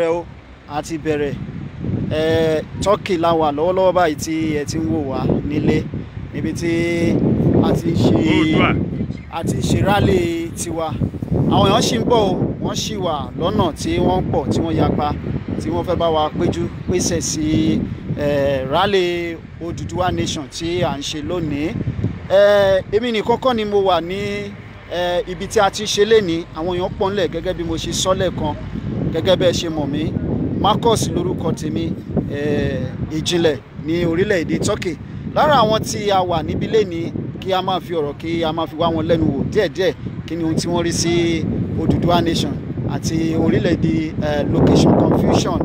bẹ̀rẹ̀ o a ti bẹ̀rẹ̀ ẹ turkey la wà lọ́wọ́lọ́wọ́ báyìí tí ẹ ti ń wò wá nílé níbi tí a ti ń ṣe a ti ń ṣe rálì tiwa àwọn èèyàn ṣì ń bọ̀ o wọ́n ṣì wà lọ́nà tí wọ́n ń pọ̀ tí wọ́n yapa tí wọ́n fẹ́ bá wa péjú pèsè sí rálì Odùduwà nation tí à ń ṣe lónìí èmi nìkan kọ́ ni mo wà ní ibi tí a ti ṣe lénìí àwọn èèyàn pọ̀ ńlẹ̀ gẹ́gẹ́ bí mo ṣe sọ lẹ́ẹ̀kan gẹ́gẹ́ bẹ́ẹ̀ ṣe mọ̀ mí Marcus lórúkọ tèmi ìjìnlẹ̀ ní orílẹ̀-èdè Turkey lára àwọn tí a wà níbí lénìí kí a máa fi ọ̀rọ̀ kí a máa fi wá wọn lẹ́nu wò díẹ̀díẹ̀ kí ni ohun tí wọ́n rí sí Odùduwà nation àti orílẹ̀-èdè location confusion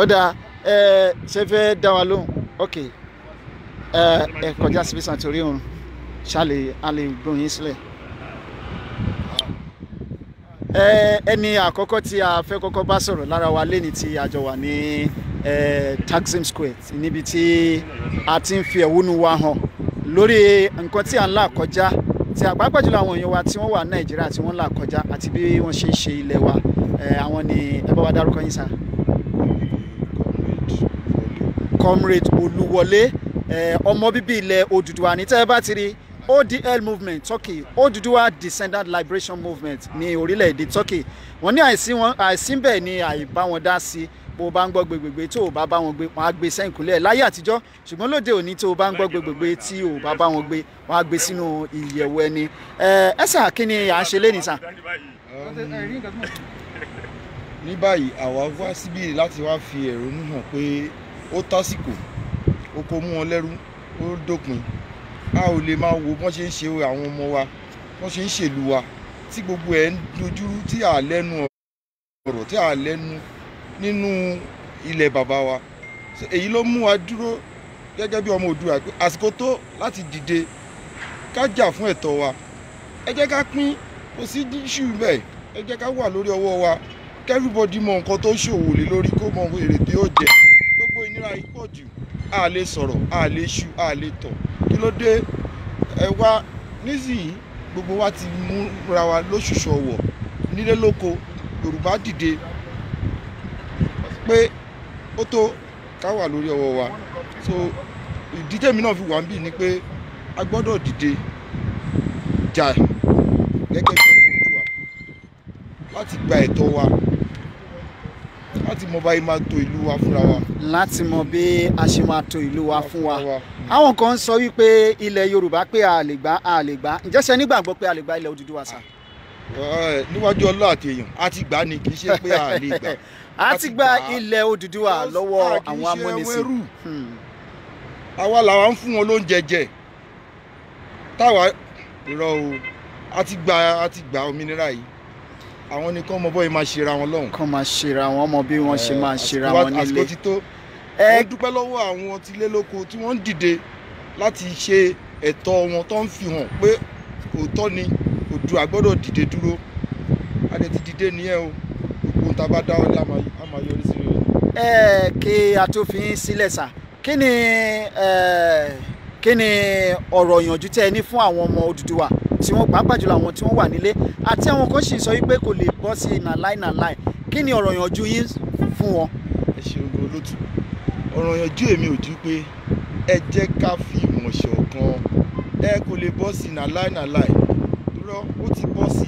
ó dáa ṣe fẹ́ dá wa lóhùn ok ẹ kọjá síbí sàn torí òun ṣàlè a lè gbọ́n yín sílẹ̀. ẹni àkọ́kọ́ tí a fẹ́ kọ́kọ́ bá sọ̀rọ̀ lára wa lẹ́ni tí a jọ wà ní Taksim Square níbi tí a ti ń fi ẹ̀wúnú wa hàn lórí nǹkan tí à ń là kọjá tí àgbàgbà jùlọ àwọn èèyàn wa tí wọ́n wà Nàìjíríà tí wọ́n ń là kọjá àti bí wọ́n ṣe ń ṣe ilẹ̀ wa àwọn ni ẹ bá wa dárúkọ yín sá. Comrade Olúwọlé ọmọ bíbí ilẹ̀ Odùduwà ní tẹ́ ẹ bá ti rí odl movement turkey Odudua descendant liberation movement ní orílẹ̀-èdè turkey wọ́n ní àìsí bẹ́ẹ̀ ni àìbá wọn dá sí bó o bá ń gbọ́ gbègbègbè tó o bá bá wọn gbé wọn á gbé sẹ́yìn kúnlẹ̀ láyé àtijọ́ ṣùgbọ́n lóde òní tó o bá ń gbọ́ gbègbègbè tí o bá bá wọn gbé wọn á gbé sínú ìyẹ̀wò ẹni ẹ̀sà kí ni à ń ṣe lẹ́nìí sà. ní báyìí àwa wá síbí láti wá fi ẹ̀rọ nù hàn pé ó tásìkò ó kó mú wọn lẹ́rú ó dópin a ò lè máa wo bọ́n ṣe ń ṣe àwọn ọmọ wa bọ́n ṣe ń ṣèlú wa tí gbogbo ẹ̀ ń dojúrú tí à lẹ́nu ọ̀rọ̀ tí à lẹ́nu nínú ilẹ̀ bàbá wa èyí ló mú wa dúró gẹ́gẹ́ bí ọmọ Oòduà pé àsìkò tó láti dìde ká jà fún ẹ̀tọ́ wa ẹ jẹ́ ká pín kò sí díṣù bẹ́ẹ̀ ẹ jẹ́ ká wà lórí ọwọ́ wa kẹ́rìbọ̀dì mọ nǹkan tó ṣòwò lé lórí kó mọ èrè tí ó jẹ gbogbo ìnira yìí pọ̀ jù a lè sọ̀rọ̀ a lè ṣu a lè tọ̀ kí ló dé ẹ wá nísìnyí gbogbo wa ti múra wa lóṣùṣù ọ̀wọ̀ nílé lóko yorùbá dìde pé ó tó ká wà lórí ọwọ́ wa so ìdí tèmi náà fi wà ń bì ni pé a gbọ́dọ̀ dìde jà gẹ́gẹ́ bí ọmọ òdùwà láti gba ẹ̀tọ́ wa láti mọ báyìí máa tò ìlú wa fúnra wa. láti mọ bí a ṣe máa tò ìlú wa fún wa àwọn kan ń sọ wípé ilẹ̀ Yorùbá pé a lè gbà a lè gbà ǹjẹ́ ṣe nígbàgbọ́ pé a lè gbà ilẹ̀ Odùduwà sà. Eh, níwájú ọlọ́ àti èèyàn a ti gbà ni kì í ṣe pé a lè gbà. a ti gba ilẹ̀ Odùduwà lọ́wọ́ àwọn amúnisìn. Hmm. àwa làwa ń fún wọn lóúnjẹ jẹ táwa rọ o a ti gba a ti gba òmìnira yìí àwọn ni kán mọ bọ́ yìí máa ṣera wọn lọ́hùn. kán máa ṣera wọn mọ bí wọ́n ṣe eh, máa ṣera wọn nílé. àsìkò ti tó mo eh, dúpẹ́ lọ́wọ́ àwọn tilé lóko tí wọ́n ń dìde láti ṣe ẹ̀tọ́ wọn tó ń fi hàn pé òótọ́ ni Oòduà gbọ́dọ̀ dìde dúró adé ti dìde nìyẹn o gbogbo tá a bá dáwọ́ lé a máa yọrí sí rere. ẹ eh, kí a tó fi yín sílẹ̀ sà kí ni kí ni ọ̀rọ̀ ìyànjú tẹ́ ẹ ní fún àwọn ọmọ Odùduwà tí wọ́n pàápàá jùlọ àwọn tí wọ́n wà nílé àti àwọn kan sì sọ wípé kò lè bọ́ sí nàláì nàláì kí ni ọ̀rọ̀ ìyànjú yín fún wọn. ẹ ṣe ogun olótù ọ̀rọ̀ ìyànjú èmi ò jú pé ẹ jẹ́ ká fi ìmọ̀ ṣọ̀kan ẹ kò lè bọ́ sí nàláì nàláì rọ ó ti bọ́ sí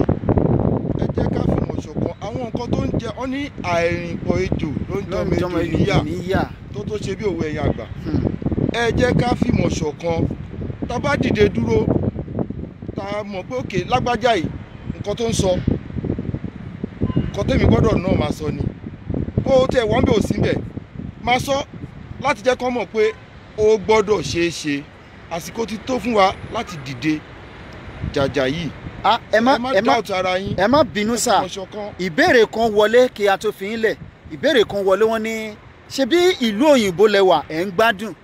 ẹ jẹ́ ká fi ìmọ̀ ṣọ̀kan àwọn nǹkan tó ń jẹ ọ́ ní àìrìnpọ̀ ejò ló ń jọmọ ejò níyà tó tó ṣe bí òwe ẹ̀yìn àgbà hmm. ẹ jẹ́ ká fi ìmọ̀ ṣọ̀kan tá a bá dìde dúró tá a mọ̀ pé òkè lágbájá yìí nǹkan tó ń sọ nǹkan tèmi gbọ́dọ̀ náà máa sọ ni bó o tẹ̀ wọ́n bẹ̀ ò sí bẹ̀ máa sọ láti jẹ́ kán mọ̀ pé o gbọ́dọ̀ ṣeé ṣe àsìkò ti tó fún wa láti dìde jàjà yìí ẹ má ẹ má ẹ má bínú sá ìbéèrè kan wọlé kí a tó fi ń lẹ̀ ìbéèrè kan wọlé wọn ní ṣebí ìlú òyìnbó lẹwà ẹ̀ ń gbádùn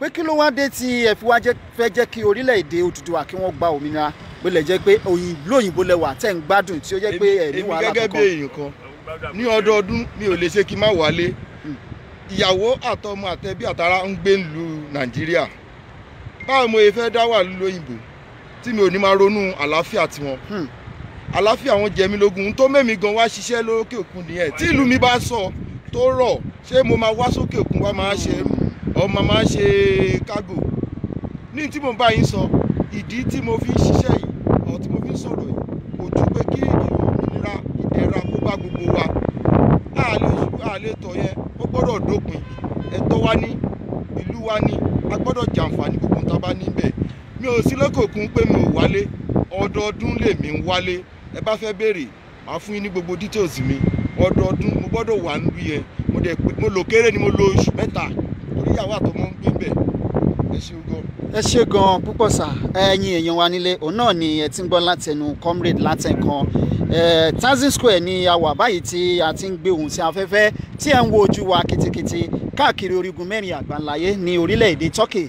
pé kí ló wá dé tí ẹ fi wá fẹ́ jẹ́ kí orílẹ̀-èdè Odùduwà kí wọ́n gba òmìnira bó lè jẹ́ pé lóyìnbó lẹ́wà tẹ̀ ń gbádùn tí ó jẹ́ pé ẹ̀mí wàhálà kankan. èmi gẹ́gẹ́ bí èèyàn kan ní ọdọọdún mi ò lè ṣe kí n má wálé hmm. ìyàwó àtọmọ àtẹbí àtara ń gbé ìlú Nàìjíríà báwo mo fẹ́ dá wà lóyìnbó tí mi ò ní máa ronú àlàáfíà tiwọn hmm. àlàáfíà wọn jẹ mí lógún tó mẹ́mi gan wá ṣiṣẹ́ lókè òkun nìyẹn tí ìlú mi bá sọ tó rọ̀ ṣé mo máa wá sókè òkun wá máa ṣe é ọmọ máa ṣe kágò ní tí mo bá yín sọ ìdí tí mo fi ń ṣiṣẹ́ yìí ọ̀ tí mo fi ń sọ̀rọ̀ yìí kò ju pé kí ìnira ìdẹ̀ra kó bá gbogbo wa àlè tọ̀ yẹn ó gbọ́dọ̀ dópin ẹ̀tọ́ wa ní ìlú wa ní a gbọ́dọ̀ jàǹfààní gbogbo tá a bá níbẹ̀ mi ò sí lọ́kòkun pé mi ò wálé ọdọọdún lèmi ń wálé ẹ bá fẹ́ béèrè màá fún yín ní gbogbo details mi ọdọọdún mo gbọ́dọ̀ wà níbi yẹn mo lò kéré ni mo lò oṣù mẹ́ta ìyàwó àtọmọ ń gbé bẹ̀ ẹ ṣeun gan. ẹ ṣe gan púpọ̀ sà ẹ̀yin èèyàn wa nílé òun náà ni ẹ ti ń gbọ́ látẹnu comrade látẹ̀kan Tazeen Square ni a wà báyìí tí a ti ń gbé ohùn sí afẹ́fẹ́ tí ẹ ń wo ojú wa kitikiti káàkiri orígun mẹ́rin àgbáńláyé ní orílẹ̀-èdè Turkey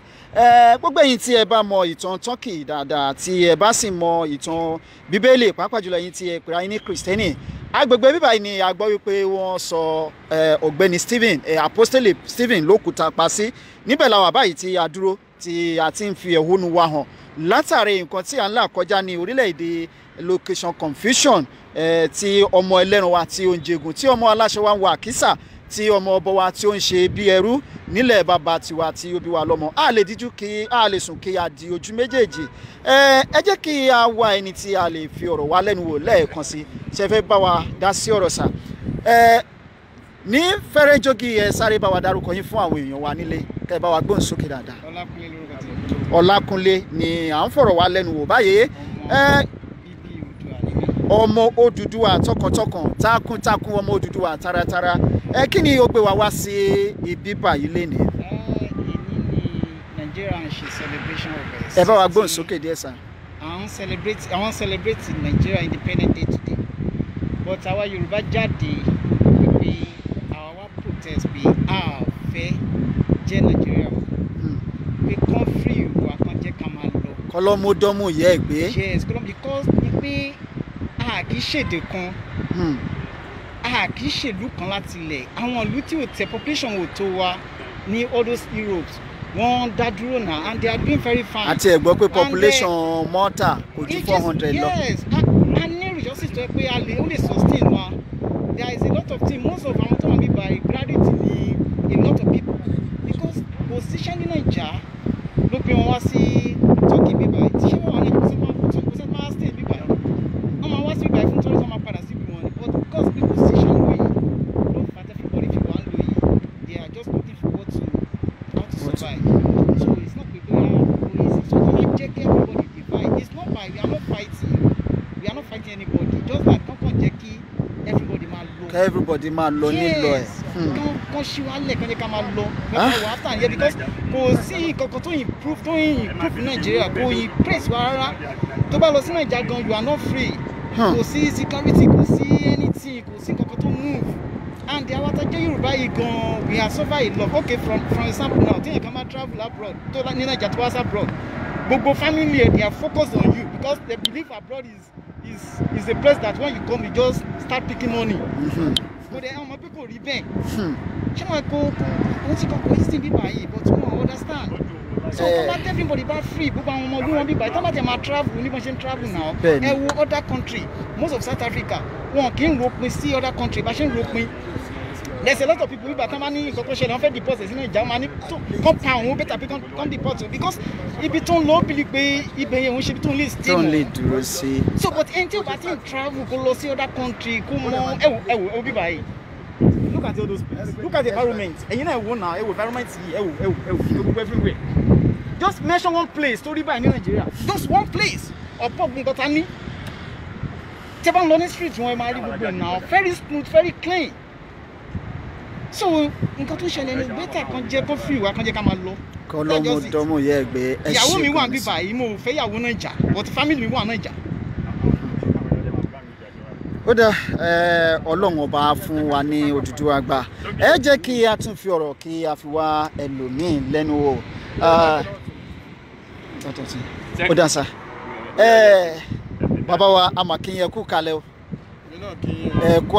gbogbo ẹ̀yin tí ẹ bá mọ ìtàn Turkey dáadáa tí ẹ bá sì mọ ìtàn Bíbélì pàápàá jùlọ ẹ̀yin tí ẹ pèrè ayé ní Kristẹni agbègbè bíbáyìí ni a gbọ́ wípé wọ́n sọ ọ̀gbẹ́ni Stephen Apostole Stephen lókùúta pa sí níbẹ̀ làwọn àbáyìí tí a dúró tí a ti ń fi ẹ̀hónú wa hàn látàrí nǹkan tí à ń là kọjá ní orílẹ̀-èdè location confusion ti ọmọ ẹlẹ́ran wa ti ó ń jẹgun ọmọ aláṣẹ wa ń wọ àkísà tí ọmọ ọbọ wa tí ó ń ṣe bí ẹrú nílẹ̀ bàbá tiwa tí ó bí wa lọ́mọ a lè díjú kí a lè sùn kí a di ojú méjèèjì ẹ ẹ jẹ́ kí a wá ẹni tí a lè fi ọ̀rọ̀ wa lẹ́nu wò lẹ́ẹ̀kan sí ṣe fẹ́ bá wa dá sí ọ̀rọ̀ sà ẹ ní fẹ́rẹ́ jogi ẹ sáré bá wa dárúkọ yín fún àwọn èèyàn wa nílé kẹ́ bá wa gbóhùn sókè dáadáa Ọlákúnlé ni à ń fọ̀rọ̀ wa lẹ́nu wò báyìí ẹ ọmọ Odùduwà tọkàntọkàn takuntakun ọmọ Odùduwà taratara ẹ kí ni ó gbé wa wá sí ibi báyìí lénìí. Nigeria ń ṣe celebration of ẹ bá wa gbóhùn sókè díẹ̀ sá. àwọn celebrate celebrate Nigeria Independent Day today but àwa Yorùbá jáde wípé àwa wá protest pé a fẹ́ jẹ́ Nigeria hmm. pé kan free ìwà kan jẹ́ ká lọ. kọlọmọdọmọ yẹ ẹ gbé. yes because ni pé a kì í ṣèdè kan hmm. a kì í ṣèlú kan láti ilẹ̀ àwọn ìlú tí ò tẹ population ò tó wa ní all those Europe wọ́n dá dúró náà and they are doing very fine. àti ẹ pé population Malta kò ju four hundred lọ. yes a ní resources tó yẹ pé a lè ó lè sustain wa there is a lot of things most of àwọn tó wọn bí by graduate a lot of people because position ní Naija ló gbé wọn wá sí Turkey bíbá ìtíṣẹ́ wọn wà ní ìtíṣẹ́ wọn next week àìfún tó ló fọ́ máa padà sí ìlú wọn ni but because people position wey ló fà tẹ́ fún bọ́ọ̀lì fíwọ́ àlọ́ yìí they are just looking for what to how to survive so it's not pé bóyá o yẹ sí so kọ́lá jẹ́ kí everybody divide it's not by we are not fighting we are not fighting anybody just everybody máa lọ. ká everybody máa lọ nílò ẹ. Hmm. kán kán ṣíwálẹ̀ kán jẹ́ ká máa because kò sí kankan tó improve tó improve Nàìjíríà kò impress wa rárá tó bá lọ sí Nàìjíríà gan you are not free kò sí security kò sí anything kò sí kankan tó move and àwọn atajẹ́ yorùbá yìí gan we have suffered a lot okay from from example now téèyàn kan máa travel abroad tó ní naija tó wá sí abroad gbogbo family they are focused on you because they believe abroad is is is a place that when you come you just start picking money. Mm -hmm. Hmm. kò dẹ ọmọ pé kò rí bẹ́ẹ̀ ṣé wọn kò kò sí kan kò sí sí bíbá yìí but wọn understand so tó bá everybody buy free but àwọn ọmọ olúwọn bíbá buy. tó bá tẹ̀ máa travel níbọn ṣe ń travel now ẹ we other country most of South Africa one kì í ropin see other country but she ń me there's a lot of people ibà buy money. ní ìkọ̀kọ̀ ṣẹlẹ̀ wọ́n fẹ́ deport sínú ìjà wọn máa ní compound wọn bẹ́tà pé Come deposit. because ibi tó ń lọ bìlì pé ibẹ̀ yẹn òun ṣe ibi tó ń lè stay mọ́. tó ń lè dúró sí. so but ẹni tí o bá ti ń travel kó lọ sí other country kó mọ ẹwù ẹwù ẹwù bíbá yìí look at all those places look at the environment ẹ̀yin náà ẹ̀wò náà ẹ̀wò environment yìí ẹ̀wò ẹ̀wò ẹ̀wò gbogbo everywhere just mention one place tó rí báyìí ní Nàìjíríà just one place ọ̀pọ̀ gbogbo ta ní tẹ́ bá ń lọ ní street wọn ẹ máa rí gbogbo ẹ̀ náà very smooth very clean. so nǹkan tó ṣẹlẹ̀ ní bẹ́tà kan jẹ́ kó fi ìwà kan ká máa lọ. kọ́ lọ́mọdọ́mọ yẹ ẹgbẹ́ ẹ ṣe mi wà bíbà yìí mo fẹ́ ìyàwó náà but family mi wà náà jà. ó fún wa ní òdúdú ẹ jẹ́ kí a tún fi ọ̀rọ̀ kí a fi wá ẹlòmíín lẹ́nu ó sa bàbá wa amakinye kú o ẹ kú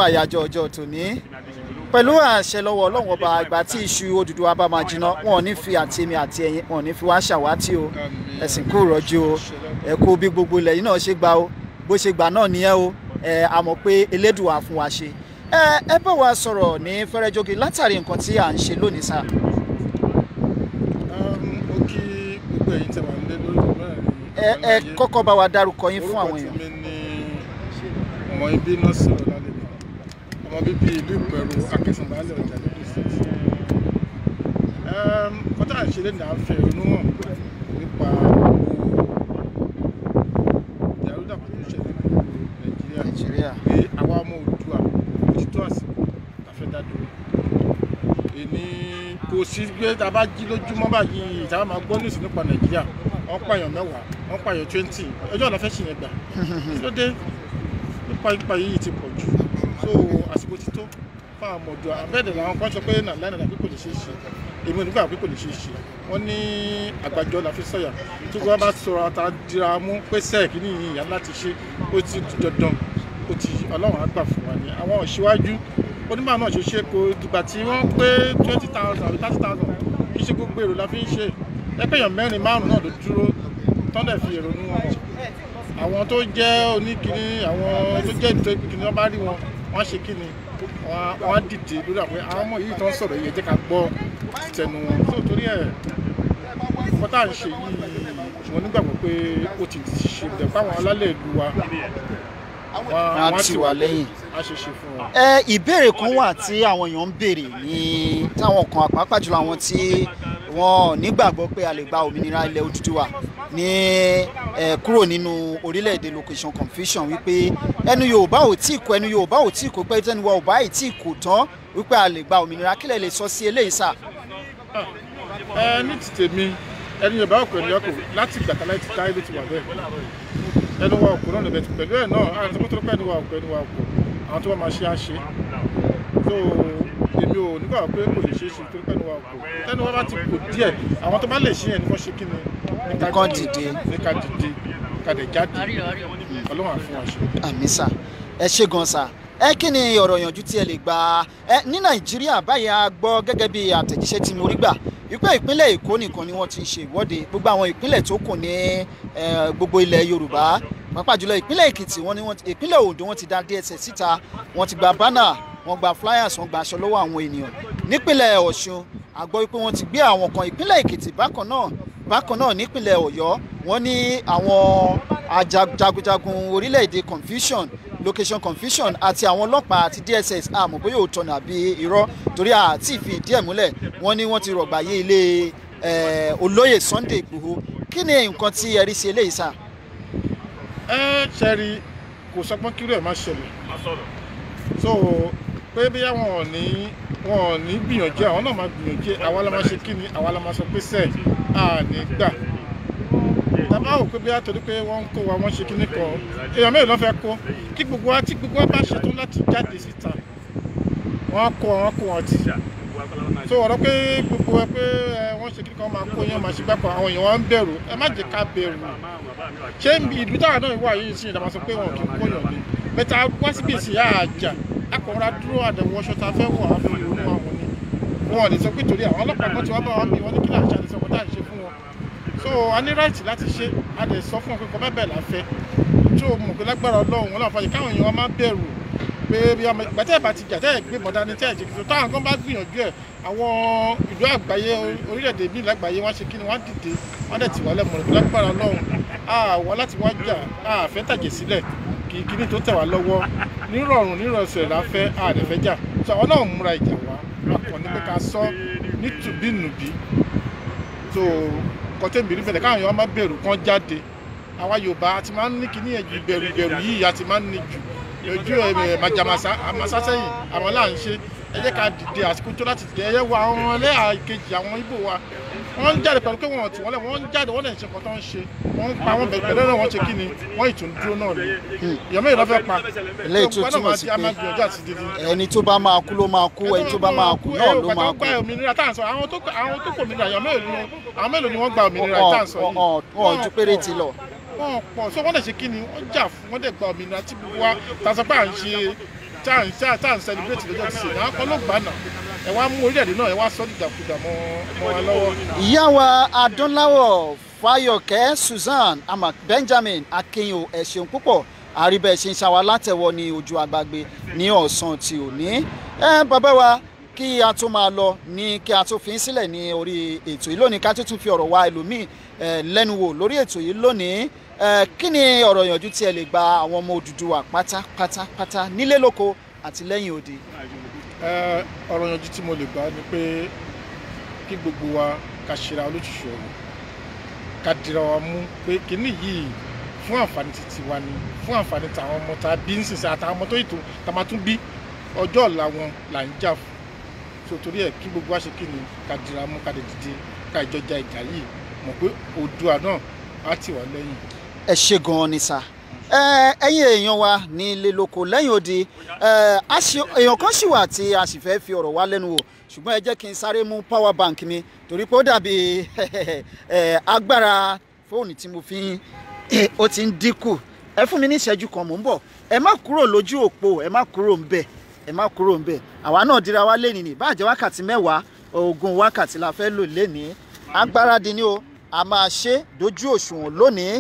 pẹ̀lú àṣẹ lọ́wọ́ ọlọ́run ọba ìgbà tí iṣu Odùduwà bá máa jiná wọn ò ní fi àti èmi àti ẹ̀yin wọn ò ní fi wá ṣàwátì o ẹ̀sìn kò rọ̀jò o ẹ kú bí gbogbo ilẹ̀ yìí náà ṣe gbà o bó ṣe gbà náà nìyẹn o ẹ a pé elédùn á wa ṣe ẹ ẹ bá wa sọ̀rọ̀ ní fẹ́rẹ́jókè látàrí nǹkan tí à ń ṣe lónìí sá. Um, ẹ kọ́kọ́ bá wa dárúkọ yín fún àwọn èèyàn. orúkọ ibi náà sọ̀rọ̀ ọmọ bíbí ìlú ìpẹ̀rù akẹ́sìnbálẹ̀ ọjà lóde six kọ́tà ìṣẹ̀lẹ̀ náà fẹ́ ronú hàn nípa ìdàrúdàpọ̀ tó ṣẹlẹ̀ nàìjíríà pé àwa ọmọ Oòduà òtítọ́ àsìkò tàfẹ́ dádúró èmi kò sí gbé tá a bá jí lójúmọ́ báyìí tá a máa gbọ́ nísìn nípa nàìjíríà wọ́n pààyàn mẹ́wàá wọ́n pààyàn twenty ọjọ́ ọ̀la fẹ́ ṣìyẹn gbà kí ló dé nípa ipa yìí ti pọ̀ jù so àsìkò ti tó fún àwọn ọ̀dọ́ àbẹ́ẹ̀dẹ̀ làwọn kan sọ pé nàìjíríà nàìjíríà pé kò lè ṣeé ṣe èmi nígbà pé kò lè ṣeé ṣe wọ́n ní àgbàjọ la fi sọ̀yà tí wọ́n bá sọ̀rọ̀ ata dira mú pé sẹ́ẹ̀kì ní ìyá láti ṣe ó ti dandan ó ti ọlọ́run á gbà fún wa ni àwọn òṣìwájú onímọ̀ náà ṣe ṣe kò dìgbà tí wọ́n pé twenty thousand àbí thirty thousand kì í ṣe gbogbo èrò la fi ń ṣe ẹgbẹ̀yàn mẹ́rin márùn-ún náà ló dúró tọ́ndẹ̀ fi èrò nú wọn àwọn tó jẹ́ oníkiri àwọn tó jẹ́ ìtọ́ ìpínlẹ̀ wọn bá rí wọn wọ́n ṣe kí ni wọ́n á dìde lórí àpò àwọn ọmọ yìí tó ń sọ̀rọ̀ yìí jẹ́ ká gbọ́ tẹnu wọn tó torí ẹ̀ wọ́n tá à ń ṣe yìí ṣùgbọ́n nígbàgbọ́ pé ó ti ṣe bẹ̀ fáwọn alálẹ̀ ìlú wa wọ́n á ti wà lẹ́yìn ìbéèrè kan wà tí àwọn èèyàn ń béèrè ní táwọn kan pàápàá jùlọ àwọn tí wọ́n nígbàgbọ́ pé a lè gba òmìnira ilẹ̀ Odùduwà ní ẹ kúrò nínú orílẹ̀-èdè location confusion wípé ẹnu Yorùbá ò tí kò ẹnu Yorùbá ò tí kò pé tẹnu wa ò báyìí tí kò tán wípé a lè gba òmìnira kílẹ̀ lè sọ sí eléyìí sà. ẹ ní ti tèmi ẹnu Yorùbá ò pẹ̀lú ọkọ̀ láti gbàtà láti táyé ló ti wà bẹ́ẹ̀ ẹnu wa òkú náà lẹ́bẹ̀ẹ́ pẹ̀lú ẹ̀ náà àwọn tó tó pẹ́ ẹnu wa òkú ẹnu wa òkú àwọn tó bá máa ṣe á èmi ò nígbà pé kò lè ṣe é ṣe tó pẹ́ ẹnu wa òkú tẹnu wa bá ti kù díẹ̀ àwọn tó bá lè ṣe ẹ̀ ní wọ́n ṣe kí ni kíkọ́ dìde. kíkọ́ dìde kàdé jáde ọlọ́run àfún wa ṣe. àmín sà ẹ ṣe gan sà ẹ kí ni ọ̀rọ̀ ìyànjú tí ẹ lè gbà ẹ ní nàìjíríà báyìí a gbọ́ gẹ́gẹ́ bí àtẹ̀jíṣẹ́ tí mo rí gbà wípé ìpínlẹ̀ èkó nìkan ni wọ́n ti ń ṣe ìwọ́de gbogbo àwọn ìpínlẹ̀ tó kù ní gbogbo ilẹ̀ yorùbá pàápàá jùlọ ìpínlẹ̀ èkìtì wọn ni wọn ìpínlẹ̀ ondo wọn ti da dss síta wọn ti gba bánà wọn gba flyers wọn gba aṣọ lọ́wọ́ àwọn ènìyàn nípínlẹ̀ ọ̀ṣun a gbọ́ wípé wọ́n ti gbé àwọn kan ìpínlẹ̀ èkìtì bákan náà bákan náà nípìnlẹ̀ ọ̀yọ́ wọ́n ní àwọn jagunjagun orílẹ̀-èdè confusion location confusion àti àwọn ọlọ́pàá àti DSS àmọ́ bóyá òótọ́ ni àbí irọ́ torí àti ìfi ìdí ẹ̀ múlẹ̀ wọ́n ní wọ́n ti rọ̀gbà yé ilé olóyè Sunday Igboho kí ni nǹkan tí ẹ rí sí eléyìí sá. ẹ ṣe rí kò sọpọ́n kí irú ẹ̀ ṣẹlẹ̀ so pé bóyá wọn ò ní wọn ò ní gbìyànjú àwọn náà máa gbìyànjú àwa la máa ṣe kí ni àwa la máa sọ pé sẹ́ẹ̀ à ní gbà tàbá ò pé bóyá torí pé wọ́n ń kó wa wọ́n ṣe kí ni kọ èèyàn mẹ́rin ló fẹ́ kó kí gbogbo wa tí gbogbo wa bá ṣetán láti jáde síta wọ́n kó wọn kó wọn tì so ọ̀rọ̀ pé gbogbo ẹ pé wọ́n ṣe kí ni kọ́ máa kó yẹn máa ṣe gbàgbọ́ àwọn èèyàn wọn bẹ̀rù ẹ má jẹ́ ká bẹ̀rù ṣé ìlú náà wà yìí sí ìdàgbàsọ pé wọn kì í kóyàn ni bẹ́tà wá síbi ìsìyà àjà akọ̀rọ̀ dúró àdẹ̀wọ̀ ọṣọ ta fẹ́ wọ̀ àfi ìrú àwọn ni wọn ò lè sọ pé torí àwọn ọlọ́pàá kan ti wá bá wa bí wọn ní kí làṣà lè sọ pé táà ń ṣe fún wọn so a ní ráìtì láti ṣe a lè sọ fún wọn pé kọ bẹ́ẹ̀ bẹ́ẹ̀ la fẹ́ tí o mọ̀ pé lágbára ọlọ́run wọn láǹfààní káwọn èèyàn máa bẹ̀rù pé ìgbà tẹ́ ẹ̀ bá ti jà tẹ́ ẹ̀ gbé bọ̀dá ni tẹ́ ẹ̀ jẹ́ kí táwọn kan bá gbìyànjú ẹ̀ àwọn ìlú àgbáyé orílẹ̀-èdè míì lágbàáyé wọ́n ṣe kí ni wọ́n dìde wọ́n dẹ̀ tì wọ́n lẹ́mọ̀ọ́ lágbára ọlọ́run àwa láti wá jà àfẹ́tàjẹ̀ sílẹ̀ kí kíní tó tẹ̀ wá lọ́wọ́ nírọ̀rùn nírọ̀sẹ̀ láfẹ́ àdẹ̀fẹ́jà so àwọn náà múra ìjà wá akọni pé ká sọ nítùbínùbí so kọ́tẹ́mì rí fẹ́lẹ̀ káwọn èèyàn má bẹ̀rù kan jáde àwa Yorùbá a ti máa ń ní kíní ẹ̀jú bẹ̀rù bẹ̀rù yìí a ti máa ń ní jù ojú ẹ̀ eh, eh, màjàmásásẹ́yìn àwọn là ń ṣe ẹ jẹ́ ká dìde àsìkò tó láti dìde ẹ yẹ wo àwọn ẹlẹ́yà kejì àwọn Ìgbò wa wọ́n ń jáde pẹ̀lú pé wọ́n ti wọ́n lẹ̀ wọ́n ń jáde wọ́n lẹ̀ ń ṣe nǹkan tó ń ṣe wọ́n ń pa wọ́n bẹ̀rẹ̀ pẹ̀lú wọ́n ṣe kí ni wọ́n ìtúndúró náà ni ìyọ̀mọ́ ìlọ́fẹ́ pa ilé ètò túmọ̀ sí pé ẹni tó bá máa kú ló máa kú ẹni tó bá máa kú náà ló máa kú. àwọn tó kò òmìnira àwọn mélòó ni wọ́n gba òmìnira ìtànsọ yìí. wọn ò ju péréte lọ wọn pọ̀ so wọ́n lè ṣe kí ni wọ́n jà fún wọ́n dẹ̀ gba òmìnira tí gbogbo wa tàṣọpá à ń ṣe tá à ń celebrate lọ́jọ́ ti ṣe náà kọ́ ló gbà náà ẹ wá mú orílẹ̀-èdè náà ẹ wá sọ́ dìdàkudà mọ́ wa lọ́wọ́. ìyá wa adúnláwọ̀ fáyọ̀kẹ́ Susan amak Benjamin akínyìn ẹ ṣeun púpọ̀ àríbẹ̀ ṣe ń ṣàwà látẹ̀wọ́ ní ojú agbágbé ní ọ̀sán tí ò ní. ẹ bàbá wa kí a tó máa lọ ní kí a tó fi ń sílẹ̀ ní orí ètò yìí lónìí ká tó tún fi ọ̀rọ̀ wa ẹlòmíì lẹ́nu wò lórí ètò yìí lónìí kí ni ọ̀rọ̀ ìyànjú tí ẹ lè gba àwọn ọmọ Odùduwà pátápátápátá nílé lóko àti lẹ́yìn odi ọ̀rọ̀ yanjú tí mo lè gbà ni pé kí gbogbo wa ká ṣera olóṣìṣẹ́ ọ̀rọ̀ ká dira wa mú pé kínní yìí fún àǹfààní títí wa ni fún àǹfààní tàwọn ọmọ tá a bí nísinsìnyí àtàwọn ọmọ tó ètò tá a máa tún bí ọjọ́ ọ̀la wọn là ń jà fún so ẹ̀ kí gbogbo wa ṣe kí ni ká dira mú ká dìde ká ìjọjà ìjà yìí mọ̀ pé Oòduà náà á tì wá lẹ́yìn. ẹ ṣe gan-an ni sáà ẹ̀yin èèyàn wa ní ilé lóko lẹ́yìn odi èèyàn kan sì wà tí a sì fẹ́ fi ọ̀rọ̀ wa lẹ́nu wò ṣùgbọ́n ẹ jẹ́ kí n sáré mú power bank mi torí pé ó dàbí agbára fóònù tí mo fi ó ti ń dínkù ẹ fún mi ní ìṣẹ́jú kan mò ń bọ̀ ẹ má kúrò lójú òpó ẹ má kúrò ń bẹ̀ ẹ má kúrò ń bẹ̀ àwa náà dira wa lé nìyí báàjẹ́ wákàtí mẹ́wàá ogún wákàtí la fẹ́ lò lé ní agbára dín ní o a máa ṣe dojú òṣùwọ̀n lónìí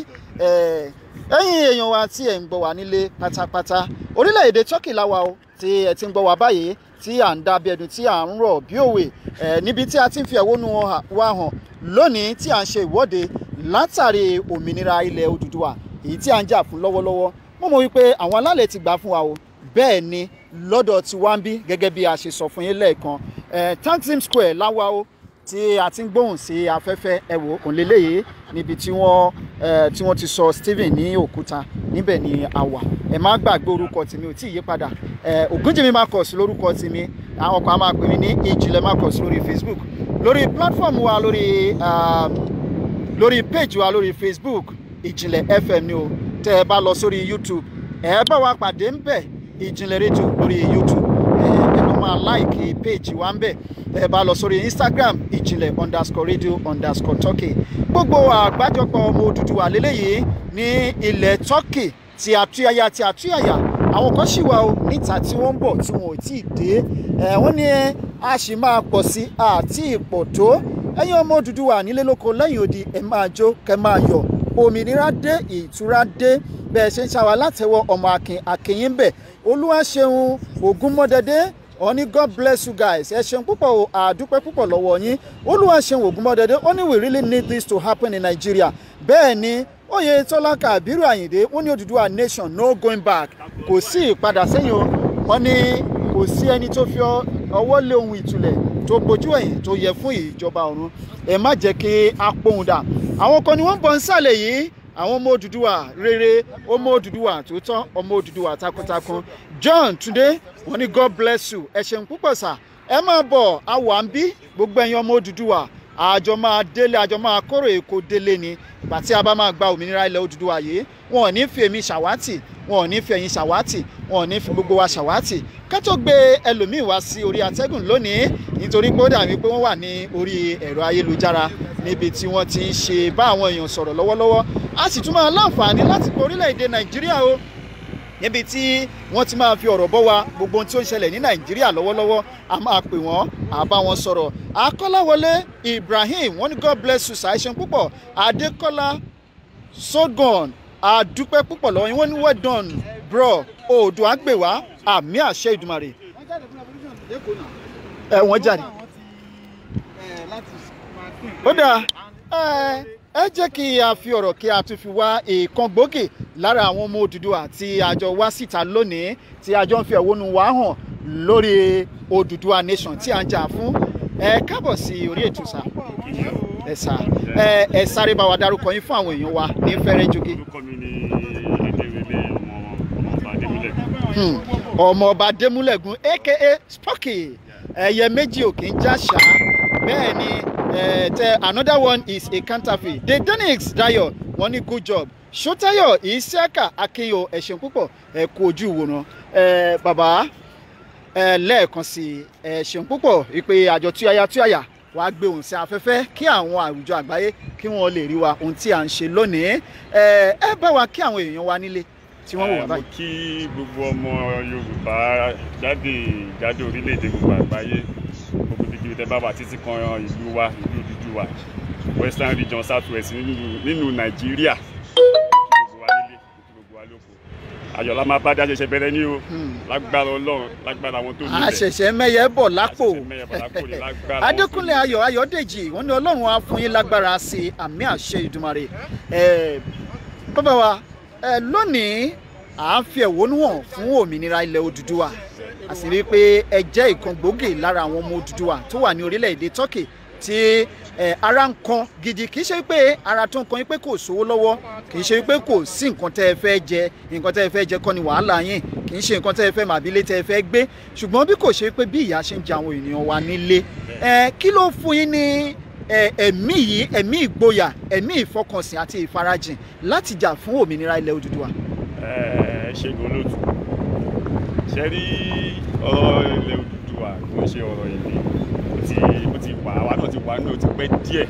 ẹ̀yin èèyàn wa tí ẹ̀ ń gbọ́ wá nílé pátápátá orílẹ̀-èdè turkey láwa o tí ẹ̀ ti ń gbọ́ wá báyìí tí à ń dábẹ́ ẹ̀dùn tí à ń rọ̀ bí òwe níbi tí a ti ń fi ẹ̀wọ́nú wa hàn lónìí tí à ń ṣe ìwọ́de látàrí òmìnira ilẹ̀ Odùduwà èyí tí à ń jà fún lọ́wọ́lọ́wọ́ mo mọ̀ wípé àwọn alálẹ̀ ti gbà fún wa o bẹ́ẹ̀ ni lọ́dọ̀ tiwa ń bí gẹ́gẹ́ bí a ṣe sọ fún yín lẹ́ẹ̀kan Taksim Square láwa o tí a ti ń gbóhùn sí afẹ́fẹ́ ẹ wò ó léléyìí níbi tí wọ́n tí wọ́n ti sọ Stephen ní òkúta níbẹ̀ ni a wà ẹ má gbàgbé orúkọ tèmi ò tí ì yí padà Ògúnjìmí Marcus lórúkọ tèmi àwọn kan á máa pè mí ní Ìjìnlẹ̀ Marcus lórí Facebook lórí platform wa lórí lórí page wa lórí Facebook Ìjìnlẹ̀ FM ni o tẹ́ ẹ bá lọ sórí YouTube ẹ bá wa pàdé ń bẹ̀ Ìjìnlẹ̀ rédíò lórí YouTube ẹ ẹ ló máa láìkì péèjì wa ń bẹ̀ ẹ bá lọ sórí Instagram ìjìnlẹ̀ underscore radio underscore turkey gbogbo àgbájọpọ̀ ọmọ Odùduwà lélẹ́yìí ní ilẹ̀ Turkey ti àtúyàyà ti àtúyàyà àwọn kan ṣì wà ó níta tí wọ́n ń bọ̀ tí wọn ò tí ì dé ẹ wọ́n ní a sì máa pọ̀ sí àti ìpọ̀ tó ẹ̀yin ọmọ Odùduwà nílé lóko lẹ́yìn odi ẹ máa jó kẹ́ máa yọ̀ òmìnira dé ìtura dé bẹ́ẹ̀ ṣe ń ṣàwà látẹ̀wọ́ ọmọ akin akin yín bẹ̀ olúwa ṣeun ògúnmọ́dẹ́dẹ́ ó god bless you guys ẹ ṣeun púpọ̀ o àdúpẹ́ púpọ̀ lọ́wọ́ yín Olúwaṣeun Ògúnmọ́dẹ̀dẹ̀ ó ní we really need this to happen in Nigeria bẹ́ẹ̀ ni Oyètọ́lá Kábírù Àyìndé ó ní Odùduwà nation no going back kò sí ìpadà sẹ́yìn o wọ́n ní kò sí ẹni tó fi ọwọ́ lé ohun ìtúlẹ̀ tó bojú ẹ̀yìn tó yẹ fún ìjọba ọ̀run ẹ má jẹ́ kí a pohùn dà àwọn kan ni wọ́n ń bọ̀ ń sàlẹ̀ yìí àwọn ọmọ Odùduwà rere ọmọ Odùduwà tó tán ọmọ Odùduwà takuntakun John Túndé wọ́n ní God bless you ẹ ṣeun púpọ̀ sà ẹ máa bọ̀ àwọ̀ à ń bí gbogbo ẹ̀yin ọmọ Odùduwà àjọ máa délé àjọ máa kóró èkó délé ni ìgbà tí a bá máa gba òmìnira ilẹ̀ Odùduwà yìí wọn ò ní fi èmi ṣàwátì wọn ò ní fi ẹ̀yin ṣàwátì wọn ò ní fi gbogbo wa ṣàwátì ká tó gbé ẹlòmíì wá sí orí atẹ́gùn lónìí nítorí pé ó dàbí pé wọ́n wà ní orí ẹ̀rọ ayélujára níbi tí wọ́n ti ń ṣe bá àwọn èèyàn sọ̀rọ̀ lọ́wọ́lọ́wọ́ a sì tún máa láǹfààní láti pé orílẹ̀-èdè Nàìjíríà o níbi tí wọ́n ti máa fi ọ̀rọ̀ bọ́ wa gbogbo ohun tí ó ń ṣẹlẹ̀ ní nàìjíríà lọ́wọ́lọ́wọ́ a máa pè wọ́n a bá wọn sọ̀rọ̀ akọ́láwọlé ibrahim wọ́n ní god bless you ṣàìṣe púpọ̀ adékọ́lá sógàn àdúpẹ́ púpọ̀ lọ́wọ́ yín wọ́n ní well done bro odò àgbèwá àmì àṣẹ ìdùmarè. ẹ wọ́n jáde. ó dáa ẹ jẹ́ kí a fi ọ̀rọ̀ kí a tún fi wá èèkan gbòógì lára àwọn ọmọ Odùduwà tí a jọ wá síta lónìí tí a jọ ń fi ẹ̀wọ́nú wa hàn lórí Odùduwà nation tí a ń jà fún ẹ káàbọ̀ sí orí ètò sá ẹ sá ẹ sáré bá wa dárúkọ yín fún àwọn èèyàn wa ní fẹ́rẹ́ jogi. ọmọ ọba Démúlẹ́gùn hmm. aka Sporky ẹyẹ méjì ò kì í já ṣáá bẹ́ẹ̀ ni eh, tẹ another one is a counterfeit Dedenix Dayo wọ́n ní good job Ṣótáyọ̀ Isiaka Akinyo ẹ ṣeun púpọ̀ ẹ kú ojú ìwòran eh, bàbá eh, lẹ́ẹ̀kan sí ẹ ṣeun púpọ̀ ìpè àjọ túyàyà túyàyà wà á gbé ohùn sí afẹ́fẹ́ kí àwọn àwùjọ àgbáyé kí wọ́n lè rí wa ohun tí à ń ṣe lónìí ẹ bá wa kí àwọn èèyàn wa nílé tí wọ́n wò wá báyìí. mo kí gbogbo ọmọ Yorùbá jáde jáde orílẹ̀-èdè gbogbo àgbáyé tẹ́ bá wà títí kan ìlú wa ìlú dúdú wa western region south west nínú nàìjíríà gbogbo wa nílé gbogbo wa lóko ayọ̀lá máa bá dáṣẹṣẹ bẹ̀rẹ̀ ní o hmm. lágbára ọlọ́run lágbára àwọn tó ní ibẹ̀. àṣẹ̀ṣẹ̀ mẹyẹ bọ̀ lápò adékúnlé ayọ̀ ayọ̀dèjì wọ́n ní ọlọ́run á fún yín lágbára sí àmì àṣẹ ìdùmarè bàbá wa lónìí à ń fi ẹ̀wọ́nú hàn fún òmìnira ilẹ̀ Odùduwà a sì rí i pé ẹ jẹ́ ìkan gbòógì lára àwọn ọmọ Odùduwà tó wà ní orílẹ̀-èdè Turkey tí ara ń kan gidi kì í ṣe pé ara tó ń kan yín pé kò sówó lọ́wọ́ kì í ṣe pé kò sí nǹkan tẹ́ ẹ fẹ́ jẹ nǹkan tẹ́ ẹ fẹ́ jẹ kọ́ ni wàhálà yín kì í ṣe nǹkan tẹ́ ẹ fẹ́ màbí ilé tẹ́ ẹ fẹ́ gbé ṣùgbọ́n bí kò ṣe pé bí ìyà ṣe ń jẹ àwọn ènìyàn wa nílé kí ló fún yín ní ẹ̀mí yìí ẹ̀mí ìgboyà ẹ̀mí ìfọkànsìn àti ìfarajìn láti jà fún òmìnira ilẹ̀ Odùduwà ẹ ṣe gan lóòtú ṣe rí ọ̀rọ̀ ilẹ̀ Odùduwà kò ń ṣe ọ̀rọ̀ èdè ó ti ó ti wà àwa náà ti wà náà ó ti pẹ́ díẹ̀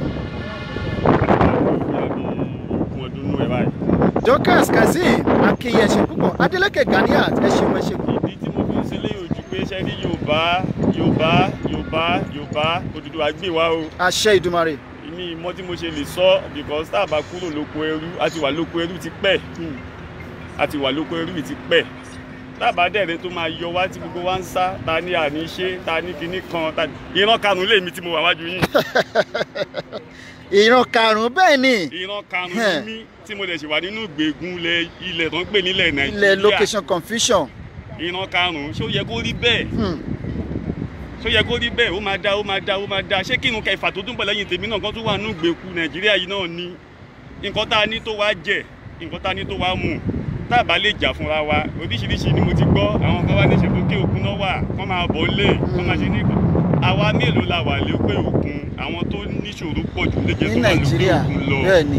Dorcas Kazeem akínyẹ ṣe púpọ̀ Adeleke Ganiat ẹ ṣeun ẹ ṣeun. ìdí tí mo fi ń ṣe léyìn ojú pé o. àṣẹ Ìdùmarè mi mọ tí a wà lóko ẹrú ti pẹ́ lábàádẹ́rẹ́ tó máa yọ wá tí gbogbo wa ń sá ta ní àní ta ní kinní kan ìran karùn-ún lèmi tí mo wà wájú yín. ìran karùn bẹ́ẹ̀ ni. ìran karùn mi tí mo lè ṣe wà nínú ìgbègun ilẹ̀ tó ń pè nílẹ̀ nàìjíríà. ilẹ̀ location confusion. ìran karùn-ún yẹ kó rí bẹ́ẹ̀ hmm. ṣó yẹ kó rí bẹ́ẹ̀ ó máa da ó máa da ó máa da ṣé kí nǹkan ìfà tó tún lẹ́yìn tèmi náà kan tún wà nínú ìgbèkú nàìjíríà yìí náà ni nǹkan tá a ní tó wá jẹ nǹkan tá a ní tó wá mu tábà lè jà fúnra wa oríṣiríṣi ni mo ti gbọ́ àwọn kan wá ní ṣe lókè òkun náà wà kán máa bọ̀ lé kán máa ṣe ní ìgbà àwa mélòó la wà lókè òkun àwọn tó níṣòro pọ̀ jù lè jẹ́ tó wà lókè òkun lọ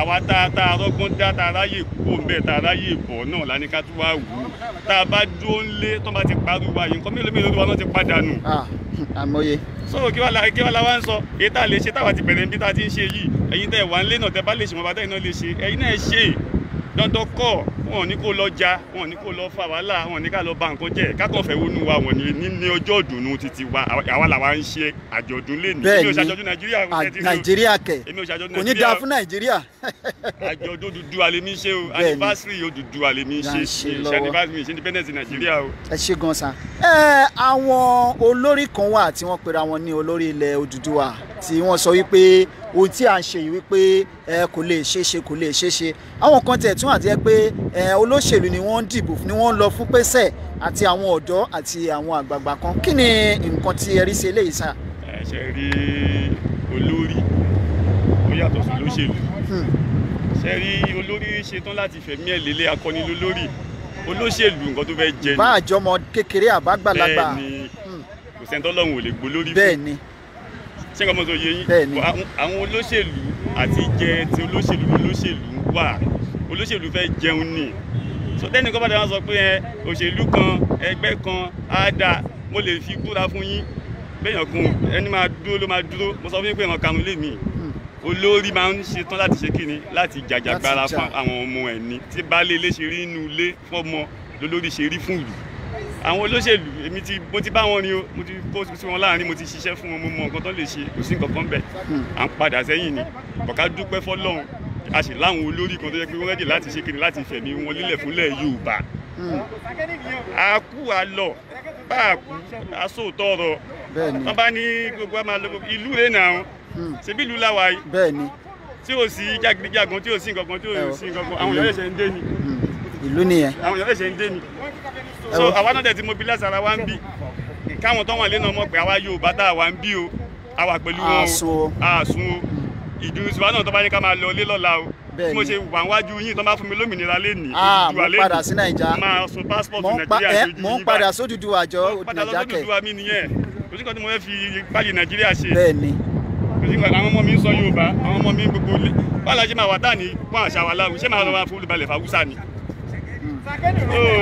àwa tá a tá a rọ́gbọ́n dá tá a ráyè kó ń bẹ̀ tá a ráyè bọ̀ náà lá ní ká tún wá wù ú tá a bá dúró ńlé tó bá ti pariwo àyè nǹkan mélòó mélòó wa náà ti padà nù. àmọye. sọ̀rọ̀ kí wàá la kí wàá la wá ń sọ èyí tá a lè ṣe táwa ti bẹ̀rẹ̀ níbi tá a ti ń ṣe yìí ẹ̀yin tẹ́ ẹ̀ wá ńlé náà tẹ́ bá lè ṣe mọ́ bá tẹ́yìn náà lè ṣe ẹ̀yin náà ṣe dandan kọ́ wọn ò ní kó lọ ja wọn ò ní kó lọ fa wàhálà wọn ò ní ká lọ ba nǹkan jẹ́ kákànfẹ́ wọnú wa wọn ní ní ọjọ́ ìdùnnú títí wa àwa làwa ń ṣe àjọ̀dún lẹ́nu èmi ò ṣàjọ̀dún nàìjíríà nàìjíríà kẹ kò ní dáa fún nàìjíríà. àjọ̀dún dúdú alẹ́mí ṣe o anniversary yóò dúdú alẹ́mí ṣe anniversary ṣe independence nàìjíríà o. ẹ ṣe gan san. ẹ àwọn olórí kan wà tí wọ́n pera wọn ní olórí ilẹ̀ Odùduwà tí wọ́n sọ wípé ohun tí à ń ṣe yìí wípé ẹ kò lè ṣeé ṣe kò lè ṣeé ṣe àwọn kan tẹ̀ tún àti ẹ pé ẹ olóṣèlú ni wọ́n ń dìbò ni wọ́n ń lọ fún pẹ́sẹ̀ àti àwọn ọ̀dọ́ àti àwọn àgbààgbà kan kí ni nǹkan tí ẹ rí ṣe eléyìí sà. ẹ ṣe rí olórí ó yàtọ̀ sí olóṣèlú hmm. ṣe rí olórí ṣetán láti fẹ̀mí ẹ̀ lélẹ̀ akọni lólórí olóṣèlú nǹkan tó fẹ́ jẹ ni. bá àjọmọ kékeré àbágbàlagbà bẹ́ẹ̀ ni hmm. kò sẹ́ńtọ́ lọ́hùn ò lè gbó fún bẹ́ẹ̀ ni ṣé nǹkan mọ̀ tó yé yín àwọn olóṣèlú àti jẹ ti olóṣèlú olóṣèlú wà olóṣèlú fẹ́ jẹun ni so tẹ́nì kan bá dáná sọ pé ẹ òṣèlú kan ẹgbẹ́ kan á dáa mo lè fi búra fún yín bẹ́ẹ̀yàn kan ẹni máa dúró ló máa dúró mo sọ fún yín pé ìrànkanu lè mí olórí máa ń ṣetán láti ṣe kíni láti jàjàgbara fún àwọn ọmọ ẹ̀ ní tí baálé ilé ṣe rí inú ilé fún ọmọ lólórí ṣe rí fún ìlú àwọn olóṣèlú èmi ti mo ti bá wọn ni o mo ti kó sí wọn láàrin mo ti ṣiṣẹ́ fún wọn mo mọ nǹkan tó lè ṣe kò sí nǹkan kan bẹ̀ à ń padà sẹ́yìn ni bọ̀ká dúpẹ́ fọlọ́run a sì láwọn olórí kan tó yẹ pé wọ́n rẹ́dì láti ṣe kiri láti fẹ̀mí wọn lílẹ̀ fúnlẹ̀ Yorùbá a kú a lọ bá a kú a sóòótọ́ ọ̀rọ̀ wọ́n bá ní gbogbo àmà ìlú rẹ̀ nà án hmm. ṣebí ìlú làwà yìí tí ò sí jàgídíjàgan tí ò sí nǹkan kan tí ò sí nǹkan kan àwọn èèyàn ẹ̀ṣẹ̀ ń dé ni hmm. ìlú nìyẹn àwọn èèyàn ẹ̀ṣẹ̀ ń dé ni so àwa náà dẹ̀ ti mobilize ara wa ń bì káwọn tó wọ́n lé náà mọ̀ pé àwa Yorùbá tá a wà ń bì o a wà pẹ̀lú wọn o a sùn o ìdúró tiwa náà tó bá ní ká máa lọ ilé lọ́la o tí mo ṣe wà wájú yín tó bá fún mi lómìnira lénìí Odùduwà lénìí mo padà sí Nàìjíríà máa sọ passport Nàìjíríà lójú yín báyìí mo ń padà sódùdúwà jọ Nàìjíríà kẹ kò sí kan tí mo fẹ́ fi pálí Nàìjíríà ṣe kò sí kan àwọn ọmọ mi ń sọ Yorùbá àwọn ọmọ mi gbogbo lé báwo la ṣe Oh,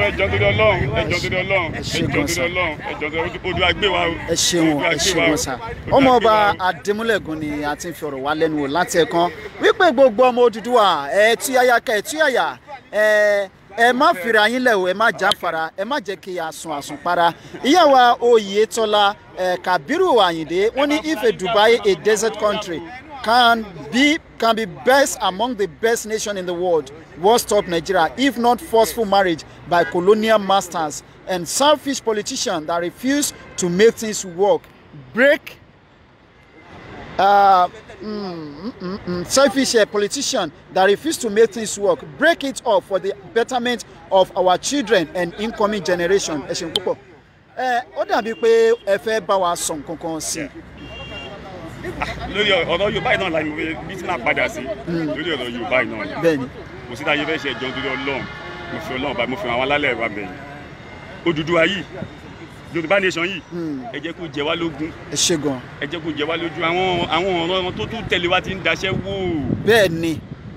ẹjọ́ torí ọlọ́run ẹjọ́ torí ọlọ́run ẹjọ́ torí ọlọ́run ẹjọ́ torí Odùduwà gbé wa o. ẹ ṣeun ẹ ṣeun sá ọmọọba Adémúlẹ̀gùn ni a ti ń fi ọ̀rọ̀ wá lẹ́nu láti ẹ̀kan wípé gbogbo ọmọ Odùduwà ẹ tú yáyá ká ẹ tú yáyá ẹ ẹ má fira yín lẹ̀ o ẹ má jáfara ẹ má jẹ́ kí àsùn àsùn para ìyá wa Oyètọ́lá Kàbírù Àyìndé wọ́n ní if Dubai a desert country can be can be best among the best nation in the world will stop Nigeria if not forceful marriage by colonial masters and selfish politicians that refuse to make things work. Break uh, mm, mm, mm, mm selfish uh, politicians that refuse to make things work. Break it off for the betterment of our children and incoming generation. Ẹ ṣeun púpọ̀. Ẹ ó dàbí pé ẹ fẹ́ bá wa sọ nǹkan kan sí i lórí ọ̀rọ̀ yorùbá yìí náà la bí tí padà sí lórí ọ̀rọ̀ yorùbá yìí náà bẹ́ẹ̀ni kò sí táyé ṣe ẹ̀jọ́ nítorí ọlọ́run mo fi ọlọ́run báyìí mo fi àwọn alálẹ̀ wa bẹ̀yìn Odùduwà yìí yorùbá nation yìí hmm. ẹ jẹ́ kó jẹ wá lógún ẹ ṣe gan ẹ jẹ́ kó jẹ wá lójú àwọn àwọn ọ̀rọ̀ tó tún tẹ̀lé wa ti ń daṣẹ́ wò. bẹ́ẹ̀ni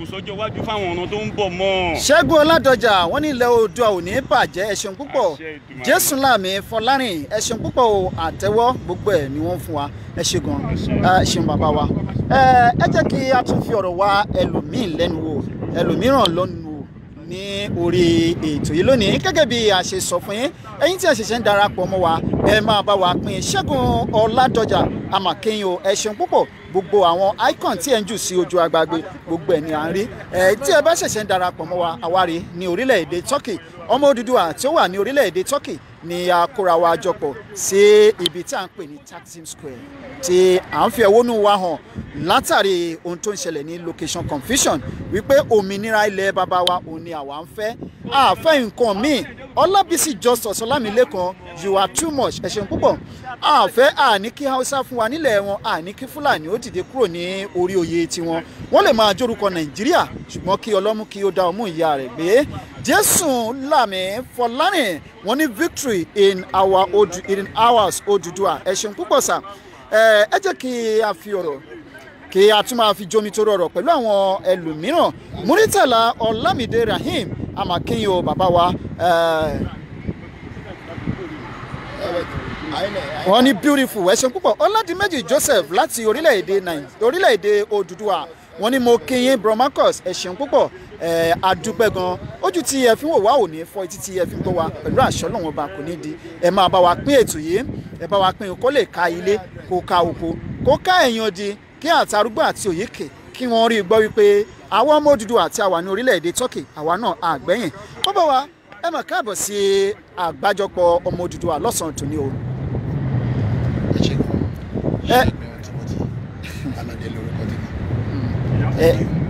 ṣílẹ̀kùn sọ́jọ́ iwájú fáwọn ọ̀nà tó ń bọ̀ mọ́. ṣẹ́gun ọládọjà wọ́n ní ilẹ̀ oòdùà ò ní bàjẹ́ ẹ púpọ̀ jésù láàmì fọlárìn ẹ púpọ̀ àtẹ́wọ́ gbogbo ẹ̀ ni wọ́n fún wa ẹ ṣe gan ẹ bàbá wa ẹ jẹ́ kí a tún fi ọ̀rọ̀ wa ẹlòmíì lẹ́nu wò ẹlòmíràn lọ́nu ní orí ètò yìí lónìí gẹ́gẹ́ bí a ṣe sọ fún yín ẹ̀yin tí a ṣẹ̀ṣẹ̀ ń darapọ̀ mọ́ wa ẹ máa bá wa pín Ṣẹ́gun Ọládọjà amakeyin o ẹ ṣeun púpọ̀ gbogbo àwọn icon tí ẹ ń jù sí ojú agbágbé gbogbo ẹ̀ ni à ń rí ẹ tí ẹ bá ṣẹ̀ṣẹ̀ ń darapọ̀ mọ́ wa àwárí ní orílẹ̀-èdè Turkey ọmọ Odùduwà tí ó wà ní orílẹ̀-èdè Turkey ni a kóra wa jọpọ̀ sí ibi tí a ń pè ní Taksim Square tí à ń fi ẹ̀wọ́nú wa hàn látàrí ohun tó ń ṣẹlẹ̀ ní location confusion wípé òmìnira ilẹ̀ bàbá wa òun ni àwa ń fẹ́ àfẹ́ nǹkan míì Ọlábísí Justice Ọlámilékan you are too much ẹ púpọ̀ àfẹ́ àní kí haúsá fún wa nílẹ̀ wọn àní kí fúlàní ó dìde kúrò ní orí oyè tiwọn wọ́n lè máa jórúkọ nàìjíríà ṣùgbọ́n kí ọlọ́mú kí ó da ọmú ìyá rẹ̀ gbé jésù lámì fọlárìn wọ́n ní victory in our odu in ours Odùduwà ẹ ṣeun púpọ̀ sà ẹ jẹ́ kí a fi ọ̀rọ̀ kí a tún máa fi jomi tó rọrọ̀ pẹ̀lú àwọn ẹlòmíràn muritala ọlámídé rahim amakinyo bàbá wa. Uh, wọ́n ní beautiful ẹ ṣeun púpọ̀ ọládìmẹ́jì joseph láti orílẹ̀-èdè orílẹ̀-èdè òdùdúwà wọ́n ní mo kí yín bro marcus ẹ ṣeun púpọ̀ ẹ àdúpẹ́ gan ojú tí ẹ fi wò wá òní fọ́ etí tí ẹ fi gbọ́ wa pẹ̀lú àṣọ lọ́wọ́n ọba kò ní di ẹ máa bá wa pín ètò yìí ẹ bá wa pín kó lè ka ilé kó ka oko kó ká ẹ̀yàn di kí àtàrúgbó àti òyìnkè kí wọ́n rí gbọ́ wípé àwọn ọmọ Odùduwà àti àwa ní orílẹ̀-èdè turkey àwa náà àgbẹ̀yìn ó bọ̀ wá ẹ mọ̀ káàbọ̀ sí àgbájọpọ̀ ọmọ Odùduwà lọ́sàn-án tòní o Eh.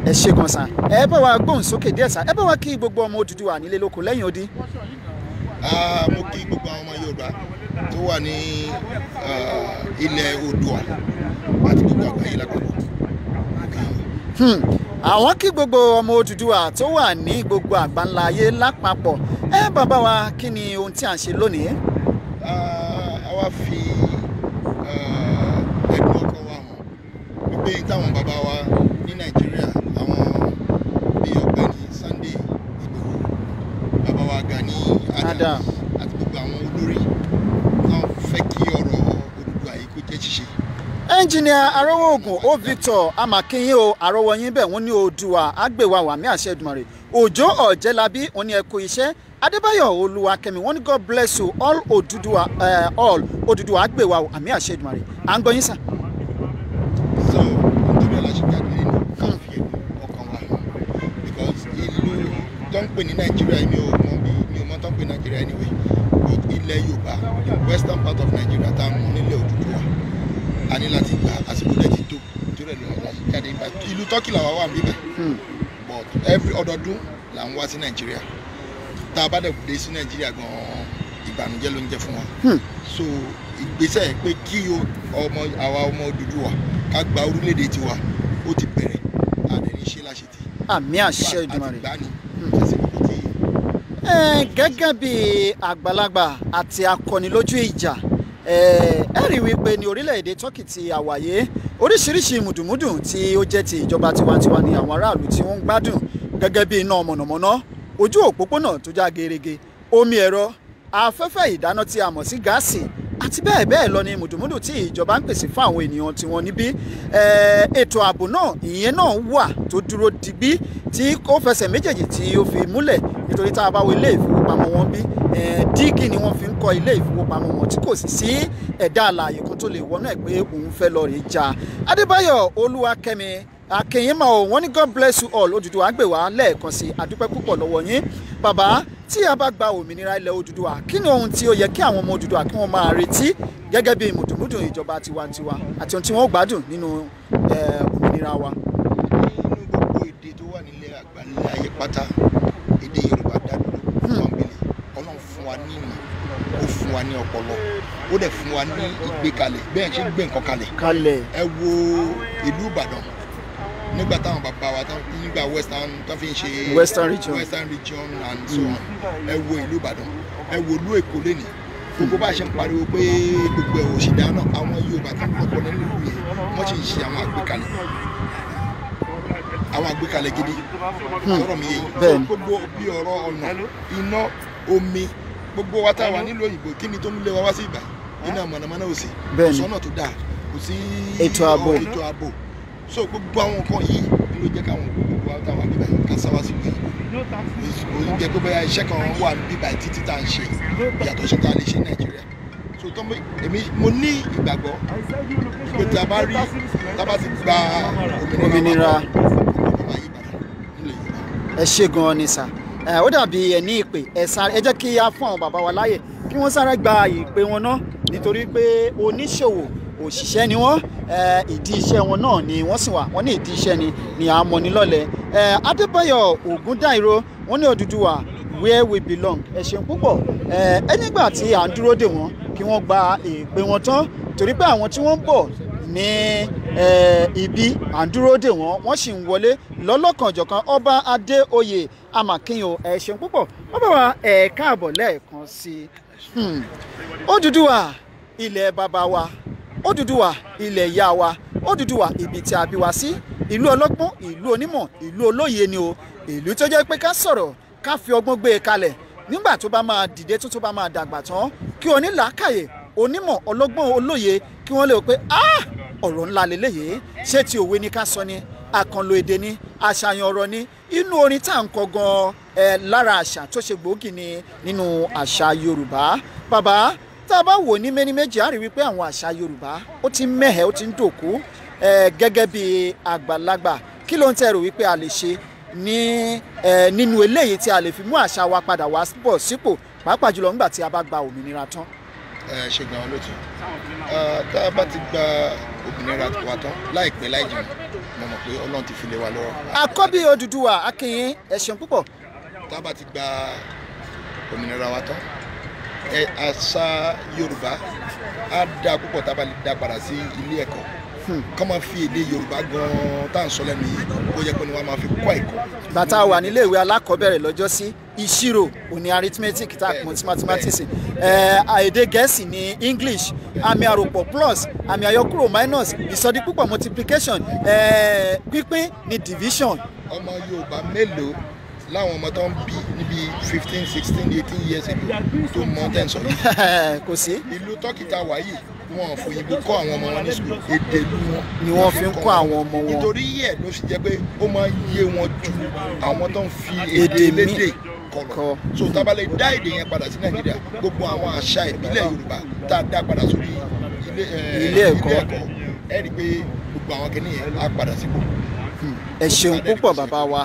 ẹ ṣe kan sàn ẹ bá wa gbóhùn sókè díẹ̀ sàn ẹ bá wa kí gbogbo ọmọ Odùduwà nílé lóko lẹ́yìn odi. Ah, mo kí gbogbo àwọn ọmọ Yorùbá tó wà ní ah, ilẹ̀ Oòduà àti gbogbo àgbáyé lápapọ̀. Hmm. àwọn kí gbogbo ọmọ Odùduwà tó wà ní gbogbo àgbáńlá ayé lápapọ̀ ẹ eh, bàbá wa kí ni ohun tí à ń ṣe lónìí. àwa ah, fi wípé táwọn bàbá wa ní nàìjíríà àwọn bíi ọ̀gbẹ́ni Sunday Igboho bàbá wa Gani Adams àti gbogbo àwọn olórí táwọn fẹ́ kí ọ̀rọ̀ Odùduwà yìí kó jẹ́ ṣíṣe. ẹnjìnìà arọ́wọ́ ogun ó Victor amakinyin o àrọ́wọ́ yín bẹ́ẹ̀ wọ́n ní Oòduà àgbèwà wàmí àṣẹ òjò ọ̀jẹ̀lábí wọ́n ní ẹ kú iṣẹ́ adébáyọ̀ olúwakẹ́mi ní god bless you all Oòduà uh, eh, all Oòduà àgbèwà àmì àṣẹ Èdùmàrè à ń gbọ́ yín sàn. pè ní nàìjíríà mi ò mọ mi ò mọ tán pè nàìjíríà anyway ilẹ̀ yorùbá western part of nigeria tá a mọ nílẹ̀ òdùdúwà a ní láti gba àsìkò lẹ́tì tó tó rẹ̀ lọ́wọ́ jáde ìgbà ìlú turkey làwa wà níbẹ̀ hmm. but every ọdọọdún là ń wá sí nàìjíríà tá a bá dẹ̀ dé sí nàìjíríà gan-an ìbànújẹ́ ló ń jẹ́ fún wa hmm. so ìgbésẹ̀ pé kí ọmọ àwa ọmọ òdùdúwà ká gba orílẹ̀-èdè tiwa ó ti bẹ̀rẹ̀ àdẹ̀níṣe láṣetì àmì àṣẹ ìdùnnú rẹ̀ hmm gẹ́gẹ́ bí àgbàlagbà àti akọni lójú ìjà ẹ rí wípé ní orílẹ̀-èdè turkey ti àwàyé oríṣiríṣi mùdùmùdùn tí ó jẹ́ ti ìjọba tiwantiwa ni àwọn aráàlú tí wọ́n ń gbádùn gẹ́gẹ́ bí iná mọ̀nàmọ́ná ojú òpópónà tó já gerege omi ẹ̀rọ afẹ́fẹ́ ìdáná tí a mọ̀ sí gáàsì àti bẹ́ẹ̀ bẹ́ẹ̀ lọ ni mùdùmùdù tí ìjọba ń pèsè fún àwọn ènìyàn tiwọn níbí ètò ààbò náà ìyẹn náà wà tó dúró digbí tí kò fẹsẹ̀ méjèèjì tí ó fi múlẹ̀ nítorí tá a bá wo ilé ìfowópamọ́ wọn bí dígì ni wọ́n fi ń kọ́ ilé ìfowópamọ́ wọn tí kò sì sí ẹ̀dá alààyè kan tó lè wọnú ẹ̀ pé òun fẹ́ lọ rè já Adébáyọ̀ Olúwakẹ́mi akínyìnmọ̀ o wọ́n ní God bless you all Odùduwà á gbè wá lẹ́ẹ̀kan sí àdúpẹ́ púpọ̀ lọ́wọ́ yín bàbá tí a bá gba òmìnira ilẹ̀ Odùduwà kí ni ohun tí ó yẹ kí àwọn ọmọ Odùduwà kí wọ́n máa retí gẹ́gẹ́ bí mùdùmúdùn ìjọba tiwantiwa àti ohun tí wọ́n gbádùn nínú òmìnira wa. nínú gbogbo èdè tó wà nílẹ̀ àgbáńlá ayé pátá èdè Yorùbá dá dúró pọ́nbélé Ọlọ́run fún wa ní ìmọ̀ ó fún wa ní ọpọlọ ó dẹ̀ fún wa ní ìgbékalẹ̀ bẹ́ẹ̀ ṣe ń gbé nǹkan kalẹ̀ kalẹ̀ ẹ wo ìlú Ìbàdàn nígbà táwọn bàbá wa nígbà western tó fi ń ṣe western region western region and so hmm. on ẹ wo ìlú Ìbàdàn ẹ wo ìlú Èkó lẹ́nìí gbogbo bá ṣe ń pariwo pé gbogbo ẹ̀ òṣìdá náà àwọn Yorùbá tó ń pọ̀ pọ̀ nínú ìlú yẹn wọ́n sì ń ṣe àwọn àgbékalẹ̀ àwọn àgbékalẹ̀ gidi ọ̀rọ̀ mi yìí gbogbo bí ọ̀rọ̀ ọ̀nà iná omi gbogbo wa tá a wà nílùú òyìnbó kí ni tó ń lé wa wá sí ìgbà iná mọ̀nàmọ́ná ò sí sọ́nà tó dáa kò sí ètò ààbò so gbogbo àwọn nǹkan yìí ló jẹ́ káwọn gbogbo wa táwọn bíbá yìí ká sáwá sí ìlú òyìn jẹ́ pé bóyá iṣẹ́ kan wà bíbá yìí títí tá à ń ṣe yàtọ̀ ṣe tá a lè ṣe Nàìjíríà so tó èmi mo ní ìgbàgbọ́ pé tá a bá rí tá a bá ti gba òmìnira ẹ ṣe gan-an ni sà ó dàbí ẹ ní ìpè ẹ sáré ẹ jẹ́ kí a fún àwọn bàbá wa láàyè kí wọ́n sáré gba ìpè wọn náà nítorí pé oníṣòwò òṣìṣẹ́ ni wọ́n ìdí iṣẹ́ wọn náà ni wọ́n sì wà wọ́n ní ìdí iṣẹ́ ni ni à ń mọ ní lọ́lẹ̀ Adébáyọ̀ Ògúndáìró wọ́n ní Odùduwà where we belong ẹ ṣeun púpọ̀ ẹ nígbà tí à ń dúró dè wọ́n kí wọ́n gba ìpè wọn tán torí pé àwọn tí wọ́n ń bọ̀ ní ibi à ń dúró dè wọ́n wọ́n sì ń wọlé lọ́lọ́kanjọ̀kan ọba adéoyè amakinyo ẹ ṣeun púpọ̀ bàbá wa ẹ káàbọ̀ lẹ́ẹ̀kan sí i hmm. Odùduwà ilẹ̀ bàbá wa Odùduwà ilẹ̀ ìyá wa Odùduwà ibi tí a bí wa sí ìlú ọlọ́gbọ́n ìlú onímọ̀ ìlú olóye ni o ìlú tó jẹ́ pé ká sọ̀rọ̀ ká fi ọgbọ́n gbé e kalẹ̀ nígbà tó bá máa dìde tó tó bá máa dàgbà tán kí onílàákàyè onímọ̀ ọlọ́gbọ́n olóye kí wọ́n lè wò pé ah ọ̀rọ̀ ńlá lélẹ́yìí ṣé ti òwe ni ká sọ ni àkànlò èdè ni àṣàyàn ọ̀rọ̀ ni inú orin tá à ń kọ gan ẹ lára àṣà tó ṣe gbòógì ni nínú àṣà Yorùbá bàbá tá a bá wò ní méní méjì á rí wípé àwọn àṣà Yorùbá ó ti ń mẹ́hẹ̀ ó ti ń dòkú ẹ gẹ́gẹ́ bí àgbàlagbà kí ló ń tẹ́ rò wípé a lè ṣe ní ẹ nínú eléyìí tí a lè fi mú àṣà wa padà wá bọ̀ sípò pàápàá jùlọ nígbà tí a bá gba òmìnira tán. ẹ ṣe gbà wọn lótú tá a bá ti gba òmìnira wa tán láìpẹ́ láì jìnnà mo mọ̀ pé ọlọ́run ti fi lé wa lọ́wọ́. àkọ́bí Odùduwà a kí yín ẹ ṣeun púpọ̀. tá ti gba òmìnira wa tán àṣà Yorùbá á dáa púpọ̀ tá lè dá padà sí ilé ẹ̀kọ́ kọ́ máa fi èdè yorùbá gan-an tá à ń sọ lẹ́nu yìí kó yẹ pé ni wọ́n máa fi kọ́ ẹ̀kọ́. bàtà wà nílé alákọ̀ọ́bẹ̀rẹ̀ lọ́jọ́ sí ìṣirò òní arithmetic tá a pọ̀ sí mathematics èdè gẹ̀ẹ́sì ní english àmì àròpọ̀ plus àmì àyọkúrò minus ìsọdipúpọ̀ multiplication pínpín ni division. ọmọ yorùbá mélòó láwọn ọmọ tó ń bí níbi fifteen sixteen eighteen years ago tó mọ tẹ́ ń sọ yìí. kò sí. ìlú tọ́kì tá wà yìí wọn ò fòyìnbó kọ́ àwọn ọmọ wọn ní sùkúl èdè ìlú wọn. ni wọ́n fi ń kọ́ àwọn ọmọ wọn. nítorí yẹ ló sì jẹ́ pé ó máa ń yé wọn ju àwọn tó ń fi èdè lédè kọlọ so tábàlẹ̀ dá èdè yẹn padà sí nàìjíríà gbogbo àwọn àṣà ìbílẹ̀ yorùbá tá a dá padà sórí ilé ẹ̀kọ́ ẹ rí i pé gbogbo àwọn kìnìyẹn á padà sípò. ẹ ṣeun púpọ̀ bàbá wa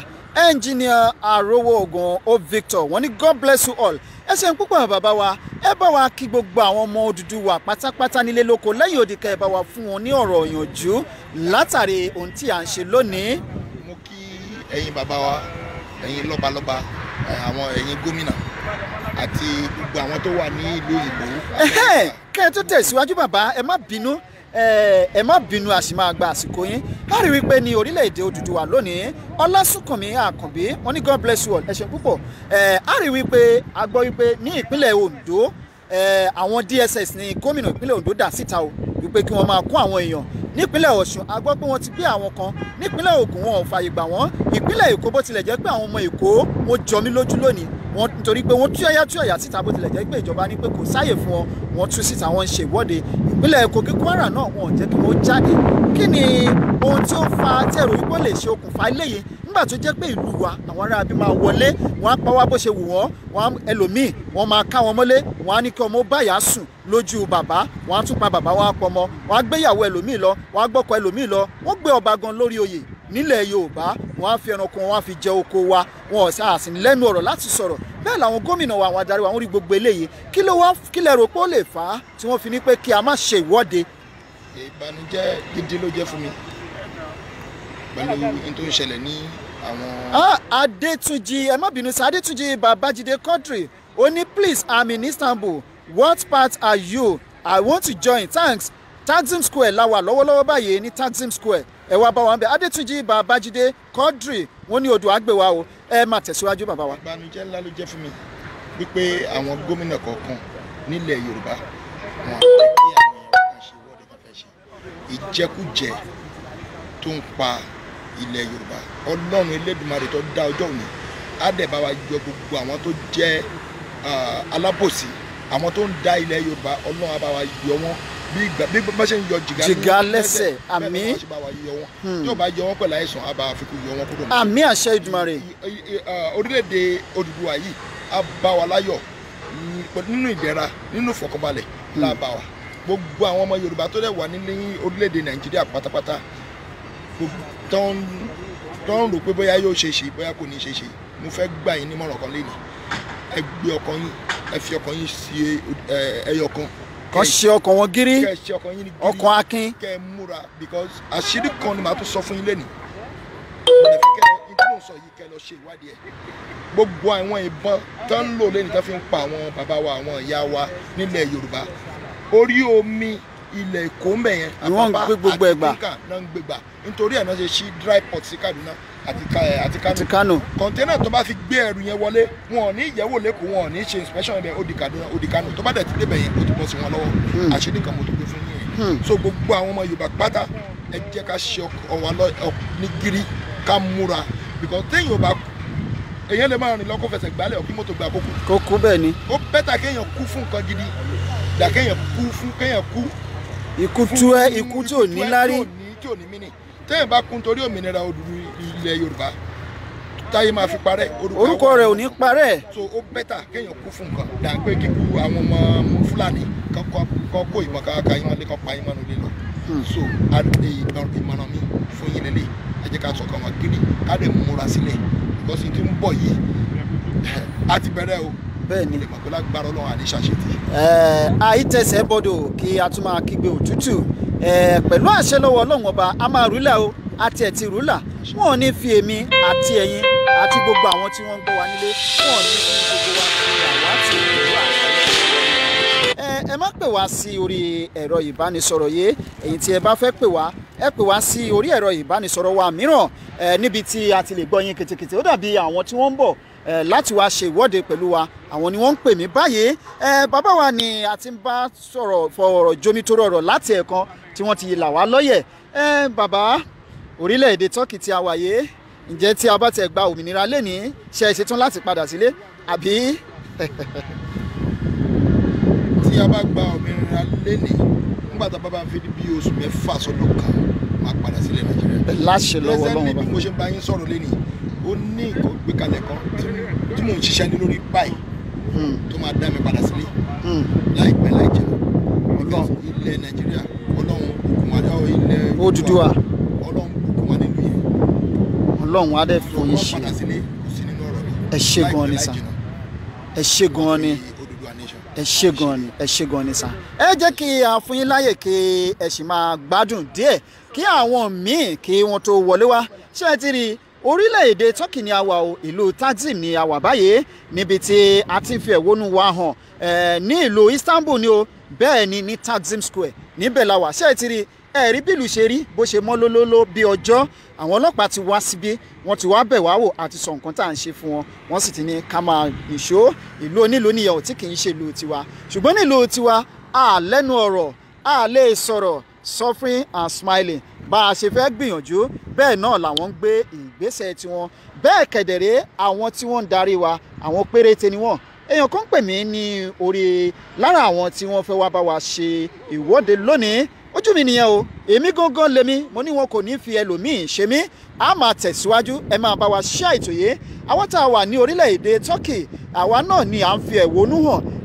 engineer àròwọ ogun o Victor wọ́n ní God bless you all ẹ ṣeun púpọ̀ bàbá wa ẹ bá wa kí gbogbo àwọn ọmọ Odùduwà pátápátá nílé lóko lẹ́yìn odi ká ẹ bá wa fún wọn ní ọ̀rọ̀ ìyànjú látàrí ohun tí à ń ṣe lónìí. mo kí ẹ̀yin bàbá wa ẹ̀yin lọ́balọ́ba àwọn ẹ̀yin gómìnà àti gbogbo àwọn tó wà ní ìlú ìgbò. kẹ́ ẹ tó tẹ̀síwájú bàbá ẹ má bínú ẹ má bínú a sì máa gba àsìkò yín a rí wípé ní orílẹ̀-èdè Odùduwà lónìí Ọlásùnkànmí Àkànbí wọ́n ní God bless you all ẹ ṣeun púpọ̀ a rí wípé a gbọ́ wípé ní ìpínlẹ̀ Ondo àwọn DSS ní gómìnà ìpínlẹ̀ Ondo dà síta o wípé kí wọ́n máa kún àwọn èèyàn nípínlẹ̀ Ọ̀ṣun a gbọ́ pé wọ́n ti gbé àwọn kan nípínlẹ̀ Ògùn wọn ò fààyè gbà wọ́n ìpínlẹ̀ Èkó bó tilẹ̀ jẹ́ pé àwọn ọmọ Èkó wọn jọ mí lójú lónìí wọ́n nítorí pé wọ́n tú ẹ̀yà tú ẹ̀yà síta bó tilẹ̀ jẹ́ pé ìjọba ní pé kò sáàyè fún ọ wọ́n tú síta wọ́n ń ṣe ìwọ́de ìpínlẹ̀ Kogi Kwara náà wọn ò jẹ́ kí wọ́n jáde kí ni ohun tí ó fa tẹ̀rù wípé ṣe okùnfà eléyìí nígbà tó jẹ́ pé ìlú wa àwọn ará bí máa wọlé wọ́n á pa wá bó ṣe wù wọ́n wọ́n ẹlòmíì wọ́n máa ká wọn mọ́lé wọ́n á ní kí ọmọ báyà sùn lójú bàbá wọ́n á tún pa bàbá wọn á pọmọ wọ́n á gbéyàwó ẹlòmíì lọ wọ́n á gbọ́kọ ẹlòmíì lọ wọ́n gbé ọba gan lórí oyè nílẹ̀ yorùbá wọ́n á fi ẹranko wọn á fi jẹ oko wa wọn ò sáà sí lẹ́nu ọ̀rọ̀ láti sọ̀rọ̀ bẹ́ẹ̀ làwọn gómìnà wa àwọn adarí wa wọ́n rí gbogbo eléyìí kí ló wá kí lẹ rò pé ó lè fà á tí wọ́n fi ní pé kí a má ṣe ìwọ́de. ìbànújẹ́ gidi ló jẹ́ fún mi pẹ̀lú ní tó ń ṣẹlẹ̀ ní àwọn. Ah, Adétúnjì ẹ má bínú sí Adétúnjì Babájídé Quadri ó ní please I'm in Istanbul what part are you I want to join thanks Taksim Square la wà lọ́wọ́lọ́wọ́ báyìí ní Taksim Square ẹ wá bá wa ń bẹ Adétúnjì Babájídé Quadri wọ́n ní odò àgbèwà o ẹ máa tẹ̀síwájú bàbá wa. ìbànújẹ́ ńlá ló jẹ́ fún mi wípé àwọn gómìnà kọ̀ọ̀kan nílẹ̀ Yorùbá wọn àti àwọn ìjẹkújẹ tó ń pa ilẹ̀ yorùbá ọlọ́run elédùmarè tó dá ọjọ́ òní adẹ̀báwa yọ gbogbo àwọn tó jẹ́ alábòsí àwọn tó ń da ilẹ̀ yorùbá ọlọ́run abáwa yọ wọ́n bí bá ṣe ń yọ jìgá jìgá lẹ́sẹ̀ àmín hmm. tí ó bá yọ wọ́n pẹ̀lú àìsàn abá àfikún yọ wọ́n kúrò. àmín àṣẹ ìdùmarè. orílẹ̀-èdè Odùduwà yìí á láyọ̀ nínú ìdẹ̀ra nínú ìfọ̀kànbalẹ̀ hmm. la gbogbo àwọn ọmọ yorùbá tó dẹ̀ wà nílé orílẹ̀-èdè nàìjíríà pátápátá gbogbo tó ń tó ń rò pé bóyá yóò ṣe ṣe bóyá kò ní ṣe ṣe mo fẹ́ gbà yín nímọ̀ràn kan lénìí ẹ gbé ọkàn yín ẹ fi ọkàn yín sí ẹyọ kan. kàn ṣe ọkàn wọn gírí ọkàn akin. kẹ ẹ múra because àṣírí kan ni màá tún sọ fún yín lénìí mò ń sọ yìí kẹ lọ ṣe ìwádìí ẹ gbogbo àwọn ìbọn tó ń lò lẹ́yìn tó fi ń pa àwọn bàbá wa àwọn ìyá wa nílẹ̀ Yorùbá orí omi ilẹ̀ èkó ń bẹ̀ yẹn àpapá àti bíkà náà ń gbégbà nítorí ẹ̀ náà ṣe ṣí dry port sí Kaduna àti eh, Kano kọ̀ńténà tó bá fi gbé ẹrù yẹn wọlé wọn ò ní ìyẹ̀wò lẹ́kọ̀ọ́ wọn ò ní ṣe inspection ibẹ̀ ó di Kaduna ó di Kano tó bá dẹ̀ ti débẹ̀ yẹn ó ti bọ́ sí wọn lọ́wọ́ hmm. àṣírí kan mo tó gbé fún yín hmm. so gbogbo àwọn ọmọ Yorùbá pátá ẹ jẹ́ ká ṣe ọwọ́ ní gírí ká múra because téèyàn bá èyàn lè máa rìn lọ́kọ́ fẹsẹ̀ gbálẹ̀ ọ̀kí mọ́tò gba kókó. kókó bẹ́ẹ̀ ni. ó bẹ́tà kéèyàn kú fún nǹkan gidi dà kéèyàn kú fún kéèyàn kú ikú tú ẹ ikú tí ò ní lárí. tí ò ní mí nì téèyàn bá kú torí òmìnira ilẹ̀ yorùbá táyé máa fi parẹ́ orúkọ rẹ̀ ò ní parẹ́. so ó bẹ́tà kéèyàn kú fún nǹkan dà pé kíkú àwọn ọmọ fúlàní kọ́ kó ìmọ̀ káàkà yín wọn lé kọ́ pa yín mọ́nu lé lọ. Hmm. so ìmọ̀ràn mi fún yín lélẹ̀ ẹ jẹ́ ká sọ̀kan wọn kiri ká lè múra sílẹ̀ because tí ń bọ̀ yìí á bẹ̀rẹ̀ o bẹ́ẹ̀ni lè mọ̀ pé lágbára Ọlọ́run àní ṣàṣetì. kí a tún máa kígbe òtútù pẹ̀lú àṣẹ lọ́wọ́ Ọlọ́run ọba a máa rúlà o àti ẹ̀ ti rúlà wọn ò ní fi èmi àti ẹ̀yin àti gbogbo àwọn tí wọ́n ń gbọ́ wa nílé wọn ò ní fi gbogbo wa àwa ti rúlà ẹ má pè wá sí orí ẹ̀rọ ìbánisọ̀rọ̀ yìí èyí tí ẹ bá fẹ́ pè wá ẹ pè wá sí orí ẹ̀rọ ìbánisọ̀rọ̀ wa mìíràn níbi tí a ti lè gbọ́ yín kètèkètè ó dàbí àwọn tí wọ́n ń bọ̀ láti wá ṣe ìwọ́de pẹ̀lú wa àwọn ni wọ́n ń pè mí báyìí bàbá wa ni a ti ń bá sọ̀rọ̀ fọ̀rọ̀ jomitoro ọ̀rọ̀ láti ẹ̀kan tí wọ́n ti là wá lọ́yẹ̀ bàbá orílẹ̀-èdè turkey tí a wà yé ǹjẹ́ tí a bá tẹ̀ gba òmìnira lénìí ṣe é ṣetán láti padà sílé àbí. tí a bá gba òmìnira lénìí nígbà tá a bá bá fi bí oṣù mẹ́fà sọ́dún kan máa padà sílẹ̀ nàìjíríà. láṣẹ lọ́wọ́ lọ́wọ́ bá ó ní ìkó gbékalẹ̀ kan tí mò ń ṣiṣẹ́ ní lórí báyìí hmm. tó máa dá mi padà sílé hmm. láìpẹ́ láì jẹun ọlọ́run ilẹ̀ nàìjíríà ọlọ́run òkun adá ilẹ̀ Odùduwà ọlọ́run òkun adá ìlú yẹn. ọlọ́run adé fún yín ṣe ẹ ṣé gan ni sà ẹ ṣé gan ni ẹ ṣé gan ni ẹ ṣé gan ni sà. ẹ jẹ́ kí a fún yín láyè kí ẹ sì máa gbádùn díẹ̀ kí àwọn míì kí wọ́n tó wọlé wá ṣé ẹ ti rí i orílẹ̀-èdè turkey ni a wà o ìlú tajim ni a wà báyìí níbi tí a ti fi ẹ̀wọ́nú wa hàn eh, ní ìlú istanbul ni o bẹ́ẹ̀ ni ní tajim square níbẹ̀ la wà ṣé ẹ ti rí ẹ rí bílù ṣe rí bó ṣe mọ́ lólóló bí ọjọ́ àwọn ọlọ́pàá ti wá síbí wọ́n ti wá bẹ̀ wá wò àti sọ nǹkan tá à ń ṣe fún wọn wọ́n sì ti ní ká máa nìṣó ìlú onílù nìyẹn tí kì í ṣe ìlú tiwa ṣùgbọ́n nílùú tiwa a lẹ́nu ọ̀rọ̀ a lè sọ̀rọ̀ suffering and smiling bá a ṣe fẹ́ gbìyànjú bẹ́ẹ̀ náà làwọn ń gbé ìgbésẹ̀ tiwọn bẹ́ẹ̀ kẹ̀dẹ̀rẹ́ àwọn tí wọ́n ń darí wa àwọn péréte ni wọ́n èèyàn kan pè mí ní orí lára àwọn tí wọ́n fẹ́ wá bá wa ṣe ìwọ́de lónìí ojú mi nìyẹn o èmi gangan lèmi mo ní wọn kò ní fi ẹlòmíín ṣe mí a máa tẹ̀síwájú ẹ máa bá wa ṣe àìtòyé àwọn tá a wà ní orílẹ̀-èdè Turkey àwa náà ni à ń fi ẹ̀wọ̀nú hàn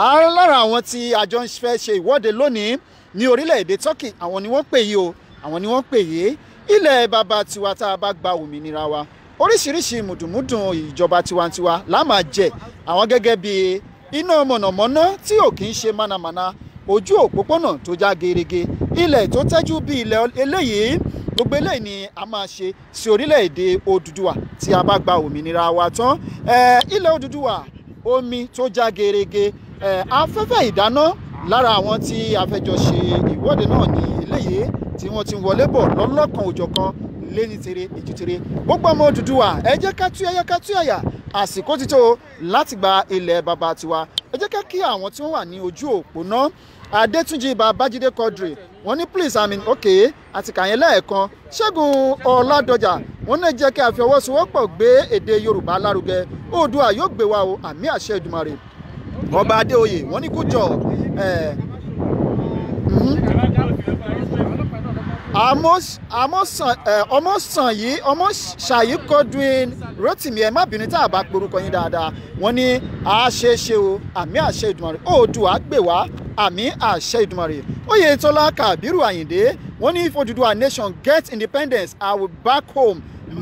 àárín lára àwọn tí àjọ ń fẹ́ ṣe ìwọ́de lónìí ní orílẹ̀-èdè Turkey àwọn ni wọ́n pè yìí o àwọn ni wọ́n pè yìí ilẹ̀ bàbá tiwa tá a bá gba òmìnira wa oríṣiríṣi mùdùmúdùn ìjọba tiwantiwa la máa jẹ àwọn gẹ́gẹ́ bí iná mọ̀nàmọ́ná tí ò kì í ṣe mànàmáná ojú òpópónà tó já gerege ilẹ̀ tó tẹ́jú bí ilẹ̀ eléyìí gbogbo eléyìí ni a máa ṣe sí orílẹ̀-èdè Odùduwà tí a bá gba òmìnira wa tán ilẹ̀ Odùduwà omi tó já gerege afẹ́fẹ́ ìdáná lára àwọn tí a fẹ́ jọ ṣe ìwọ́de náà ní eléyìí tí wọ́n ti wọlé bọ̀ lọ́lọ́kan òjọ̀kan lẹ́ni tere ètò tere gbogbo ọmọ Odùduwà ẹ jẹ́ ká tú ẹyẹ ká tú ẹ̀yà àsìkò ti tó láti gba ilẹ̀ bàbá tiwa ẹ jẹ́ ká kí àwọn tí wọ́n wà ní ojú òpó náà Adétúnjì Babájídé Quadri wọ́n ní please I mean okay àti kàyẹn lẹ́ẹ̀kan Ṣẹ́gun Ọládọjà wọ́n náà jẹ́ kí a fi ọwọ́ sowọ́pọ̀ gbé èdè Yorùbá lárugẹ Oòduà yóò gbé wa o àmì àṣẹ Èdùmàrè ọba adéoyè wọ́n ní kó jọ mhm. ọmọ sàn yìí ọmọ ṣàyí Godwin Rotimi ẹ má bínú tá a bá porúkọ yín dáadáa wọ́n ní àṣeṣe o àmì àṣẹ Èdùmàrè Oòduà gbè wá àmì àṣẹ Èdùmàrè Oyètọ́lá Kàbírù Àyìndé wọ́n ní if our nation get independence I will back home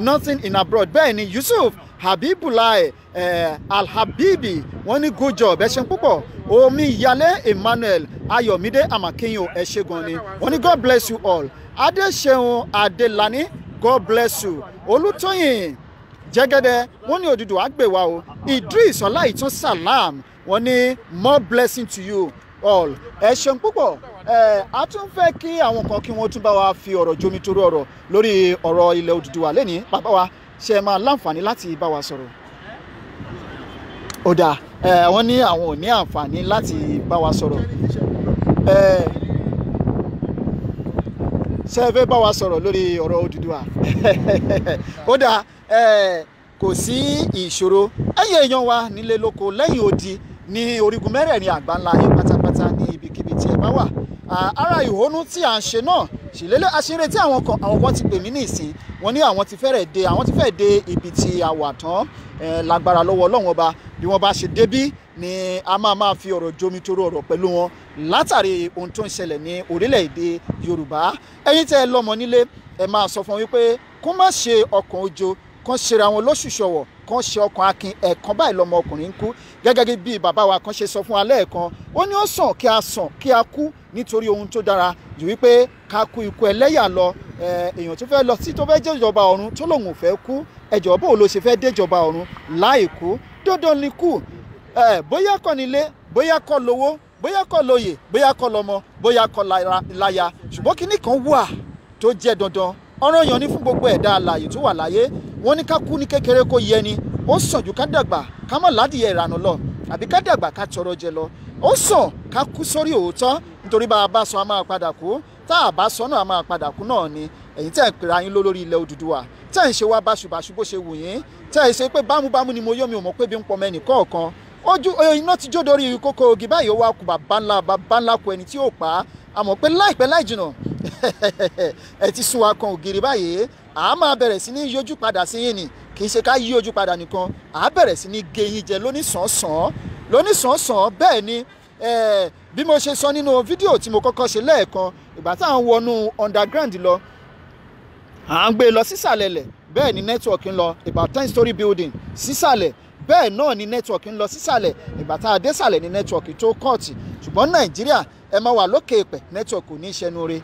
nothing in abroad bẹ́ẹ̀ ni Yusuf habibulai eh, alhabibi wọ́n ní good job ẹ ṣeun púpọ̀ omi ìyálé emmanuel ayọ̀mídé amakinyo ẹ ṣe gan ni wọ́n ní god bless you all adéṣeun adélani god bless you olùtọ́yìn jẹ́gẹ́dẹ́ wọ́n ní Odùduwà gbè o idris ọláìtàn salam wọ́n ní more blessing to you all ẹ ṣeun púpọ̀ ẹ eh, a tún fẹ́ kí àwọn kan kí wọ́n tún bá wa fi ọ̀rọ̀ jomitoro ọ̀rọ̀ lórí ọ̀rọ̀ ilẹ̀ Odùduwà lẹ́ni bàbá wa ṣe máa láǹfààní láti bá wa sọ̀rọ̀ ó dáa wọ́n ní àwọn ò ní àǹfààní láti bá wa sọ̀rọ̀ ṣe fẹ́ bá wa sọ̀rọ̀ lórí ọ̀rọ̀ Odùduwà ó dáa kò sí ìṣòro ẹ̀yin èèyàn wa nílé lóko lẹ́yìn odi ní orígun mẹ́rẹ̀ẹ̀rin àgbáńlá yín pátápátá ní ibikíbi tí ẹ bá wà ara ìhónú tí à ń ṣe náà ṣìlélẹ̀ àṣírètí àwọn kan àwọn kan ti pè mí ní ìsìn wọ́n ní àwọn ti fẹ́rẹ̀ dé àwọn ti fẹ́ẹ̀ dé ibi tí a wà tán lágbára lọ́wọ́ ọba bí wọ́n bá ṣe débí ni a máa máa fi ọ̀rọ̀ jomitoro ọ̀rọ̀ pẹ̀lú wọn látàrí ohun tó ń ṣẹlẹ̀ ní orílẹ̀ yorùbá ẹ̀yin tẹ́ ẹ lọ́mọ nílé ẹ máa sọ fún wọn wípé kó má ṣe ọkàn ojo kan ṣera wọn lóṣùṣọwọ kan ṣe ọkàn akin ẹ̀ẹ̀kan báyìí lọmọ ọkùnrin ń kú gẹ́gẹ́ bí bàbá wa kan ṣe sọ fún wa lẹ́ẹ̀kan ó ní ó sàn kí a sàn kí a kú nítorí ohun tó dára jù wípé ká kú ikú ẹlẹ́yà lọ èèyàn tó fẹ́ lọ sí tó fẹ́ jẹ́jọba ọ̀run tó lòun ò fẹ́ kú ẹ̀jọ̀ bó ló ṣe fẹ́ déjọba ọ̀run láì kú dandan ni kú bóyá kọ́ nílé bóyá kọ́ lówó bóyá kọ́ lóyè bóyá kọ́ lọ́mọ bóyá kọ́ láya ṣùgbọ́n kinní kan wà tó jẹ́ dandan ọ̀ràn yàn ni fún gbogbo ẹ̀dá alààyè tó wà láyé wọ́n ní ká kú ní kékeré kó yẹ ni ó sàn ju ká dàgbà ká má ládìyẹ ìrànà lọ àbí ká dàgbà ká tọrọ jẹ lọ ó sàn ká kú sórí òótọ́ nítorí bá a bá sọ a máa padà kú tá a bá sọ náà a máa padà kú náà ni ẹ̀yin tẹ́ ń pera yín lólórí ilẹ̀ Odùduwà tẹ́ ń ṣe wá báṣubàṣu bó ṣe wù yín tẹ́ ẹ ṣe pé bámúbámú ni mo yọ́ mi ò mọ̀ pé bí ń pọmọ ẹnì kọ̀ọ̀kan ojú iná ti jó dorí kókó ogi báyìí ó wá kú bàbá ńlá bàbá ẹni tí yóò pa á àmọ́ pé láìpẹ́ láì jìnnà ẹ ti sún wa kan ògiri báyìí a máa bẹ̀rẹ̀ sí ní yọjú padà sí yín ni kì í ṣe ká yí ojú padà nìkan a bẹ̀rẹ̀ sí ní gé jẹ lóníṣànsàn lóníṣànsàn bẹ́ẹ̀ ni bí mo ṣe sọ nínú fídíò tí mo kọ́kọ́ ṣe lẹ́ẹ̀kan ìgbà tá à ń wọnú underground lọ à ń gbé e lọ sísàlẹ̀ lẹ̀ bẹ́ẹ̀ ni network ń lọ about ten story building sísàlẹ̀ bẹ́ẹ̀ náà ni network ń lọ sísàlẹ̀ ìgbà tá a dé sàlẹ̀ ni network tó kọ́ọ̀tì ṣùgbọ́n nàìjíríà ẹ máa wà lókè èpẹ̀ network ò ní ṣẹnu re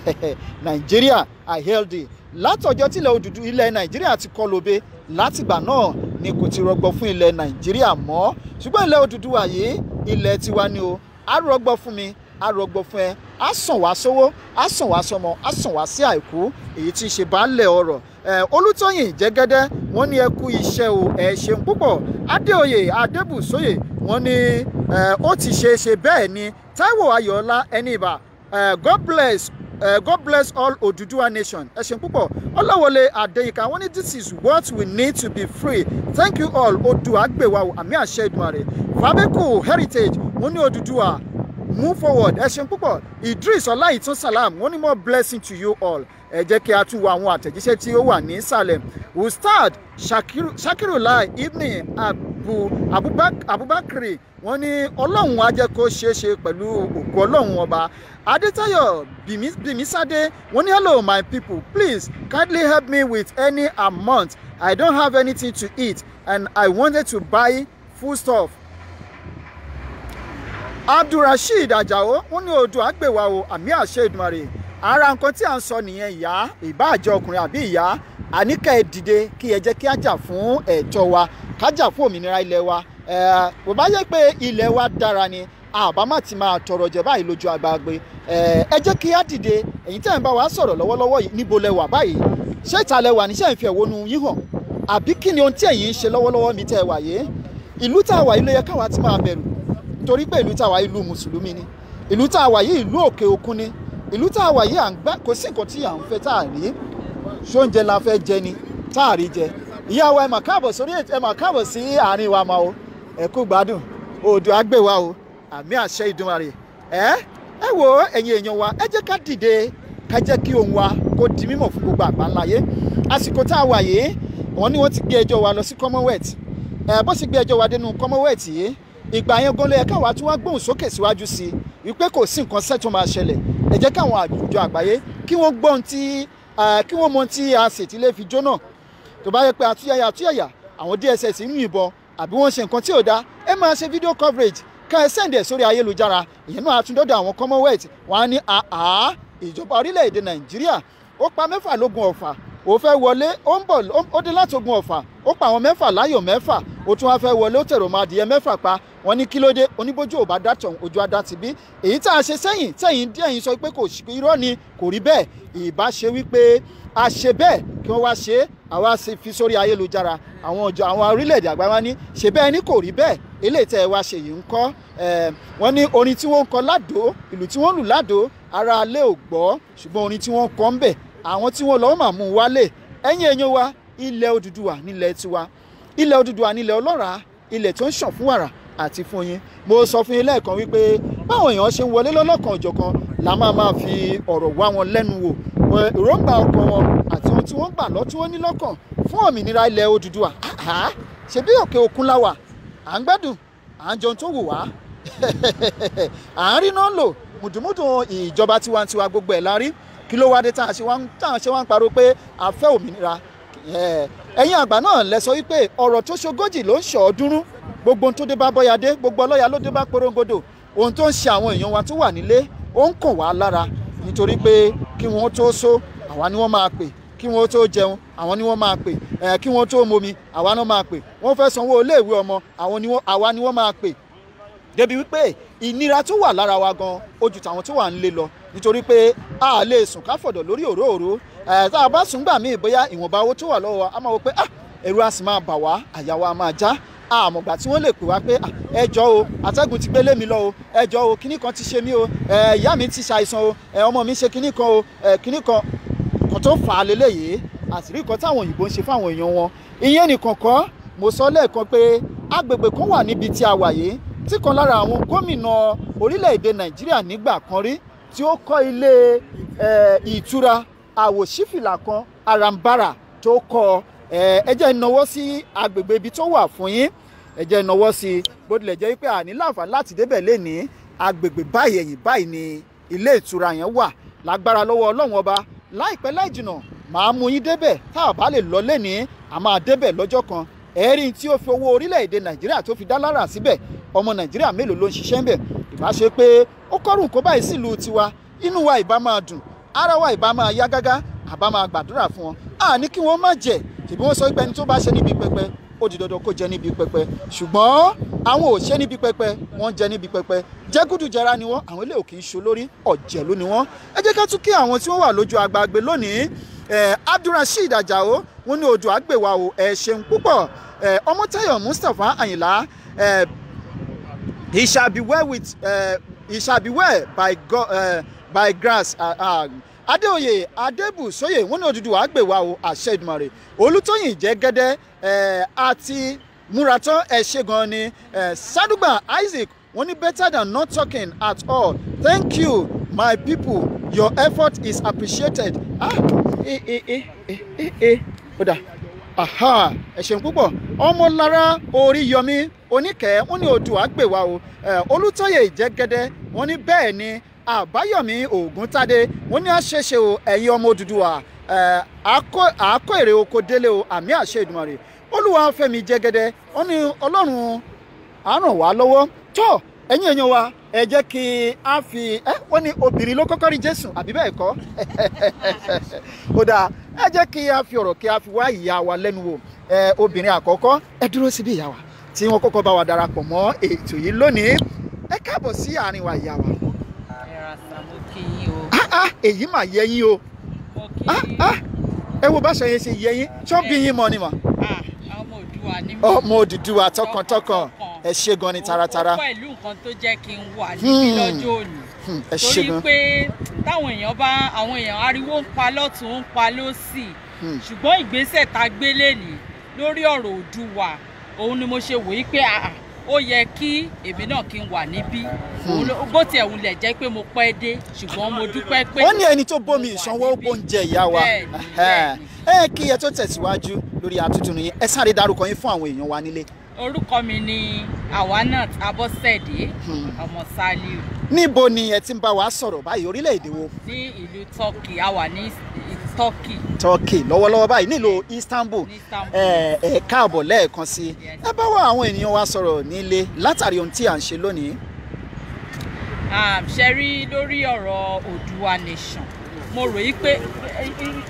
Nigeria i hail thee látọjọ́ tílẹ̀ òdùdú ilẹ̀ nàìjíríà ti kọ lóbe látìgbà náà ni kò ti rọgbọ fún ilẹ̀ nàìjíríà mọ́ ṣùgbọ́n ilẹ̀ Odùduwà yìí ilẹ̀ tiwa ni o a rọgbọ fún mi á fún ẹ á sàn wá sówó á sàn wá sọmọ á sàn wá sí àìkú èyí tí í ṣe baálẹ̀ ọrọ̀ olùtọ́yìn jẹ́gẹ́dẹ́ wọ́n ní ẹ kú iṣẹ́ o ẹ ṣeun púpọ̀ adéoyè adébùsóyè wọ́n ní ó ti ṣe é ṣe bẹ́ẹ̀ ni táíwò ayọ̀ọ́lá ẹni god bless God bless all Oduduwa nation. Ẹ ṣeun púpọ̀. Ọlọ́wọlé Adéyínká wọ́n ní this is what we need to be free. Thank you all Oduwa gbèwà àmì àṣẹ Èdùmàrè. Fàbíkù heritage wọ́n ní Oduduwa move forward ẹ ṣeun púpọ̀ Idris ọláìtún salam wọ́n ní more blessing to you all ẹ jẹ́ kí a tún wo àwọn àtẹ̀jíṣẹ́ tí ó wà ní ìsàlẹ̀ ustad shakirulai ibni abu abubakar wọ́n ní ọlọ́run á jẹ́ kó ṣeé ṣe pẹ̀lú òkú ọlọ́run ọba adétayọ̀ bimisade wọ́n ní hello my people please kindly help me with any amount i don't have anything to eat and i wanted to buy food stuff abdulrasheed ajáò wọn ní oòdùà gbè wá o àmì àṣẹ Èdùmàrè ara nǹkan tí à ń sọ nìyẹn ìyá ìbáàjẹ́ ọkùnrin àbí ìyá àníkẹ́ ẹ dìde kí ẹ jẹ́ kí á jà fún ẹ̀tọ́ wa ká jà fún òmìnira ilẹ̀ wa bó bá yẹ pé ilẹ̀ wa dára ni àbámá ti máa tọrọ jẹ báyìí lójú agbágbé ẹ jẹ́ kí á dìde ẹ̀yin tẹ́ ń bá wa sọ̀rọ̀ lọ́wọ́lọ́wọ́ yìí níbo lẹ wà báyìí ṣé ìta wà níṣẹ́ ìfẹ́ ìwọ́nu yín hàn àbí kí ni ohun tí ẹ̀yin ń ṣe lọ́wọ́lọ́wọ́ mi tẹ́ ẹ wà yìí ìlú tá a wà yìí ló yẹ káwa ti máa bẹ̀rù torí pé ìlú tàwa ìlú mùsùlùmí ni ìlú tàwa yìí ìlú òkè òkun ni ìlú tàwa yìí à ń gbá kò sí nǹkan tí à ń fẹ́ tá à rí ṣóúnjẹ la fẹ́ jẹ ni tá à rí jẹ ìyá wa ẹ mà káàbọ̀ sórí ẹ mà káàbọ̀ sí àárín wa ma o ẹ kú gbádùn odò àgbèwà o àmì àṣẹ Ìdùmarè ẹ ẹ wo ẹ̀yin èèyàn wa ẹ jẹ́ ká dìde ká jẹ́ kí ohun wa kó di mímọ̀ fún gbogbo àgbáńlá yé àsìkò tá a wà yìí wọ́n ní wọ́n ti gbé ẹjọ́ wa lọ sí Commonwealth ẹ bó sì gbé ẹjọ́ wa dénú Commonwealth yìí ìgbà yẹn gan ló yẹ káwa tí wọ́n gbóhùn sókè síwájú sí i wípé kò sí nǹkan sẹ́tún máa ṣẹlẹ̀ ẹ jẹ́ káwọn àjọ àgbáyé kí wọ́n gbọ́n tí kí wọ́n mọ tí a ṣètìlẹ́ fi jóná tó bá yẹ pé àtúnyẹ̀yà àtúnyẹ̀yà àwọn DSS ń yìnbọn àbí wọ́n ṣe nǹkan tí ò dáa ẹ máa ṣe fídíò coverage ká ẹ sẹ́ǹdẹ̀ sórí ayélujára ìyẹn náà àtúndọ́dọ̀ àwọn Commonwealth wọn á ní àá ìjọba orílẹ̀-èdè Nàìjíríà ó pa ó fẹ́ wọlé ó ń bọ̀ ó dé láti ogun ọ̀fà ó pa àwọn mẹ́fà láyò mẹ́fà ó tún wá fẹ́ wọlé ó tẹ̀rọ máa dìyẹ mẹ́fà pa wọ́n ní kí ló dé oníbójú ò bá dàtọ̀ ojú adá ti bí èyí tá a ṣe sẹ́yìn tẹ̀yìn díẹ̀ yín sọ pé kò sí irọ́ ni kò rí bẹ́ẹ̀ ìbá ṣe wípé a ṣe bẹ́ẹ̀ kí wọ́n wá ṣe é àwa fi sórí ayélujára àwọn ọjọ́ àwọn orílẹ̀-èdè àgbáyé wa ní ṣe bẹ́ẹ̀ ni kò rí bẹ́ẹ̀ eléyìí tẹ́ ẹ wá ṣe yìí ń kọ́ wọ́n ní orin tí wọ́n ń kọ ládòó ìlú tí wọ́n lù ládòó ara alẹ́ ò gbọ́ ṣùgbọ́n orin tí wọ́n kọ ń bẹ̀ àwọn tí wọ́n lọ wọ́n máa mú un wálé ẹ̀yin èèyàn wa ilẹ̀ Odùduwà nílẹ̀ tiwa ilẹ̀ Odùduwà nílẹ̀ ọlọ́ràá ilẹ̀ tó ń ṣàn fún wàrà àti fún yín mo sọ fún yín lẹ́ẹ̀kan wípé báwọn èèyàn ṣe ń wọlé lọ́lọ́kan ọ̀jọ̀kan la máa máa fi ọ̀rọ̀ wá wọn lẹ́nu wò èròǹgbà ọkàn wọn àti ohun tí wọ́n gbà lọ́tí wọ́n ní lọ́kàn fún òmìnira ilẹ̀ Odùduwà ṣe bí òkè òkun la wà à ń gbádùn à ń jọun tó wù wá à ń rí náà lò mùdùmùdù ìjọba tiwantiwa gbogbo ẹ̀ la rí kí ló wá dé tá à ṣe wá ń parọ́ pé a fẹ́ òmìnira ẹ̀yin àgbà náà lẹ sọ wípé ọ̀rọ̀ tó ṣogójì ló ń ṣọ̀ ọ́ dúró gbogbo ohun tó dé bá bọ́yá dé gbogbo ọlọ́yà ló dé bá porongodo ohun tó ń ṣe àwọn èèyàn wa tó wà nílé ó ń kàn wá lára nítorí pé kí wọ́n tó só àwa ni wọ́n máa pè kí wọ́n tó jẹun àwọn ni wọ́n máa pè ẹ̀ kí wọ́n tó momi àwa náà máa pè wọ́n fẹ́ sanwó iléèwé ọmọ àwa ni wọ́n máa pè débi wípé ìnira tó wà lára wa gan ojú tàwọn tó wà ń lé lọ nítorí pé a lè sùn ká fọ̀dọ̀ lórí òróòró tá a bá sùn gbà míì bóyá ìwọ̀nba owó tó wà lọ́wọ́ wa a máa wọ pé ah, ẹ̀rù a sì máa bà wá àyà wa máa já àmọ̀gbà tí wọ́n lè pè wá pé ah, ẹjọ́ o atẹ́gùn ti gbélé mi lọ o ẹjọ́ o kinní kan ti ṣe mí o ìyá mi ti ṣàìsàn o ọmọ mi ṣe kinní kan o kinní kan kan tó fà á lélẹ́yìí àṣírí kan táwọn òyìnbó ń ṣe fáwọn èèyàn wọn ìyẹn nìkan kọ́ mo sọ lẹ́ẹ̀kan pé agbègbè kan wà níbi tí a wà yìí tí kan lára àwọn gómìnà orílẹ̀-èdè nàìjíríà nígbà kan rí tí ó kọ́ ilé ìtura àwòṣífìlà kan arambara tó kọ́ ẹ jẹ́ ìnáwó sí agbègbè ibi tó wà fún yín ẹ jẹ́ ìnáwó sí bó tilẹ̀ jẹ́ pé àní láǹfààní láti débẹ̀ lénìí agbègbè báyìí ẹ̀yìn báyìí ni ilé ìtura yẹn wà lágbára lọ́wọ́ ọlọ́run ọba láìpẹ́ láì jìnà màá mú yín débẹ̀ tá a bá lè lọ lénìí a máa lọ́jọ́ kan ẹ̀rín tí ó fi owó orílẹ̀-èdè nàìjíríà tó fi dá lára síbẹ̀ ọmọ nàìjíríà mélòó ló ń ṣiṣẹ́ ń bẹ̀ ìbá ṣe pé ó kọ́rùn kó báyìí sílùú tiwa inú wa ìbá máa dùn ara wa ìbá máa yá gágá àbá máa gbàdúrà fún wọn a ní kí wọ́n má jẹ tìbí wọ́n sọ pé ẹni tó bá ṣe níbi pẹpẹ ó di dandan kó jẹ níbi pẹpẹ ṣùgbọ́n àwọn ò ṣe níbi pẹpẹ wọ́n jẹ níbi pẹpẹ jẹgúdújẹra ni wọ́n àwọn ilé òkè ń ṣe olórí ọ̀jẹ̀lú ni wọ́n ẹ jẹ́ ká tún kí àwọn tí wọ́n wà lójú agbágbé lónìí Eh, Abdulrasheed Ajao wọn ní odò àgbèwà o ẹ ṣeun púpọ̀ Ọmọ́táyọ̀ Mustapha Àyìnlá He shall be well with uh, he shall be well by go, uh, by grass. Uh, uh, Adéoyè Adébùsóyè wọn ní Odùduwà gbè wá o àṣẹ Èdùmàrè Olútóyìn Jẹ́gẹ́dẹ́ àti múratán ẹ ṣé gan ni Sádùgbà Isaac wọn ní better than not talking at all thank you my people your effort is appreciated. Ah, eh, eh, eh, eh, eh, eh. Ó ẹ ṣeun púpọ̀ ọmọlára oríyọmí oníkẹ́ wọn ní odò àgbèwà o olùtọ́yè ìjẹ́gẹ́dẹ́ wọn ní bẹ́ẹ̀ ni àbáyọ̀mí ògúntadé wọn ní àṣeṣe o ẹ̀yin ọmọ Odùduwà àákó èrè oko délé o àmì àṣẹ Èdùmàrè olúwafẹ́mi jẹ́gẹ́dẹ́ wọn ní ọlọ́run á ràn wá lọ́wọ́ tó ẹ̀yin èèyàn wa ẹ jẹ́ kí a fi ẹ ní obìnrin ló kọ́kọ́ rí Jésù àbí bẹ́ẹ̀ kọ́ ó ẹ jẹ́ kí a fi ọ̀rọ̀ kí a fi wá ìyá wa lẹ́nu wò obìnrin àkọ́kọ́ ẹ dúró síbi ìyá wa tí wọ́n kọ́kọ́ bá wa darapọ̀ mọ́ ètò yìí lónìí ẹ káàbọ̀ sí àárín wa ìyá wa. Ah, ah, èyí mà yẹ yín o ah, ẹ wo báṣọ yẹn ṣe yẹ yín ṣọ́ọ̀bì yín mọ́ ni mà. ọmọ Odùduwà tọkàntọkàn ẹ ṣe gan ni taratara. ó pẹ̀lú nǹkan tó jẹ́ kí n wà níbi hmm. lọ́jọ́ òní ẹ ṣe gan. torí pé táwọn èèyàn bá àwọn èèyàn ariwo ń pa lọ́tún ń pa lọ́sì hmm. ṣùgbọ́n ìgbésẹ̀ tá a gbé lé ní lórí ọ̀rọ̀ Oòduà òun ni mo ṣe wòye pé àà ó yẹ kí èmi náà kí n wà níbí hmm. bó tiẹ̀ wulẹ̀ jẹ́ pé mo pẹ́ dé ṣùgbọ́n mo dúpẹ́ pé. ó ní ẹni tó bómi ìsanwó oúnjẹ ìyá wa ẹ kí ẹ tó tẹ̀síwájú lórí àtútùnú yín ẹ sáré dárúkọ yín fún àwọn èèyàn wa nílé. orúkọ mi ni awanat abọ́sẹ̀dé hmm. ọmọ saliu. níbo ni ẹ ti ń bá wa sọ̀rọ̀ báyìí orílẹ̀-èdè wo. ní ìlú turkey a wà ní turkey turkey lọ́wọ́lọ́wọ́ báyìí nílùú istanbul ẹ káàbọ̀ lẹ́ẹ̀kan sí ẹ bá wá àwọn ènìyàn wa sọ̀rọ̀ nílé látàrí ohun tí à ń ṣe lónìí. ṣe rí lórí ọ̀rọ̀ Oòduà nation mo rò yí pé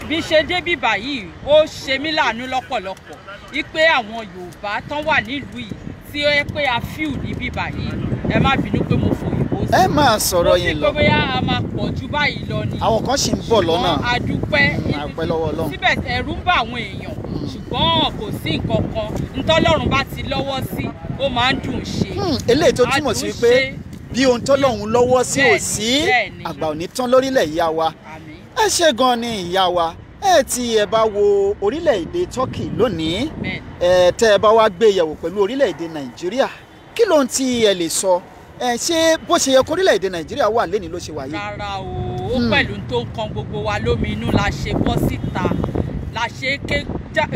bí ṣe débí báyìí ó ṣe mí láàánú lọ́pọ̀lọpọ̀ yí pé àwọn yorùbá tán wà nílùú yìí tí ó yẹ pé a fíù níbí báyìí ẹ má bínú pé mo fòyè ẹ máa sọ̀rọ̀ yín lọ. mo ti gbogbo máa pọ̀ ju báyìí lọ ni. àwọn kan sì ń bọ̀ lọ́nà. ṣùgbọ́n a dúpẹ́ síbẹ̀ ẹ̀rù ń bà àwọn èèyàn hmm. ṣùgbọ́n kò sí nǹkan kan ntọ́lọ́run bá ti lọ́wọ́ sí ó máa ń dùn ṣe. Hmm. eléyìí tó túmọ̀ sí pé bí ohun tọ́lọ́run lọ́wọ́ sí ò sí àgbà ò ní tán lórílẹ̀ ìyá wa ẹ ṣe gan ni ìyá wa ẹ ti ẹ bá wo orílẹ̀-èdè turkey lónìí ẹ tẹ́ ẹ bá wá gbé yẹ̀wò pẹ̀lú orílẹ̀-èdè nàìjíríà kí ló ń ti ẹ lè sọ ẹ ṣé bó ṣe yẹ kórílẹ̀-èdè nàìjíríà wà lẹ́ni ló ṣe wà rárá o ó hmm. pẹ̀lú tó ń kan gbogbo wa lómi inú la ṣe bọ́ síta la ṣe ké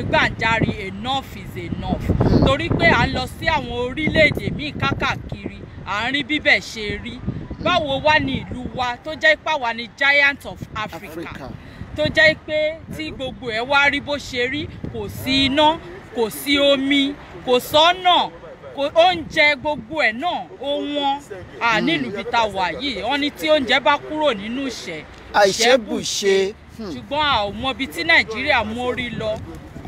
gbàǹjarì enough is enough hmm. torí pé à ń lọ sí àwọn orílẹ̀-èdè míì kákàkiri à ń rí bíbẹ̀ ṣe rí báwo wá ní ìlú wa tó jẹ́ pé àwa ni giant of Africa, Africa. tó jẹ́ pé tí gbogbo ẹ̀ wá rí bó ṣe rí kò sí iná kò sí omi kò sọ́nà oúnjẹ gbogbo ẹ̀ náà ó wọ́n nílùú ibi tá a wà yìí wọ́n ní tí oúnjẹ bá kúrò nínú ìṣẹ́ àìṣebùṣe ṣùgbọ́n a ò mọ tí nàìjíríà mórí lọ.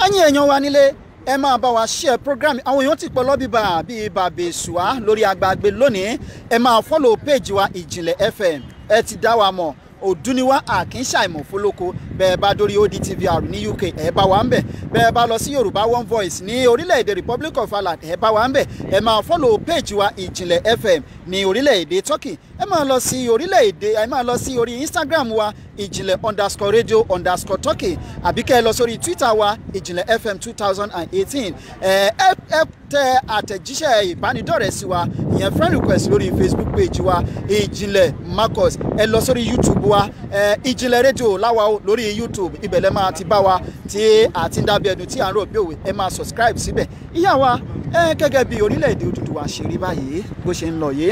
ẹ̀yin èèyàn wa nílé ẹ máa bá wa share program àwọn èèyàn ti pọ̀ lọ́bìbà bíi bàbèsùá lórí àgbàgbé lónìí ẹ máa follow page wa ìjìnlẹ̀ FM ẹ ti dá wa mọ̀ òdúniwá àkínṣàìmọ̀ fólóko bẹ́ẹ̀ bá dórí ODTVR ní UK ẹ̀ bá wa ń bẹ̀ bẹ́ẹ̀ bá lọ sí Yorùbá One Voice ní orílẹ̀-èdè Republic of Ireland ẹ̀ bá wa ń bẹ̀ ẹ̀ máa fọ́lọ̀ péèjì wa ìjìnlẹ̀ FM ní orílẹ̀-èdè Turkey ẹ̀ máa lọ sí orílẹ̀-èdè ẹ̀ máa lọ sí orí Instagram wa ìjìnlẹ̀ underscore radio underscore Turkey àbí kẹ́ ẹ lọ sórí Twitter wa ìjìnlẹ̀ FM two thousand and eighteen ẹ ẹ tẹ àtẹ̀jíṣẹ́ ìbánidọ́rẹ̀ẹ́ sí wa ìyẹn friend request lórí facebook page wa ìjìnlẹ̀ marcus ẹ lọ sórí youtube wa ẹ ìjìnlẹ̀ rédíò láwa lórí youtube ibẹ̀ lẹ́ máa ti bá wa tí àti ń dábẹ́ ẹnu tí à ń rò bí òwe ẹ máa subscribe síbẹ̀ ìyá wa ẹ gẹ́gẹ́ bí orílẹ̀-èdè Odùduwà ṣe rí báyìí bó ṣe ń lọ yìí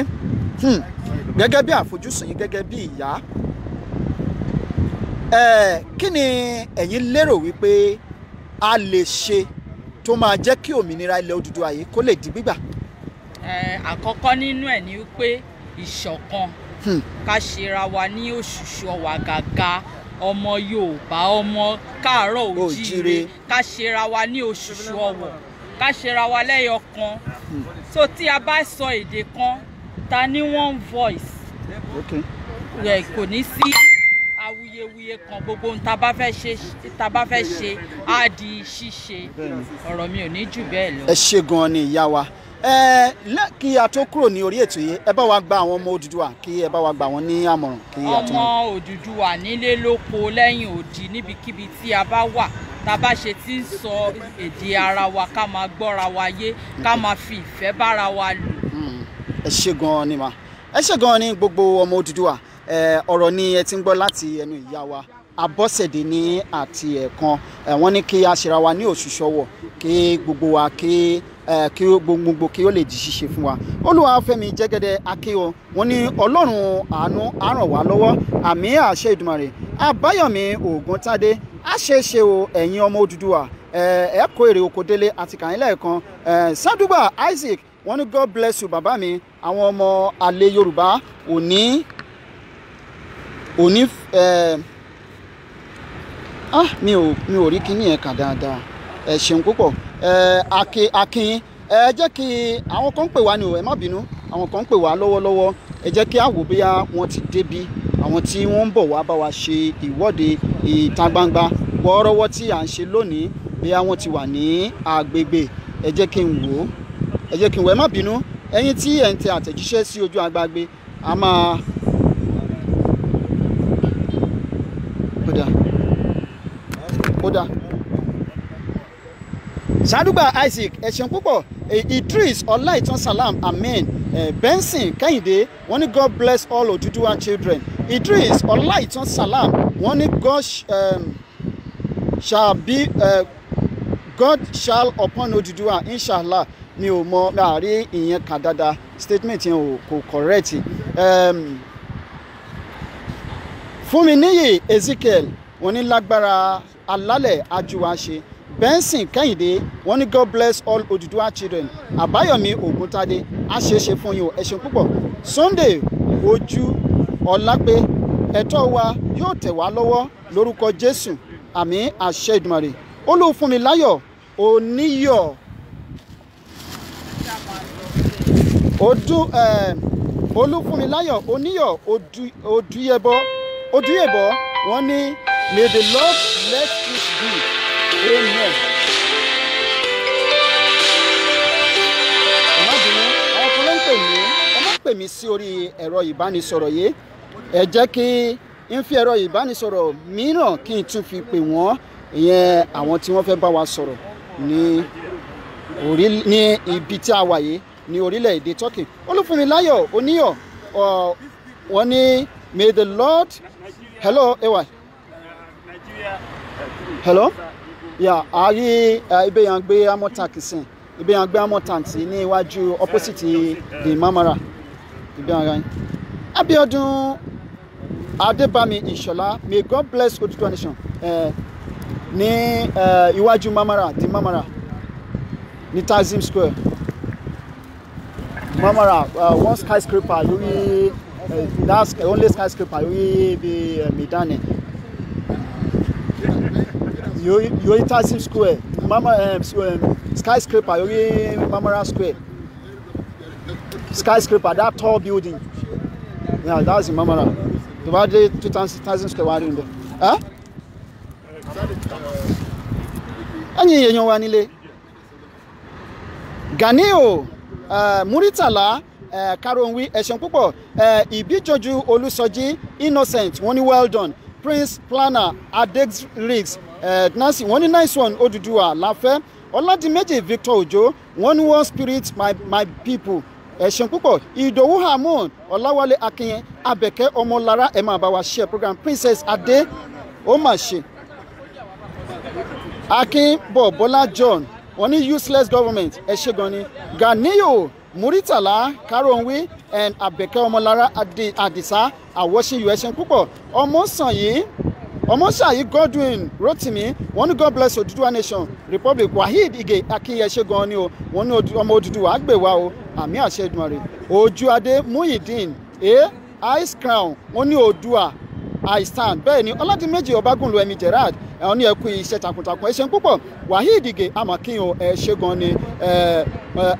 hmm. gẹ́gẹ́ bí àfojúsùn yìí gẹ́gẹ́ bí ìyá kí ni ẹ̀yin lérò wípé a lè ṣe tó máa jẹ́ kí òmìnira ilẹ̀ Odùduwà yìí kó lè di gbígbà àkọ́kọ́ nínú ẹ̀ ni pé ìṣọ̀kan hmm. ká ṣera wa ní òṣùṣù ọ̀wà gàga ọmọ Yorùbá ọmọ káàárọ̀ òjíire ká ṣera wa ní òṣùṣù ọ̀wọ̀ ká ṣera wa lẹ́yọ hmm. so tí a bá sọ èdè kan ta ní one voice kò ní sí awuyewuye kan gbogbo ohun tá a bá fẹ́ ṣe á di ṣíṣe ọ̀rọ̀ mi ò ní jù bẹ́ẹ̀ lọ. ẹ ṣe gan-an ni ìyá wa ẹ kí a tó kúrò ní orí ètò yìí ẹ bá wa gba àwọn ọmọ Odùduwà kí ẹ bá wa gba wọn ní àmọ̀ràn kí a tó. ọmọ Odùduwà nílé lóko lẹ́yìn odi níbikíbi tí a bá wà tá a bá ṣe ti ń sọ èdè ara wa ká máa gbọ́ra wa yé ká máa fi ìfẹ́ bára wa lò. Hmm, ẹ ṣe gan-an ni ma ẹ ṣe gan-an ni gbogbo ọmọ Odùduwà ọ̀rọ̀ ni ẹ ti ń gbọ́ láti ẹnu ìyá wa abọ́sẹ̀dé ní àti ẹ̀ẹ̀kan wọ́n ní kí a ṣèrà wa ní òṣùṣọ́wọ̀ kí gbogbo wa kí kí gbogbo kí ó lè di ṣíṣe fún wa olúwafẹ́mi jẹ́gẹ́dẹ́ akéwọ wọn ní ọlọ́run àánú á wá lọ́wọ́ àmì àṣẹ ìdùmarè àbáyọ̀mí ògúntádé àṣeṣe o ẹ̀yin ọmọ Odùduwà ẹ èrè oko àti kàyín lẹ́ẹ̀kan sádùgbà Isaac wọn ní God bless you bàbá mi àwọn ọmọ àlè Yorùbá òní òní ah mi ò mi ò rí kíní kà dáadáa ẹ ṣeun púpọ̀ ẹ akin akin ẹ jẹ́ kí àwọn kan ń pè wá ni o ẹ má bínú àwọn kan ń pè wá lọ́wọ́lọ́wọ́ ẹ jẹ́ kí a wò bóyá wọ́n ti débi àwọn tí wọ́n ń bọ̀ wá bá wa ṣe ìwọ́de ìta gbangba wọ́ọ́rọ́wọ́ tí à ń ṣe lónìí bóyá wọ́n ti wà ní agbègbè ẹ jẹ́ kí n wò ó ẹ jẹ́ kí n wò ẹ má bínú ẹ̀yin tí ẹ̀ ń tẹ àtẹ̀jíṣẹ́ sí ojú agbágbé a máa. ó dáa sàdúgbà isaac ẹ̀sìn púpọ̀ idris ọláìtàn salam amen eh, benson kẹ́hìndé wọ́n ní god bless all Oduduwa children idris ọláìtàn salam wọ́n ní god um, shall be uh, god shall upon Oduduwa inshallah mi ò mọ àárí ìyẹn kan dáadáa statement yẹn ò kò correct um, fúnmi níyì ezekiel wọ́n ní lágbára alálẹ̀ ajúwa ṣe benson kẹ́hìndé wọn ní god bless all oduduwa children àbáyọ̀mí ògúntadé á ṣeé ṣe fún yín o ẹ ṣeun sunday ojú ọlápẹ ẹ̀tọ́ wa yóò tẹ̀ wá lọ́wọ́ lórúkọ jésù àmì àṣẹ ìdùmarè olúfúnmiláyọ̀ oníyọ̀ odún eh, olúfúnmiláyọ̀ oníyọ̀ odúyẹbọ odúyẹbọ wọn ní may the lord let it be. Amen. ọmọbìnrin àwọn kan ló ń pè mí ẹ má pè mí sí orí ẹ̀rọ ìbánisọ̀rọ̀ yìí ẹ jẹ́ kí n fi ẹ̀rọ ìbánisọ̀rọ̀ mìíràn kí n tún fi pè wọ́n ìyẹn àwọn tí wọ́n fẹ́ bá wa sọ̀rọ̀ ní orí ní ibi tí a wà yìí ní orílẹ̀-èdè Turkey Olúfúnmiláyọ̀ Oníyọ̀ wọ́n ní may the Lord hello ewa hello yeah ari uh, ibeyangbe amọ tank sin ibeyangbe amọ tank sí ní iwájú opposite the mamara ibeyangbe abiodun adebami ishola may god bless oduduwa nation uh, ní uh, iwájú mamara the mamara ní taxim square mamara uh, one skyscraper lórí uh, that's the only skyscraper lórí ibi uh, midani You, yori tassim square mama um, um, skyscraper yori mamara square skyscraper that tall building yeah that's in mamara tó bá two thousand thousand square wà á rí nbẹ. ẹ̀yin èèyàn wa nílé Ganiyun Muritala eh, Karonwi ẹ̀sán púpọ̀ ìbíjọjú Olúsọjí Innocent wọ́n well done Prince Planner Adexrix ẹ̀ẹ́dínásì eh, wọ́n ní nice one Odùduwà láfẹ́ ọ̀làdìmẹ́jẹ̀ Victor Ojo wọ́n ní one spirit my, my people ẹ̀sìn púpọ̀ ìdòwú hamon ọ̀làwálé akínyẹn abẹ̀kẹ́ ọmọlára ẹ̀ máa bá wa ṣe program princess Ade. ó mà ṣe. akin bọ̀ bọ́lá john wọ́n ní useless government ẹ̀ ṣe gan ni ganiyo muritala karonwi and abẹ̀kẹ́ Omolara adisa àwọ̀ṣe ìyọ̀ ẹ̀sìn púpọ̀ ọmọ sàn yìí ọmọṣàyí Godwin Rotimi wọ́n ní God bless Odùduwà nation republic Waheed Ige Akínyẹsẹ gan ni o wọ́n ní ọmọ Odùduwà gbè wá o àmì àṣẹ Èdùmàrè Ojúadé Muhyiddin e ice crown wọ́n ní Oòduà I stand bẹ́ẹ̀ ni Ọládìmẹ́jì Ọbágùnlù Ẹ̀mí Gerard ẹ̀hún ní ẹ̀kú iṣẹ́ takuntakun ẹ ṣeun púpọ̀ Waheed Ige amakinyo ẹ̀ ṣe gan ni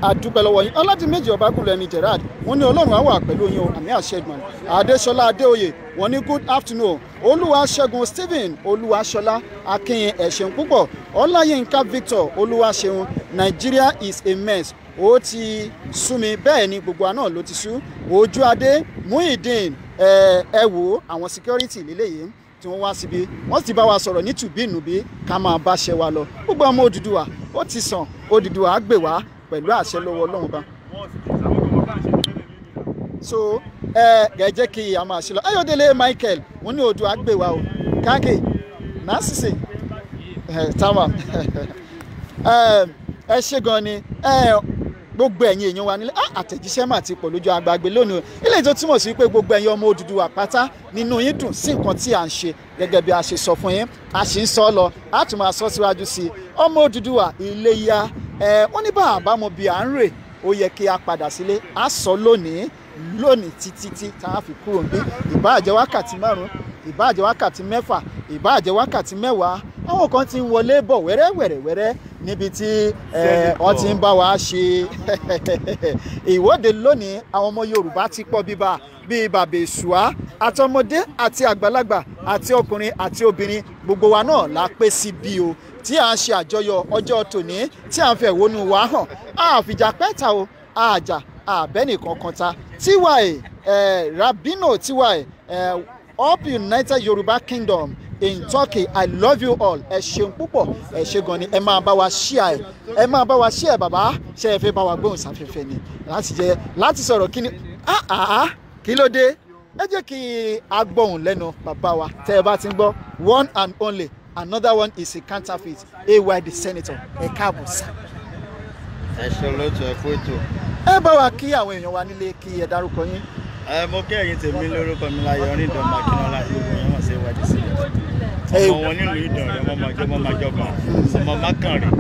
adúpẹ́ lọ́wọ́ yín ọládìméjì ọbakùnrin ẹni gerard wọ́n ní ọlọ́run á wà pẹ̀lú yín o àmì àṣẹgbọ̀n adéṣọlá adéoyè wọ́n ní good afternoon olúwaṣẹ́gun stephen olúwaṣọlá akínyìn ẹ̀ṣẹ̀n púpọ̀ ọláyínká victor olúwaṣeun nigeria is a mess ó ti sú mi bẹ́ẹ̀ ni gbogbo àná ló ti sú ojú adé muhyiddin ẹ wò àwọn security lélẹ́yìí tí wọ́n wá síbi wọ́n sì bá wa sọ̀rọ̀ ní tùbínùbí ká máa bá ṣe wa lọ gbogbo ọmọ Odùduwà ó ti sàn Odùduwà á gbè wá pẹ̀lú àṣẹ lọ́wọ́ ọlọ́run bá so ẹ ẹ jẹ́ kí a máa ṣe lọ ayọ̀délé michael wọ́n ní odò àgbèwà o káàkì nàásìsì táwa ẹ ṣe gan ni gbogbo ẹ̀yin èèyàn wa nílé ah, àtẹ̀jíṣẹ́ mà ti pọ̀ lójú agbágbé lónìí eléyìí tó túmọ̀ sí pé gbogbo ẹ̀yin ọmọ Odùduwà pátá nínú yín dùn sí nǹkan tí à ń ṣe gẹ́gẹ́ bí a ṣe sọ fún yín a sì ń sọ lọ a tún máa sọ síwájú sí i ọmọ Odùduwà Iléyá ẹ wọ́n ní bá àbámọ bíi à ń rè ó yẹ kí a padà sílé a sọ lónìí lónìí títí tí tá a fi kúrò níbí ìbáà jẹ́ wákàtí márùn-ún ìbáàjẹ́ wákàtí mẹ́fà ìbáàjẹ́ wákàtí mẹ́wàá àwọn kan ti ń wọlé bọ̀ wẹ́rẹ́ wẹ́rẹ́ wẹ́rẹ́ níbi tí wọ́n ti ń bá wa ṣe ìwọ́de lónìí àwọn ọmọ Yorùbá ti pọ̀ bíbá bíi bàbèṣùá àtọmọdé àti àgbàlagbà àti ọkùnrin àti obìnrin gbogbo wa náà la pé síbí o tí à ń ṣe àjọyọ̀ ọjọ́ tòní tí à ń fẹ̀ wónú wa hàn àfìjà pẹ́ta o àjà àbẹ́nìkan ta tiwa e, ẹ̀ rabino tiwa e, ẹ̀ up united Yoruba kingdom in turkey i love you all ẹ ṣeun púpọ̀ ẹ ṣe gan ni ẹ máa bá wa ṣíà ẹ ẹ máa bá wa ṣíà ẹ bàbá ṣe ẹ fẹ́ bá wa gbóhùn sáfẹ́fẹ́ ni láti jẹ láti sọ̀rọ̀ kí ni ah ah kí ló dé ẹ jẹ́ kí a gbọ́hùn lẹ́nu bàbá wa tẹ́ ẹ bá ti ń gbọ́ one and only another one is a counterfeit ay the senator ẹ káàbọ̀ sá. ẹ ṣe lóòótọ́ ẹ kó ètò. ẹ bá wa kí àwọn èèyàn wa nílé kí ẹ dárúkọ yín ẹ mo kí ẹ̀yin tèmi lórúkọ mi láyé onídàn makinola gbogbo yẹn wọn ṣe wájú sí i ọmọ wọn nílùú ìdàn rẹ wọn máa jọ wọn máa jọba ọmọ mákànrin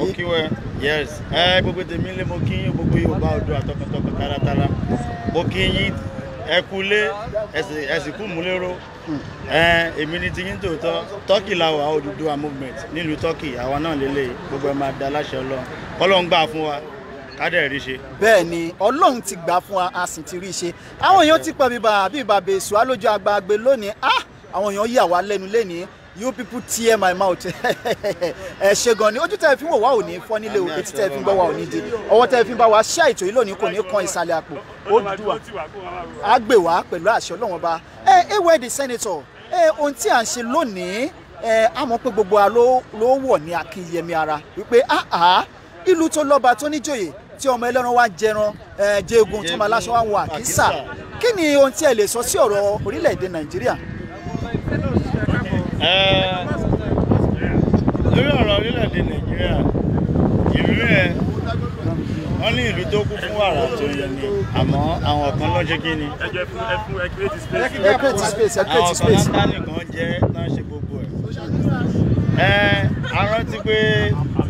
ó kí wẹ yes ẹ gbogbo tèmi lé mo kí yín gbogbo Yorùbá odò àtọkàntọkàn tààràtààrà mo kí yín ẹ kúlé ẹsìn kú múlérò èmi ni tiyín tòótọ́ Turkey làwà Odùduwà movement nílùú Turkey àwa náà lélẹ̀ gbogbo ẹ máa da aláṣẹ Ọlọ́run k'Ọlọ́run gbà fún wa kádẹ̀ rí ṣe. bẹ́ẹ̀ ni ọlọ́run ti gbà fún wa a sì ti rí ṣe àwọn èèyàn ti pọ̀ bíbá àbí ìbàbẹ̀ èso alójú agbágbé lónìí ah àwọn èèyàn yà wá lẹ́nu lẹ́nìí you people tear my mouth ẹ ṣe gan ni ojú tẹ fi wò wá ò ní fọ́ nílé o etí tẹ fi gbọ́ wá ò ní di ọwọ́ tẹ fi bá wa ṣe àìtò yìí lónìí kò ní kan ìsàlẹ̀ àpò ó dùn wá á gbè wá pẹ̀lú àṣẹ ọlọ́wọ́n bá ẹ ẹ wẹ́ the senator ẹ ohun tí à ń ṣe lónìí ẹ á mọ̀ pé gbogbo wa ló wọ̀ ní akínyẹmí ara wípé áhà ìlú tó lọ́ba tó níjòyè tí ọmọ ẹlẹ́ran wá jẹran jẹgun tí ọmọ aláṣọ wá wọ àkísà kí ni ohun tí ẹ lè sọ sí ọ̀rọ̀ orílẹ̀-èdè nàìjíríà. lórí ọ̀rọ̀ orílẹ̀-èdè nàìjíríà ìlú ẹ wọ́n ní ìlú tó kún fún wàrà tó yẹ ni àmọ́ àwọn kan ló ṣe kí ni. ẹ jẹ fún ẹ fún ẹ create space. ẹ create space ẹ create space. àwọn kan láńtà nìkan jẹ́ náà ṣe gbogbo ẹ̀. ẹ arántí pé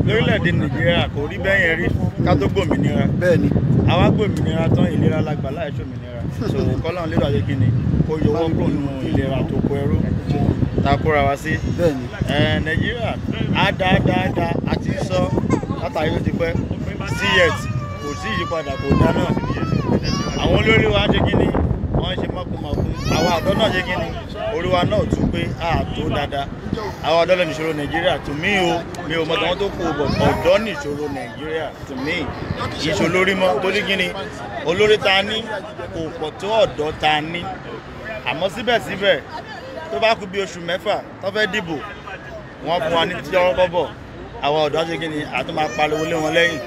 lórílẹ̀‐èdè nàìjíríà kò rí bẹ́ẹ̀ yẹn rí ká tó gbòmìnira bẹ́ẹ̀ni àwa gbòmìnira tán ìlera lágbà láì ṣòmìnira so kọ́lọ́n lérò àti kíni kó yọwọ́ kúrò nínú ìlera tó kó ẹrú takora wa sí nàìjíríà àdáadáa àti sọ látàrí ó ti pẹ́ sí yẹt kò sí ìyípadà kò dáná àwọn olórí wa ṣe kíni wọ́n ṣe mọ́kùnmọ́kùn àwọn ọ̀dọ́ náà ṣe kíni oríwa náà tún pé ààtò dáadáa àwọn ọ̀dọ́ lẹ́nu ìṣòro nàìjíríà to me o mi ò mọ̀ tàwọn tó kú bọ̀ ọ̀dọ́ ní ìṣòro nàìjíríà to me ìṣòro lórí mọ́ torí kíni olórí ta ní kò pọ̀ tó ọ̀dọ́ ta ní àmọ́ síbẹ̀síbẹ̀ tó bá kú bí oṣù mẹ́fà tó fẹ́ dìbò wọ́n fún wa ní tíjọ́rọ́ àwọn ọ̀dọ́ ṣe kíni àtúmọ̀ apariwo lé wọn lẹ́yìn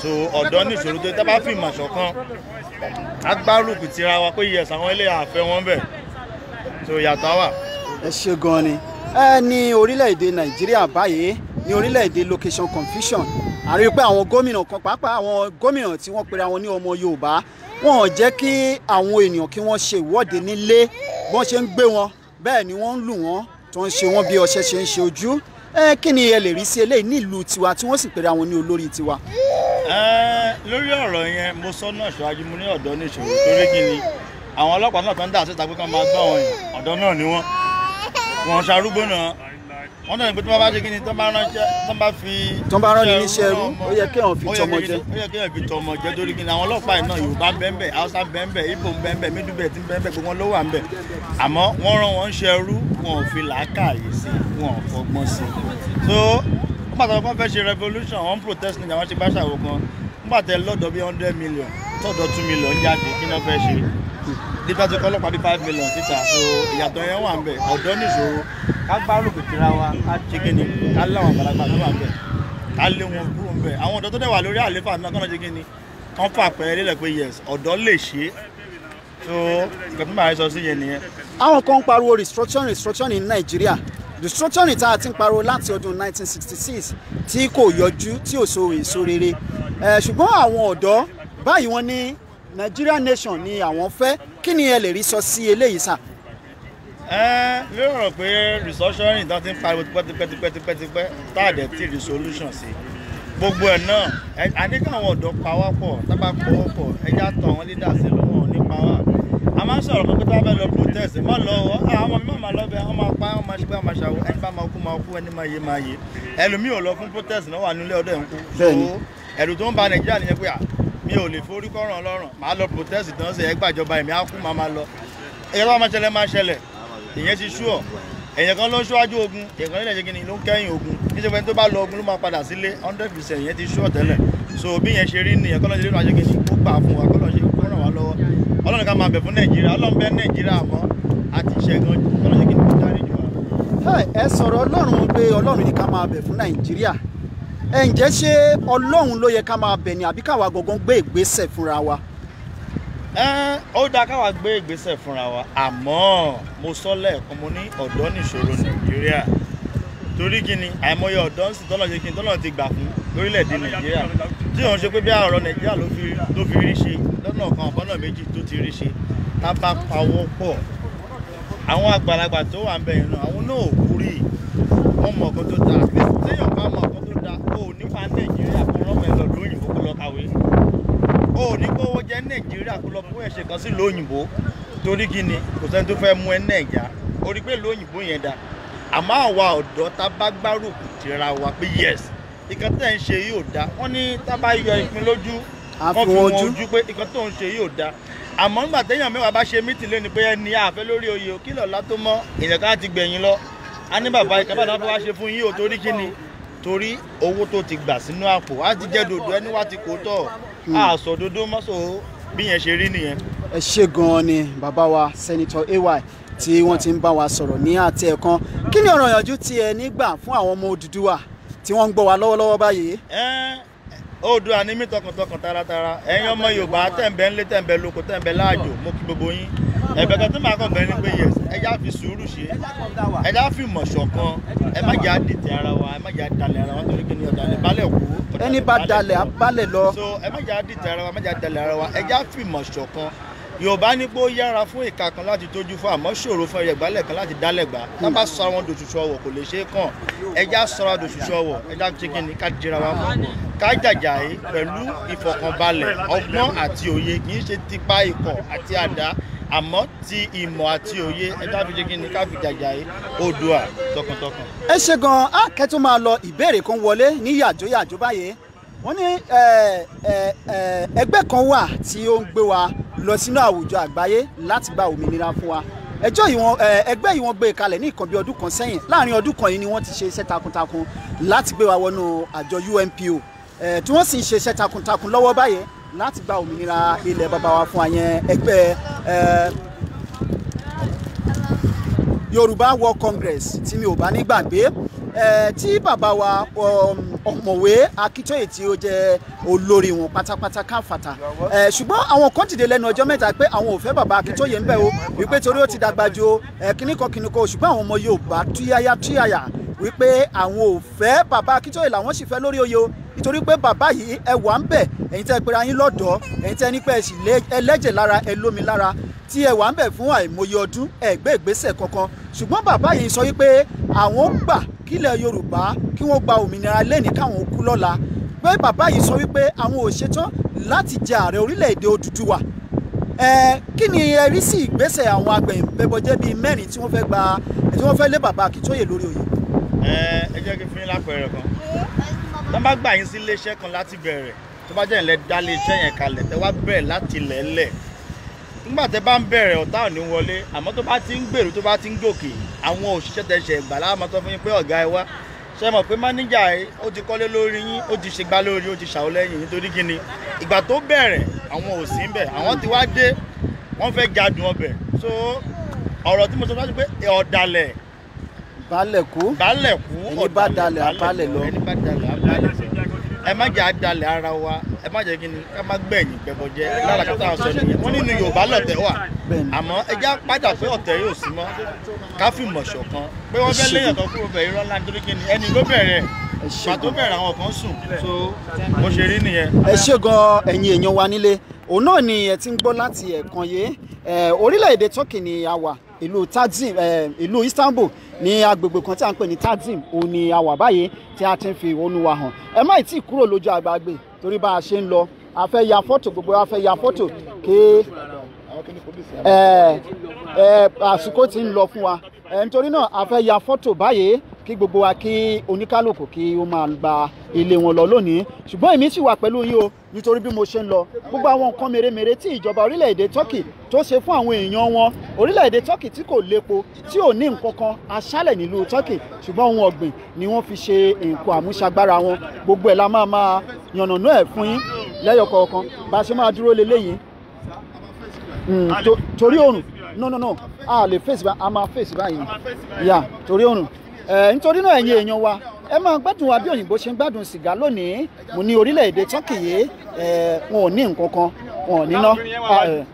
so ọ̀dọ́ ní ìṣòro tó tábà fìmọ̀ ṣọ̀kan agbárùkù tira wa pé yẹsà àwọn ilé àfẹ wọn bẹ tó yàtọ̀ wà. ẹ ṣe gan ni ẹ ní orílẹ̀-èdè nàìjíríà báyìí ní orílẹ̀-èdè location confusion a rí pé àwọn gómìnà kan pàápàá àwọn gómìnà tí wọ́n pera wọn ní ọmọ yorùbá wọn ò jẹ́ kí àwọn ènìyàn kí wọ́n ṣe ìwọ́de nílé bọ́n ṣe ń gbé wọn bẹ́ẹ̀ ni wọ́n ń lù wọ́n tó ń ṣe wọ́n bí ọṣẹ ṣe ń ṣe ojú ẹ kí ni ẹ lè rí sí eléyìí nílùú tiwa tí wọ́n sì pèrè àwọn ní olórí tiwa. lórí ọ̀rọ̀ yẹn mo sọ náà ṣáájú mo ní ọ̀dọ́ ní ìṣòro torí kí ni àwọn ọlọ́pàá náà tó ń dà síta pé kán máa gbọ́ àwọn ọ̀dọ́ náà ni wọ́n wọ́n ṣarúgbó náà wọ́n náà nígbà tó bá ṣe kí ni tó bá ránṣẹ́ tó bá fi. tó bá rán ni níṣẹ́ ẹrú ó yẹ kéèyàn fi tọmọ jẹ. ó yẹ kéèyàn fi tọmọ jẹ torí kí ni àwọn ọlọ́pàá iná Yorùbá bẹ́ẹ̀nbẹ́ Haúsá bẹ́ẹ̀nbẹ́ Ìgbò bẹ́ẹ̀nbẹ́ mídùbẹ̀ tí bẹ́ẹ̀nbẹ́ gbogbo ló wà ńbẹ̀ àmọ́ wọ́n rán wọn ṣe ẹrú wọn ò fi làákàyè sí wọn ò fọgbọ́n sí. so wọ́n pàtàkì wọ́n fẹ́ ṣe revolution wọ́n protest ní àwọn ṣe gbàṣàwò kan wọ́n pàtàkì lọ́dọ̀ bíi hundred million tọ́dọ̀ two million jáde kí ni wọ́n fẹ́ ṣe dípẹ́ ti kọ́ ọlọ́pàá bíi five million síta so ìyàtọ̀ yẹn wà ń bẹ̀ ọ̀dọ́ nìṣòro ká bá rògbò tira wa ká chicken ni ká láwọn àgbàlagbà tó wà ń bẹ̀ ká lé wọn kúrò ń bẹ̀ àwọn ọ̀dọ́ tó dẹ̀ wà lórí àléfà náà kọ́nà chicken ni kán fà pẹ́ lélẹ̀ pé yes ọ̀dọ́ lè ṣe é so nǹkan tó máa sọ sí yẹn nìyẹn. àwọn kan ń pariwo restructuring restructuring ní nàìjíríà restructuring tá a ti ń pariwo láti ọdún 1966 tí kò yọjú tí ò so èso rere ṣùgbọ́n àwọn ọ̀dọ́ báyìí wọ́n ní Nigerian nation ni àwọn fẹ́ kí ni ẹ lè rí sọ sí eléyìí sà. ẹ lérò rò pé restructuring tó ti ń pariwo tipẹ́tipẹ́tipẹ́tipẹ́ tá a dẹ̀ ti resolution sí gbogbo ẹ̀ náà a ní káwọn ọ̀dọ́ pawọ́pọ̀ tábà pawọ́pọ̀ ẹja tọ àwọn leaders lọ́wọ́ nípa wa a máa ń sọ̀rọ̀ pé kótó abẹ́ lọ protest má lọ ah, àwọn mi máa lọ bẹ àwọn máa pa àwọn máa ṣe pé àwọn máa ṣàwọ ẹni bá máa kú máa kú ẹni máa yé máa yé ẹlòmíì ò lọ fún protest náà wà nílé ọdọ ẹ̀ ń kú ẹ̀rù tó ń ba Nàìjíríà nìyẹn pé mi ò lè forúkọ ràn lọ́rùn màá lọ protest tán ṣe ẹgbàjọba ẹ̀mí á kú màá máa lọ ẹ̀yẹ bá máa ṣẹlẹ̀ máa ṣẹlẹ̀ ìyẹn ti ṣú ọ̀ ẹ̀yẹ kan ló ń ṣíwájú ogun ẹ̀yẹ kan nílẹ̀ ṣe kí ni ló ń kẹ́yìn ogun kí ṣe fẹ́ tó bá lọ ogun ló máa padà sílé hundred percent ìyẹn ti ṣú ọ̀ tẹ́lẹ̀ so bí yẹn ṣe rí nìyẹn kọ́lọ́ ṣe rí ìrìnàjò kejì ó gbà fún wa kọ́lọ́ ṣe kó ràn wá lọ́wọ́ ọlọ́run ká máa bẹ̀ fún nàìjíríà ọlọ́run bẹ́ nàìjíríà àmọ́ àti ìṣẹ́gun kọ́lọ́ ṣe kó dárí jù wá. ẹ sọ̀rọ̀ ọlọ́run pé ọlọ́run ni ká máa bẹ̀ fún nàìjíríà ǹjẹ́ ṣé ọlọ́run ló yẹ ká máa bẹ̀ ni àbí káwa gangan gbé ìgbésẹ̀ fúnra wa. ó dáa káwa gbé ìgbésẹ̀ fúnra wa àmọ́ mo sọ lẹ́ẹ̀kan mo ní ọ̀dọ́ nìṣòro nàìjíríà torí kí ni àìmọye ọ̀dọ́ ń sìn tọ́nà ṣe kí ni tọ́nà ti gbà fún lórílẹ̀‐èdè nàìjíríà tí òun ṣe pé bí ọ̀rọ̀ nàìjíríà ló fi rí ṣe lọ́nà kan ọ̀bọ́nà méjì tó ti rí ṣe tá bá pawọ́ pọ̀ àwọn àgbàlagbà tó wà ń bẹ̀yìn náà àwọn náà kúrì wọ́n mọ̀ ọ̀kan tó ta téèyàn bá o ní fa nàìjíríà kó lọ́mọ ẹ lọ lóyìnbó kó lọ kàwé o ní gbowó jẹ nàìjíríà kó lọ fún ẹ̀ṣẹ̀ kan sí lóyìnbó torí gini kò sẹ́ni tó fẹ́ mú ẹ nàìjà orí pé lóyìnbó yẹn dá àmọ́ àwa ọ̀dọ́ tá bá gbárùkù tira wa pé yes ìkan tẹ̀ ń ṣe yìí ò dá wọ́n ní tá bá yọ ìpín lójú wọ́n fi wọn ojú pé ìkan tó ń ṣe yìí ò dá àmọ́ nígbà téèyàn mẹ́wàá bá ṣe mítì torí owó tó ti gbà sínú àpò á ti jẹ́ dòdò ẹni wá ti kó tọ̀ á sọ dòdò mọ́sọ̀ bí yẹn ṣe rí nìyẹn. ẹ ṣe gan-an ni bàbá wa Senator ay tí wọ́n ti ń bá wa sọ̀rọ̀ ní àti ẹ̀kan kí ni ọ̀rọ̀ ìyànjú ti ẹ nígbà fún àwọn ọmọ Odùduwà tí wọ́n ń gbọ́ wa lọ́wọ́lọ́wọ́ báyìí. Oòduà ni mí tọkàntọkàn taratara ẹ̀yin ọmọ Yorùbá tẹ̀m̀bẹ̀ ńlé tẹ̀m̀bẹ̀ lóko tẹ̀m̀bẹ̀ láàjò mo kí gbogbo yín ẹ̀bẹ̀ kan tó máa kàn bẹ́ẹ̀ ni pé yes ẹ já fi sùúrù ṣe ẹ já fi mọ̀ ṣọ̀kan ẹ má jẹ́ àdìtẹ̀ ara wa ẹ má jẹ́ àdàlẹ̀ ara wa torí kí ni ọ̀dàlẹ̀ balẹ̀ wò ó. ẹni bá dalẹ̀ á balẹ̀ lọ. so ẹ má jẹ́ àdìtẹ̀ ara wa ẹ má jẹ́ àdàlẹ̀ ara wa ẹ já fi mọ̀ ṣọ̀kan yorùbá ní pé ó yára fún ìka kan láti tójú fún àmọ́ ṣòro fún ẹyẹ gbálẹ̀ kan láti dálẹ̀ gbà lábà sọ àwọn dòṣùṣù ọwọ̀ kò lè ṣe é kàn ẹja sọra dòṣùṣù ọwọ̀ ẹja chicken ní ká jẹra wa mọ́ ká jàjà yìí pẹ̀lú ìfọ̀kànbalẹ̀ ọgbọ́n àti òye kì í ṣe tipa ikọ̀ àti àdá àmọ́ ti ìmọ̀ àti òye ẹ̀dá fi jẹ́ kí ni ká fi jàjàyè oòdùà tọkàntọkàn. ẹ ṣe gan akẹ́tù máa lọ ìbéèrè kan wọlé ní yàjóyàjó báyìí wọ́n ní ẹgbẹ́ kan wà tí ó ń gbé wa lọ sínú àwùjọ àgbáyé láti gba òmìnira fún wa ẹjọ́ ìwọ̀n ẹgbẹ́ yìí gbé kalẹ̀ ní nǹkan bí ọdún kan sẹ́yìn láàrin ọdún kan yìí ni wọ́n ti ṣe iṣẹ́ takuntakun láti gbé wa wọnú àjọ UNPO tí wọ́n sì ń ṣe iṣẹ́ takuntakun lọ́wọ́ báyìí láti gba òmìnira ilẹ̀ bàbá wa fún àyẹn ẹgbẹ́ Yorùbá World Congress tí mi ò bá ní gbàgbé tí bàbá wa um, ọ̀mọ̀wé Akíntóyè tí ó jẹ́ olórí wọn pátápátá káfàtà ṣùgbọ́n àwọn kan dìde lẹ́nu ọjọ́ mẹ́ta pé àwọn ò fẹ́ bàbá Akíntóyè ń bẹ̀ o wípé torí ó ti dàgbà ju kíníkan kíníkan ṣùgbọ́n àwọn ọmọ Yorùbá túyáyá túyáyá wípé àwọn ò fẹ́ bàbá Akíntóyè làwọn sì fẹ́ lórí oyè o nítorí pé bàbá yìí ẹ wà ń bẹ̀ ẹ̀yin tẹ́ pera yín lọ́dọ̀ọ́ ẹ̀yin tẹ́ ní pé ẹ sì ẹlẹ́jẹ̀ lára ẹ lómi lára tí ẹ wà ń bẹ̀ fún àìmọye ọdún ẹ gbé ìgbésẹ̀ kankan ṣùgbọ́n bàbá yìí sọ wípé àwọn ń gbà kílẹ̀ Yorùbá kí wọ́n gba òmìnira lẹ́ni káwọn kú lọ́la pé bàbá yìí sọ wípé àwọn ò ṣetán láti jẹ ààrẹ orílẹ̀-èdè Odùduwà ẹ kí ni ẹ rí sí ìgbésẹ̀ àwọn agbẹ̀yìn bẹbọjẹ́ bíi mẹ́rin tí wọ́n fẹ́ gba tí wọ́n fẹ́ lé bàbá Akíntóyè lórí oyè ẹ jẹ́ kí n fún yín lápẹẹrẹ kan tó bá gbà yín sí iléeṣẹ́ kan láti bẹ̀rẹ̀ tó bá jẹ́ ìlẹ̀ dá iléeṣẹ́ yẹn kalẹ̀ tẹ́ wá bẹ̀rẹ̀ láti lẹ́lẹ̀ nígbà tẹ́ bá ń bẹ̀rẹ̀ ọ̀tá ò ní wọlé àmọ́ tó bá ti ń gbèrú tó bá ti ń gòkè àwọn òṣìṣẹ́ tẹ́ ṣe ìgbà láàmọ́ tó fún yín pé ọ̀gá ẹ wá ṣe mọ̀ pé máníjà ẹ ó ti kọ́lé lórí yín ó ti ṣègbà lórí ó ti ṣàwọ́ lẹ́yìn nítorí kíni ìgbà tó bẹ̀rẹ̀ àwọn ò sí ń bẹ̀ àwọn ti wá dé wọ́n fẹ́ gadùn ọbẹ̀ so ọ̀rọ̀ tí mo sọ fún wa pé ọ̀dàlẹ̀ balẹ̀ kú balẹ̀ kú ẹni bá dalẹ̀ abalẹ̀ lọ ẹni bá dalẹ̀ abalẹ̀ lọ ẹ má jẹ́ àdalẹ̀ ara wa ẹ má jẹ́ kíni ká má gbẹ̀yìn gbẹ̀bọ̀jẹ́ lára kó tá a sọ nìyẹn wọ́n nínú Yorùbá lọ̀tẹ̀ wà àmọ́ ẹ já pàjà pé ọ̀tẹ̀ yóò sí mọ́ ká fi mọ̀ ṣọ̀kan pé wọ́n fẹ́ léyìn ọ̀tọ̀ kúrò bẹ̀ irọ́ ńlá nítorí kíni ẹni ló bẹ̀rẹ̀ pàtó bẹ̀rẹ̀ àwọn kan sùn so bó ṣe rí nìyẹn. ẹ ṣé gan ẹ̀yin èèyàn wa nílé òun náà ni ẹ ti ń gbọ́ láti ẹ̀kan yé orílẹ̀-èdè Turkey ni a wà ìlú Taksim eh, ìlú Istanbul ní agbègbè kan tí a ń pè ní Taksim òun ni a wà báyìí tí a ti ń fi ìwọ́nú wa hàn ẹ má ì tí ì kúrò lójú àgbàgbè torí bá a ṣe ń lọ a fẹ́ ya fọ́tò gbogbo a fẹ́ ya fọ́tò ké eh, eh, àsìkò tí ń lọ fún wa nítorí náà a fẹ́ ya fọ́tò báyìí kí gbogbo wa kí oníkálùkù kí ó máa gba ilé wọn lọ lónìí ṣùgbọ́n èmi sì wà pẹ̀lú yín o nítorí bí mo ṣe ń lọ gbogbo àwọn nǹkan mèremère tí ìjọba orílẹ̀-èdè Turkey tó ṣe fún àwọn èèyàn wọn orílẹ̀-èdè Turkey tí kò lépo tí ò ní nǹkan kan aṣálẹ̀ nílùú Turkey ṣùgbọ́n ohun ọ̀gbìn ni wọ́n fi ṣe nǹkan àmúṣagbára wọn gbogbo ẹ̀ la máa máa yànnàná ẹ̀ fún yín lẹ́yọ̀ kọ̀ọ̀kan bá a ṣe máa dúró leléyìí hmm, torí òrùn no no no a lè fèsì bá a máa fèsì báyìí yà torí òrùn nítorí náà ẹ̀yin èèyàn wa ẹ máa gbádùn wa bí òyìnbó ṣe ń gbádùn sìgá lónìí mo ní orílẹ̀-èdè Tọ́kì yìí wọn ò ní nǹkan kan wọn ò níná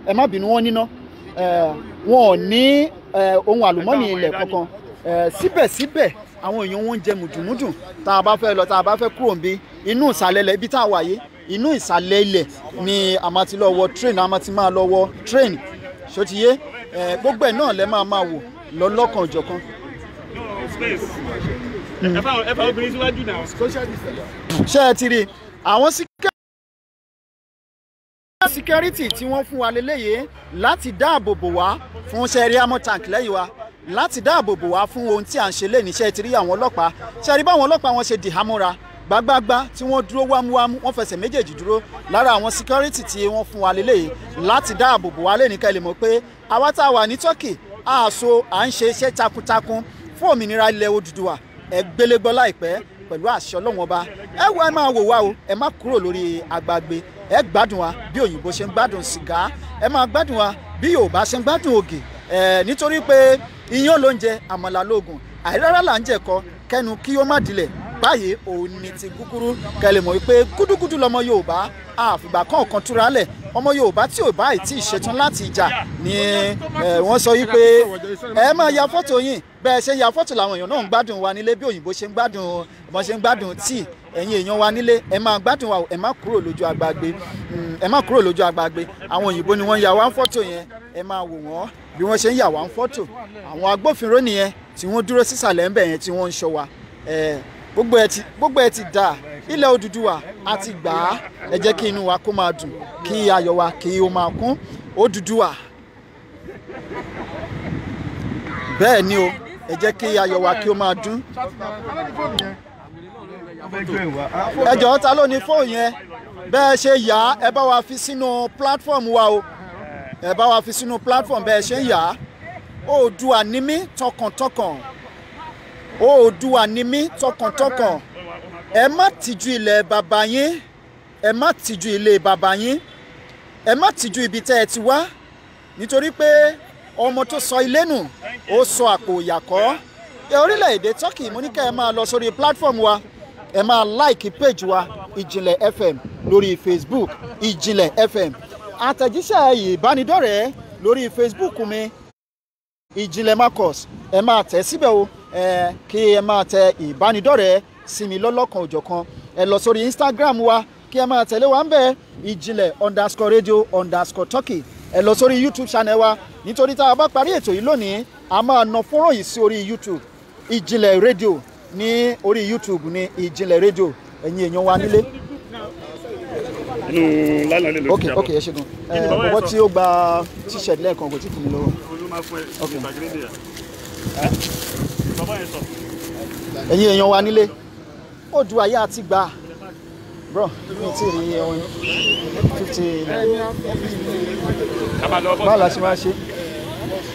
ẹ má bínú wọn níná wọn ò ní ohun àlùmọ́nì ilẹ̀ kankan síbẹ̀síbẹ̀ àwọn èèyàn wọn ń jẹ mùdùmùdù tá a bá fẹ́ lọ tá a bá fẹ́ kúrò níbi inú ìsàlẹ̀ ilẹ̀ ibi tá a wà yìí inú ìsàlẹ̀ ilẹ̀ ni a máa ti lọ wọ train a máa ti máa lọ wọ train ṣó ti yé gbogbo ẹ̀ náà lẹ́ máa máa wò lọ́lọ́kan òjọ̀kan space ẹ fa ti rí àwọn security tí wọ́n fún wa lélẹ́yìí láti dáàbò bò wá fún sẹ́rí amọ̀ tank lẹ́yìn wa láti dáàbò bò wá fún ohun tí à ń ṣe lẹ́ni ṣe ti rí àwọn ọlọ́pàá ṣe rí báwọn ọlọ́pàá wọn ṣe dìhámúra gbágbágbá tí wọ́n dúró wámúwámú wọ́n fẹsẹ̀ méjèèjì dúró lára àwọn security tí wọ́n fún wa lélẹ́yìí láti dáàbò bò wá lẹ́ni ká lè mọ̀ pé àwa tá a wà ní Turkey àṣọ à ń ṣe iṣẹ́ takuntakun fún òmìnira ilẹ̀ Odùduwà ẹ gbélégbọ́ láìpẹ́ pẹ̀lú àṣẹ ọlọ́run ọba ẹ wá ẹ máa wò wá o ẹ má kúrò lórí agbágbé ẹ gbádùn wa bí òyìnbó ṣe ń gbádùn sìgá ẹ máa gbádùn wa bí yorùbá ṣe ń gbádùn ògè ẹ nítorí pé iyán ló ń jẹ àmàlà lóògùn àìrárá là ń jẹ̀kọ kẹnu kí ó má dilẹ̀ báyìí òun ni ti kúkúrú kẹlẹ̀ mọ̀ wípé gúdúgúdú lọmọ yorùbá àfìgbà kọ̀ọ̀kan túra lẹ̀ ọmọ yorùbá tí ò báyìí tí ì ṣetán láti ìjà ni wọ́n sọ wípé ẹ máa ya fọ́tò yín bẹ́ẹ̀ ṣe ya fọ́tò làwọn èèyàn náà ń gbádùn wa nílé bí òyìnbó ṣe ń gbádùn bọ́n ṣe ń gbádùn tíì ẹ̀yin èèyàn wa nílé ẹ máa gbádùn wa ẹ má kúrò lójú agbágbé hmm, ẹ má kúrò lójú agbágbé àwọn òyìnbó ni wọ́n ya wá ń fọ́tò yẹn ẹ máa wò wọ́n bí wọ́n ṣe ń yà wá ń fọ́tò àwọn agbófinró nìyẹn tí wọ́n dúró sísàlẹ̀ ńbẹ̀ yẹn tí wọ́n ń ṣọ́ wa gbogbo ẹ ti gbogbo ẹ ti dà ilẹ̀ Odùduwà a ti gbà á ẹ jẹ́ kí inú wa kó máa dùn kí ayọ̀ wa kí ó máa kún Odùduwà bẹ́ẹ̀ ni o ẹ jẹ́ kí ayọ̀ wa kí ó máa dùn. ẹ jọ̀ọ́ ta ló ní fóònù yẹn bẹ́ẹ̀ ṣe yá ẹ bá wa fi sínú platform wa o ẹ bá wa fi sínú platform bẹ́ẹ̀ ṣe ń yá Oòduà ni mí tọkàntọkàn oòdùà ni mí tọkàntọkàn ẹ má tìjú ilẹ̀ bàbá yín ẹ má tìjú ilé bàbá yín ẹ má tìjú ibi tẹ́ ẹ ti wá nítorí pé ọmọ tó sọ ilé nù ó sọ àpò ìyàkọ́ orílẹ̀-èdè Turkey mo ní kẹ́ ẹ máa lọ sórí platform wa ẹ máa like page wa ìjìnlẹ̀ FM lórí Facebook ìjìnlẹ̀ FM àtẹ̀jíṣẹ́ ìbánidọ́rẹ̀ẹ́ lórí Facebook mi ìjìnlẹ̀ Marcus ẹ máa tẹ̀ síbẹ̀ o ẹ kí ẹ máa tẹ ìbánidọ́rẹ̀ẹ́ sí lọ́lọ́kan òjọ̀kan ẹ lọ sórí Instagram wa kí ẹ máa tẹ̀lé wa ń bẹ̀ ìjìnlẹ̀ underscore radio underscore turkey ẹ lọ sórí YouTube channel wa nítorí tá a bá parí ètò yìí lónìí a máa nà fọ́nrán yìí sí orí YouTube ìjìnlẹ̀ radio ní orí YouTube ní ìjìnlẹ̀ radio ẹ̀yin èèyàn wa nílé nínú lánàá lè lọ sí ìjàmbá ok ok ẹ ṣe gan ẹ bọbọ tí ó gba t-shirt lẹ́ẹ̀kan kò tí kù mí lọ́wọ́ máa fún ẹ ìtàgídé yà bàbá yẹn sọ. ẹ̀yin èèyàn wa nílé ó du ayé àti gbà bro mi ti rí ẹwọn fifty naira báwo la ṣe máa ṣe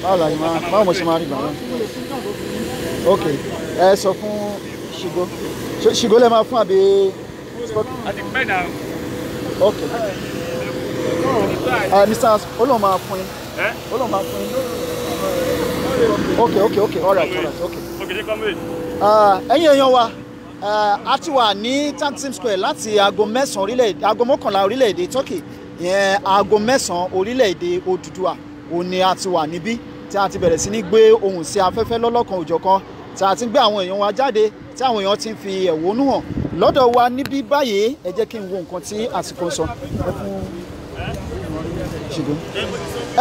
báwo la ṣe máa báwo mo ṣe máa rí gbà náà ok ẹ sọ fún ṣìgó ṣìgó lè máa fún àbí. àti pẹ́ náà. ok. Uh, Mr. Oloma fún yín. Oloma fún yín okay okay okay all right all right okay. Uh, ẹ̀yin èèyàn wa uh, a ti wà ní Taksim Square láti aago mẹ́sàn-án orílẹ̀-èdè aago mọ́kànlá orílẹ̀-èdè Turkey ìyẹn aago mẹ́sàn-án orílẹ̀-èdè Odùduwà òun ni a ti wà níbí tí a ti bẹ̀rẹ̀ sí ní gbé ohùn sí afẹ́fẹ́ lọ́lọ́kan òjọ̀kan tí a ti gbé àwọn èèyàn wa jáde tí àwọn èèyàn ti ń fi ẹ̀hónú hàn lọ́dọ̀ wa níbí báyìí ẹ jẹ́ kí n wo nǹkan tí àsìkò ń sọ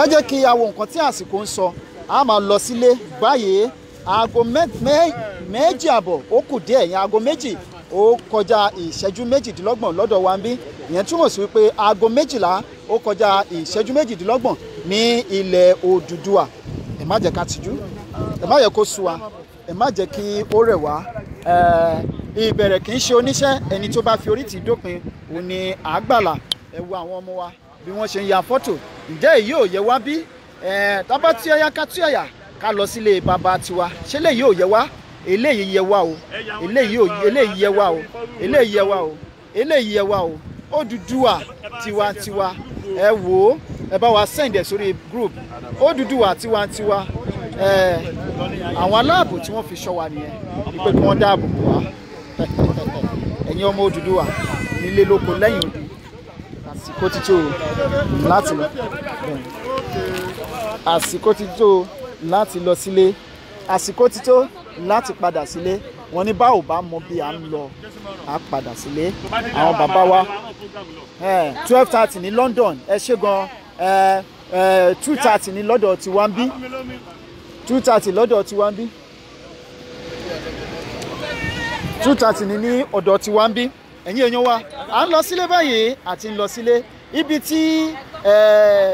ẹ jẹ́ kí a wo nǹkan tí àsìkò ń sọ a máa lọ sílé báyìí aago méjì àbọ̀ ó kù díẹ̀ yẹn aago méjì ó kọjá ìṣẹ́jú méjìdínlọ́gbọ̀n lọ́dọ̀ wa ń bí ìyẹn túmọ̀ sí wípé aago méjìlá ó kọjá ìṣẹ́jú méjìdínlọ́gbọ̀n ní ilẹ̀ Odùduwà ẹ má jẹ́ ká tijú ẹ má yẹ kó sú wa ẹ má jẹ́ kí ó rẹ̀ wá ìbẹ̀rẹ̀ kì í ṣe oníṣẹ́ ẹni tó bá fi orí tì dópin òun ni àgbàlá ẹ wo àwọn ọmọ wa bí wọ́n ṣe ń ya fọ́tò ǹjẹ́ èyí ò yẹ wá bí tábà tí ọyá ká tí ọyà ká lọ sílé bàbá tiwa ṣé léyìí ò yẹ wá eléyìí yẹ wá o eléyìí ò eléyìí yẹ wá o eléyìí yẹ wá o eléyìí yẹ wá o Odùduwà tiwantiwa ẹ wò ó ẹ bá wa send ẹ sórí group Odùduwà tiwantiwa ẹ àwọn aláàbò tí wọ́n fi ṣọ́ wa nìyẹn wípé kí wọ́n dáàbò bò wá ẹ̀yin ọmọ Odùduwà nílé lóko lẹ́yìn odi àsìkò títí o láti lọ àsìkò ti tó láti lọ sílé àsìkò ti tó láti padà sílé wọn ní báwo bá mọ bí à ń lọ à padà sílé àwọn bàbá wa twelve thirty ní London ẹ ṣe gan two thirty ní lọ́dọ̀ tiwa ń bí two thirty lọ́dọ̀ tiwa ń bí two thirty ní ní ọ̀dọ̀ tiwa ń bí ẹ̀yin èèyàn wa à ń lọ sílé báyìí àti ń lọ sílé ibi tí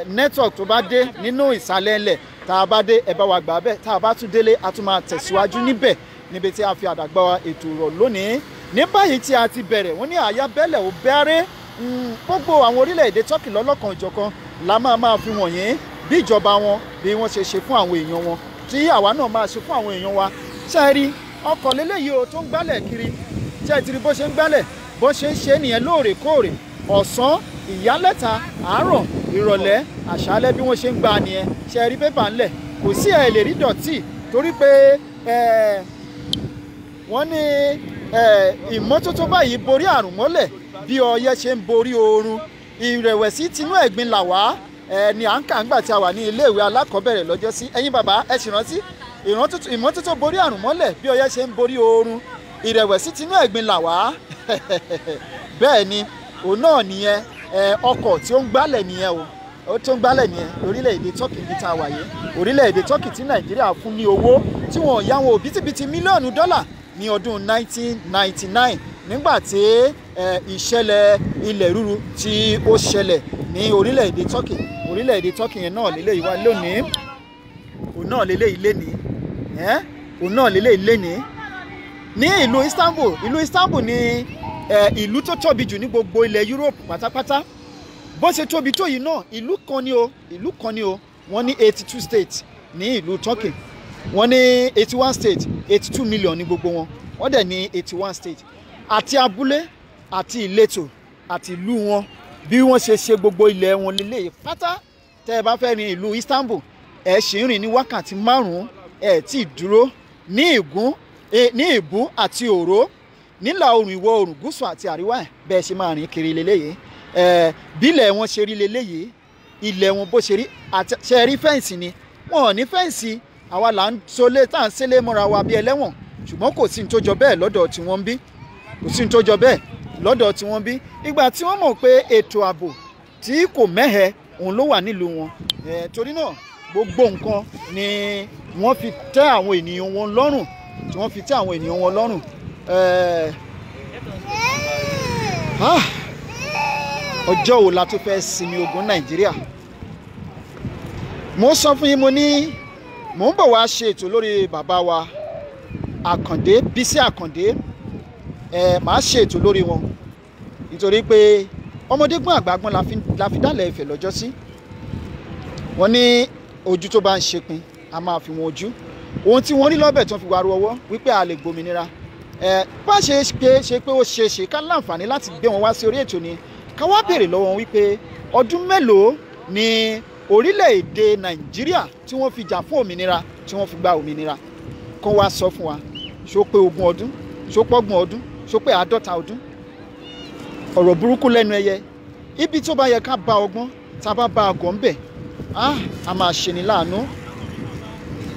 network tó bá dé nínú ìsàlẹ̀ ńlẹ̀ tá a bá dé ẹ bá wa gbà bẹ́ẹ̀ tá a bá tún délé a tún máa tẹ̀síwájú níbẹ̀ níbi tí a fi àdàgbà wa ètò rọ̀ lónìí ní báyìí tí a ti bẹ̀rẹ̀ wọ́n ní àyà bẹ́lẹ̀ ò bẹ́rẹ́ hmm, gbogbo àwọn orílẹ̀-èdè turkey lọ́lọ́kan ìjọ̀kan la máa máa fi wọ̀nyí bí ìjọba wọn bí wọ́n ṣe ṣe fún àwọn èèyàn wọn tí àwa náà máa ṣe fún àwọn èèyàn wa ṣe rí ọkọ̀ lélẹ́yìí o tó ń gbálẹ̀ kiri ṣe ti rí bó ṣe ń gbálẹ̀ bó ṣe ń ṣe nìyẹn lóòrèkóòrè ọ̀sán ìyálẹ̀ta àárọ̀ ìrọ̀lẹ́ àṣálẹ́ bí wọ́n ṣe ń gba nìyẹn ṣe rí pépà ńlẹ̀ kò sí ẹ̀ lè rí dọ̀tí torí pé wọ́n ní ìmọ́tótó báyìí borí àrùn mọ́lẹ̀ bí ọyẹ́ ṣe ń borí oorun ìrẹ̀wẹ̀sì tinú ẹ̀gbin là wá ni à ń kà ńgbà tí a wà ní iléèwé alákọ̀ọ́bẹ̀rẹ̀ lọ́jọ́ sí ẹ̀yin bàbá ẹ sì rántí ìmọ́tótó borí àrùn mọ́lẹ̀ bí ọyẹ́ ṣe ń borí oorun ìrẹ̀wẹ̀sì tinú ẹ̀gbin là wá bẹ́ẹ̀ ni òun náà nìyẹn ọkọ̀ tí ó ń gbálẹ̀ nìyẹn o ó tó ń gbálẹ̀ nìyẹn orílẹ̀-èdè turkey ní ta wàyé orílẹ̀-èdè turkey tí nàìjíríà fún ní owó tí wọ́n yá wọn òbítíbitì mílíọ̀nù dọ́là ní ọdún 1999 nígbà tí ìṣẹ̀lẹ̀ ilẹ̀ rúru tí ó ṣẹlẹ̀ ní orílẹ̀-èdè turkey orílẹ̀-èdè turkey yẹn náà lélẹ̀ ìwà lónìí òun náà lélẹ̀ ilé ní òun náà lélẹ̀ ilé ní ní ìlú istanbul ìlú istanbul ni ìlú tó tóbi jù ní gbogbo ilẹ̀ Europe pátápátá bó ṣe tóbi tó yìí náà ìlú kan ni o ìlú kan ni o wọ́n ní eighty two states ní ìlú Turkey wọ́n ní eighty one states eighty two million ní gbogbo wọn wọ́n dẹ̀ ní eighty one states àti abúlé àti ìletò àti ìlú wọn bí wọ́n ṣe ṣe gbogbo ilẹ̀ wọn lélẹ̀ pátá tẹ́ ẹ bá fẹ́ rin ìlú Istanbul ẹ̀ ṣì ń rìn ní wákàtí márùn-ún ẹ̀ tí ì dúró ní ìgún ní ìbú àti òró nílà oòrùn ìwọ̀ oòrùn gúúsù àti àríwá ẹ̀ bẹ́ẹ̀ ṣe máa rìn kiri leléyìí ẹ̀ bílẹ̀ wọn ṣe rí leléyìí ilẹ̀ wọn bó ṣe rí ṣe rí fẹ́ǹsì ni wọn ò ní fẹ́ǹsì àwa là ń solé tá à ń sélé mọ́ra wa bí ẹlẹ́wọ̀n ṣùgbọ́n kò sí ní tó jọ bẹ́ẹ̀ lọ́dọ̀ tí wọ́n ń bí kò sí ní tó jọ bẹ́ẹ̀ lọ́dọ̀ tí wọ́n bí ìgbà tí wọ́n mọ̀ pé ètò ààbò tí kò mẹ́hẹ òun ló wà nílùú wọn torí náà gbogbo nǹkan ni wọ́n fi tẹ́ àwọn ènìyàn wọn lọ́rùn tí wọ́n fi tẹ́ àwọn ènìyàn wọn lọ́rùn ọjọ́ wo la tún fẹ́ sinmi ogun nàìjíríà mo sọ fún yín mo ní mò ń bọ̀ wá ṣe ètò lórí bàbá wa àkàndé bísí àkàndé ẹ màá ṣe ètò lórí wọn nítorí pé ọmọdégbọ́n àgbàgbọ́n la fi dálẹ̀ Ifẹ̀ lọ́jọ́ sí wọ́n ní ojú tó bá ń ṣepin a máa fi wọn ojú ohun tí wọ́n rí lọ́bẹ̀ tó fi wá ru ọwọ́ wípé a lè gbòmìnira ẹ bá ṣe pé ṣe pé ó ṣe ṣe ká láǹfààní láti gbé wọn wá sí orí ètò ni ká wá béèrè lọ́wọ́ wọn wípé ọdún mélòó ni orílẹ̀-èdè nàìjíríà tí wọ́n fi jà fún òmìnira tí wọ́n fi gba òmìnira kó wá sọ fún wa ṣó pé ogún ọdún ṣó pọ́gbọ̀n ọdún ṣó pé àádọ́ta ọdún ọ̀rọ̀ burúkú lẹ́nu ẹyẹ ibi tó bá yẹ ká bá ọgbọ́n tá a bá bá agọ̀ ń a máa ṣe ni láàánú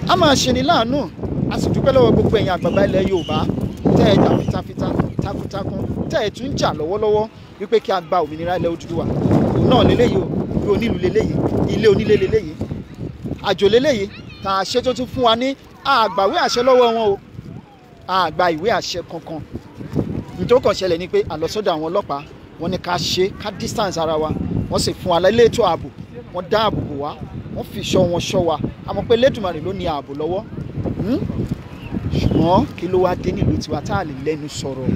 a máa ṣe ni láàánú a sì dúpẹ́ lọ́wọ́ gbogbo ẹ̀yin àgbàgbà ilẹ̀ yorùbá tẹ́ ẹ jà fitafita takuntakun tẹ́ ẹ tún ń jà lọ́wọ́lọ́wọ́ wípé kí a gba òmìnira ilẹ̀ Odùduwà òun náà lélẹ́yìí o bí onílù lélẹ́yìí ilé onílé lélẹ́yìí àjò lélẹ́yìí tá a ṣe tó tún fún wa ní àgbàwé àṣẹ lọ́wọ́ wọn o àgbà ìwé àṣẹ kankan nítòkàn ṣẹlẹ̀ ni pé àlọ́sọ́dọ̀ àwọn ọlọ́pàá wọ́n ní ká ṣe ká distance ara wa wọ́n sì fún wa lẹ́lẹ́tọ̀ ààbò wọ́n dá ààbò bò wá wọ́n fi ṣọ́ wọn ṣọ́ wa àmọ́ pé lẹ́dùnmarè ló ní ààbò lọ́wọ́ hmm? ṣùgbọ́n kí ló wá dé nílùú tiwa tá a lè lẹ́nu sọ̀rọ̀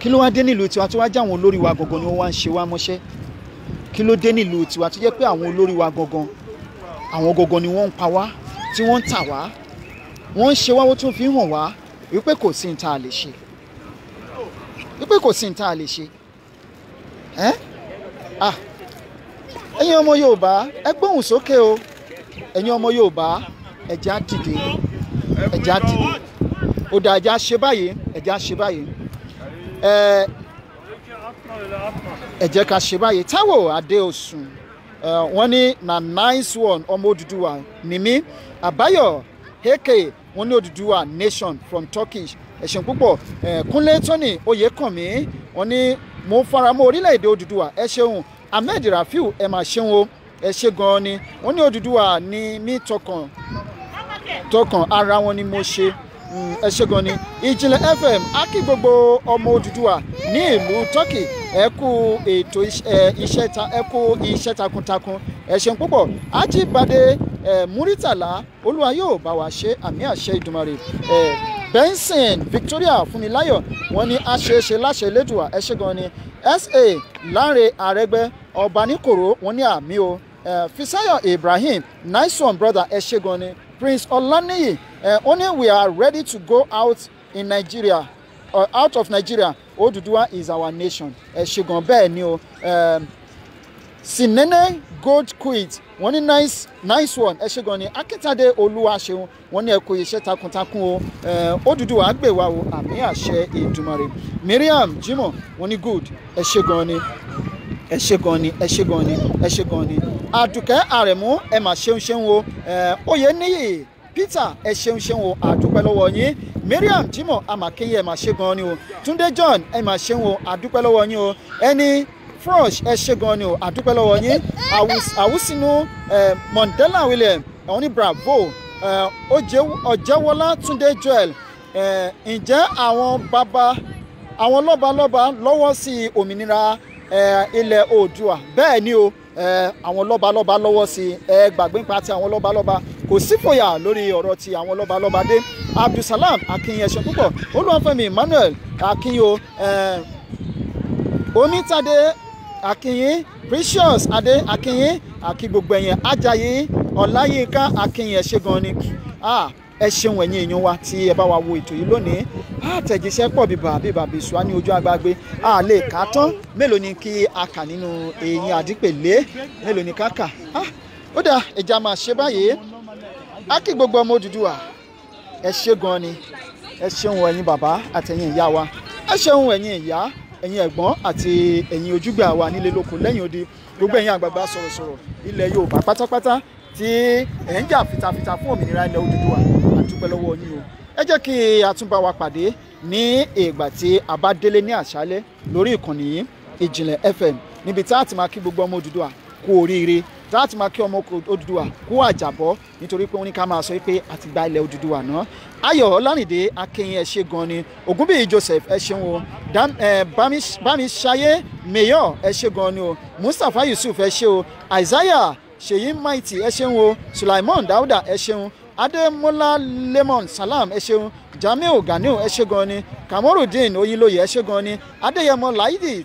kí ló wá dé nílùú tiwa tó wá jẹ́ àwọn olórí wa gangan ni wọ́n wá ń ṣe wá mọ́ṣẹ́ kí ló dé nílùú tiwa tó jẹ́ pé àwọn olórí wa gangan àwọn gangan ni wọ́n ń pa wá tí wọ́n ń tà wá wọ́n ń ṣe wá wọ́n tún fi hàn wá wípé kò sí ní lè ṣe wípé kò sí ní tá a lè ṣe ẹ̀yin ọmọ Yorùbá ẹ gbóhùn sókè o ẹ̀yin ọmọ Yorùbá ẹ á dìde ẹ̀já dìde ó dá ẹ̀já ṣe báyìí ẹ̀já ṣe báyìí ẹ jẹ́ ká ṣe báyìí Táíwò Adéosùn wọ́n ní na nice one ọmọ Odùduwà ni mí Àbáyọ̀ Heke wọ́n ní Odùduwà nation from Turkish ẹ̀sìn púpọ̀ Kúnlé Tóní Oyèkànmí wọ́n ní mo faramọ́ orílẹ̀-èdè Odùduwà ẹ ṣeun Ahmed Rafiu ẹ máa ṣeun o ẹ ṣe gan-an ni wọ́n ní Odùduwà ni mí tọkàn tọkàn ara wọn ni mo ṣe mm, ẹ ṣé ni ìjìnlẹ̀ fm á kí gbogbo ọmọ Odùduwà ní ìlú turkey ẹ kú ètò iṣẹ́ ta ẹ kú iṣẹ́ takuntakun ẹ ṣeun púpọ̀ ajíbádé múrítàlá olúwa yóò bá wa ṣe àmì àṣẹ ìdùmarè benson victoria fúnmiláyọ̀ wọ́n ní àṣeéṣe láṣẹ lẹ́dùwà ẹ ṣé ni sa láre àrẹgbẹ ọbaníkòrò wọ́n ní àmì o fisayọ ibrahim nice one brother ẹ ṣé ni. Prince Olaniyi uh, only we are ready to go out in Nigeria or uh, eh, out of Nigeria Oduduwa is our nation ẹ ṣe gan ni o eh, Sinene gold quid? wọ́n ní nice nice one ẹ ṣe gan ni Akíntàdé Olúwaṣeun wọ́n ní ẹ kú iṣẹ́ takuntakun o Oduduwa gbè wá o àmì àṣẹ Èdùmàrè Miriam Jimoh wọ́n ní good ẹ ṣe ni ẹ ṣe gan ni ẹ ṣe gan ni ẹ ṣe gan ni àdùkẹ́ àrẹ̀mú ẹ mà ṣeun ṣeun o oyè níyì peter ẹ ṣeun ṣeun o àdúpẹ́ lọ́wọ́ yín mariam jimoh amakinye ẹ mà ṣe gan ni o túndé john ẹ mà ṣeun o àdúpẹ́ lọ́wọ́ yín o ẹni frosh ẹ ṣe gan ni o àdúpẹ́ lọ́wọ́ yín àwùsínú mandela william àwọn ní bravo ọjẹ́wọlá Tunde joel ǹjẹ́ àwọn Baba, àwọn lọ́balọ́ba lọ́wọ́ sí òmìnira ilẹ̀ oòdùà bẹ́ẹ̀ ni o àwọn lọ́balọ́ba lọ́wọ́ sí ẹ gbàgbé nípa ti àwọn lọ́balọ́ba kò sífòyà lórí ọ̀rọ̀ ti àwọn lọ́balọ́ba dé abdulsalam akínyìn ẹ̀ṣẹ̀ púpọ̀ olúwàfẹ́mi emmanuel akínyìn o onítàdé precious adé akínyìn àkí gbogbo ẹ̀yìn ajayi ọláyínká akínyìn ẹ̀ṣẹ̀ gan ni. Ah, ẹ ṣeun ẹ̀yin èèyàn wa tí ẹ bá wa wo ètò yìí lónìí àtẹ̀jíṣẹ́ pọ̀ bíbà bíbà bíṣùá ní ojú agbágbé a lè tán mélòó ni kí a kà nínú èyí àdípèlé mélòó ni ká kà ó dà ẹja máa ṣe báyìí á kí gbogbo ọmọ Odùduwà ẹ ṣé gan ni ẹ ṣeun ẹ̀yin bàbá àtẹ̀yin ìyá wa ẹ ṣeun ẹ̀yin ìyá ẹ̀yin ẹ̀gbọ́n àti ẹ̀yin ojúgbà wa nílé lóko lẹ́yìn odi gbogbo ẹ̀yin àgbààgbà sọ̀rọ̀sọ̀rọ̀ ilẹ̀ Yorùbá pátápátá tí ẹ̀ ń jà fitafita fún òmìnira ilẹ̀ Odùduwà a dúpẹ́ yín o ẹ jẹ́ kí àtúnbá wa pàdé ní ìgbà tí a bá délé ní àṣálẹ́ lórí ìkànnì yìí ìjìnlẹ̀ FM níbi tá a ti máa kí gbogbo ọmọ Odùduwà kú oríire tá a ti máa kí ọmọ Odùduwà kú àjàbọ́ nítorí pé wọ́n ní ká máa sọ pé a ti gba ilẹ̀ Odùduwà náà Ayọ̀ Ọlárìndé Akínyìn ẹ gan ni Ògúnbíyì Joseph ẹ ṣeun o Bámisáyé Mayor ẹ ṣé gan ni o Mustapha Yusuf ẹ o Isaiah ṣèyí maiti ẹ ṣeun o sulaimon dauda ẹ ṣeun lemon salam ẹ ṣeun jamiu ganiu ẹ ṣe gan ni kamorudin oyinloye ẹ ṣe gan ni adéyẹmọ láìdì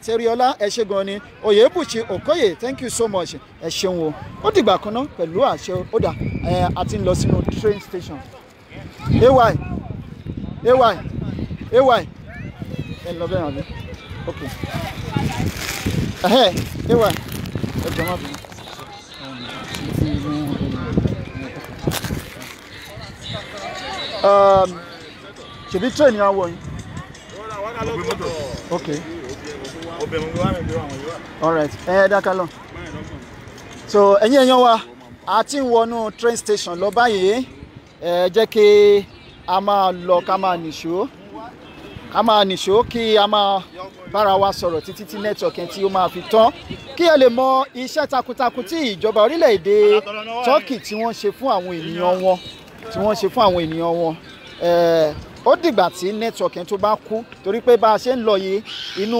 okoye thank you so much ẹ ṣeun o ó dìgbà kan náà pẹ̀lú àṣẹ ọ̀dà ẹ̀ àti ń lọ sínú train station ay ay ay ẹ lọ bẹ́ẹ̀ hàn mí ok ẹ̀hẹ́ ay ẹ jọ má bínú. Um, ṣèbí train ni a wọ̀ yín. ok all right ẹ ẹ dáká lọ. so ẹ̀yin ẹ̀yàn wa a ti ń wọnú train station lọ báyìí ẹ jẹ́ kí a máa lọ ká máa nìṣó ká máa nìṣó kí a máa bára wa sọ̀rọ̀ títí tí nẹ́tíwọ̀kì tí ó máa fi tán kí ẹ lè mọ iṣẹ́ takuntakun tí ìjọba orílẹ̀-èdè Tọ́kì tí wọ́n ṣe fún àwọn ènìyàn wọn tí wọ́n ṣe fún àwọn ènìyàn wọn ó dìgbà tí network yẹn tó bá kú torí pé bá a ṣe ń lọ yìí inú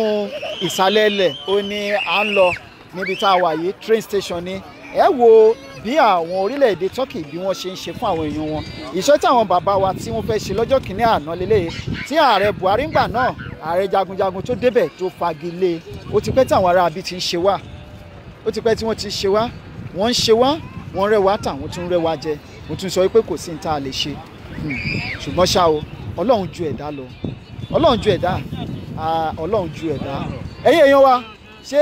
ìsàlẹ̀ ilẹ̀ ó ní à ń lọ níbi tá a wà yìí train station ni ẹ wo bí àwọn orílẹ̀-èdè Turkey bí wọ́n ṣe ń ṣe fún àwọn èèyàn wọn ìṣẹ́ tí àwọn bàbá wa tí wọ́n fẹ́ ṣe lọ́jọ́ kìíní àná lélẹ́yìí tí ààrẹ Buhari ń gbà náà ààrẹ jagunjagun tó débẹ̀ tó fagilé ó ti pẹ́ tí àwọn ará abí ti ń ṣe wá ó ti pẹ́ tí wọ́n ti ṣe wá wọ́n ń ṣe wá wọ́n rẹwà tà tún rẹwà jẹ mo tún sọ pé kò sí ní tá a lè ṣe hmm. ṣùgbọ́n ṣá o ọlọ́run ju ẹ̀dá lọ ọlọ́run ju ẹ̀dá ọlọ́run ju ẹ̀dá ẹ̀yin èèyàn wa ṣé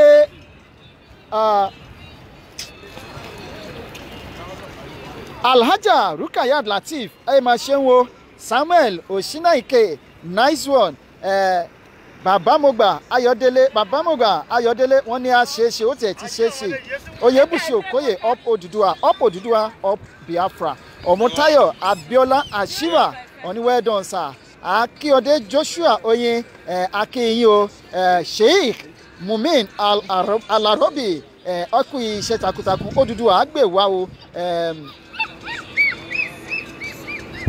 alhaja rukayat lateef ẹ máa ṣe ń wo samuel osinaike nice one bàbá mọ̀gbà ayọ̀délé bàbá mọ̀gbà ayọ̀délé wọ́n ní a ṣeéṣe ó tiẹ̀ ti ṣeéṣe oyèbùsì òkóyè up odùduwà up odùduwà up biafra ọ̀mùtáyọ̀ abíọ́lá àṣìwà ọ̀níwẹ́dọ̀nsà akíọ̀dé joshua oyin eh, akínyìn o eh, sheikh mumin alarobi ọkùnrin eh, iṣẹ́ takuntakun odùduwà àgbèwà o o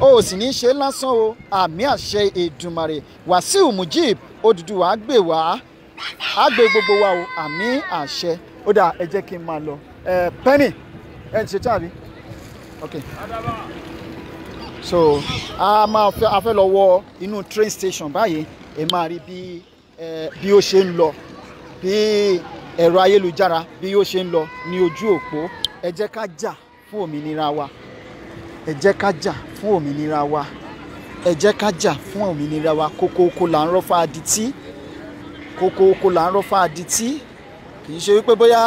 ehm, sì ní í ṣe lásán o àmì àṣẹ Èdùmàrè wàsíù mujib Odùduwà gbè wá á gbé gbogbo wa o àmì àṣẹ ó dà ẹ jẹ́ kí n máa lọ ẹ pẹ́nì ẹ ṣe tí ok so a máa fẹ́ a fẹ́ lọ wọ inú train station báyìí ẹ máa rí bí bí ó ṣe ń lọ bí ẹ̀rọ ayélujára bí ó ṣe ń lọ ní ojú òpó ẹ jẹ́ ká jà fún òmìnira wa ẹ jẹ́ ká jà fún òmìnira wa ẹ jẹ́ ká jà fún òmìnira wa kókóókó là ń rọ́fà adití kókóókó là ń rọ́fà adití kì í ṣe wípé bóyá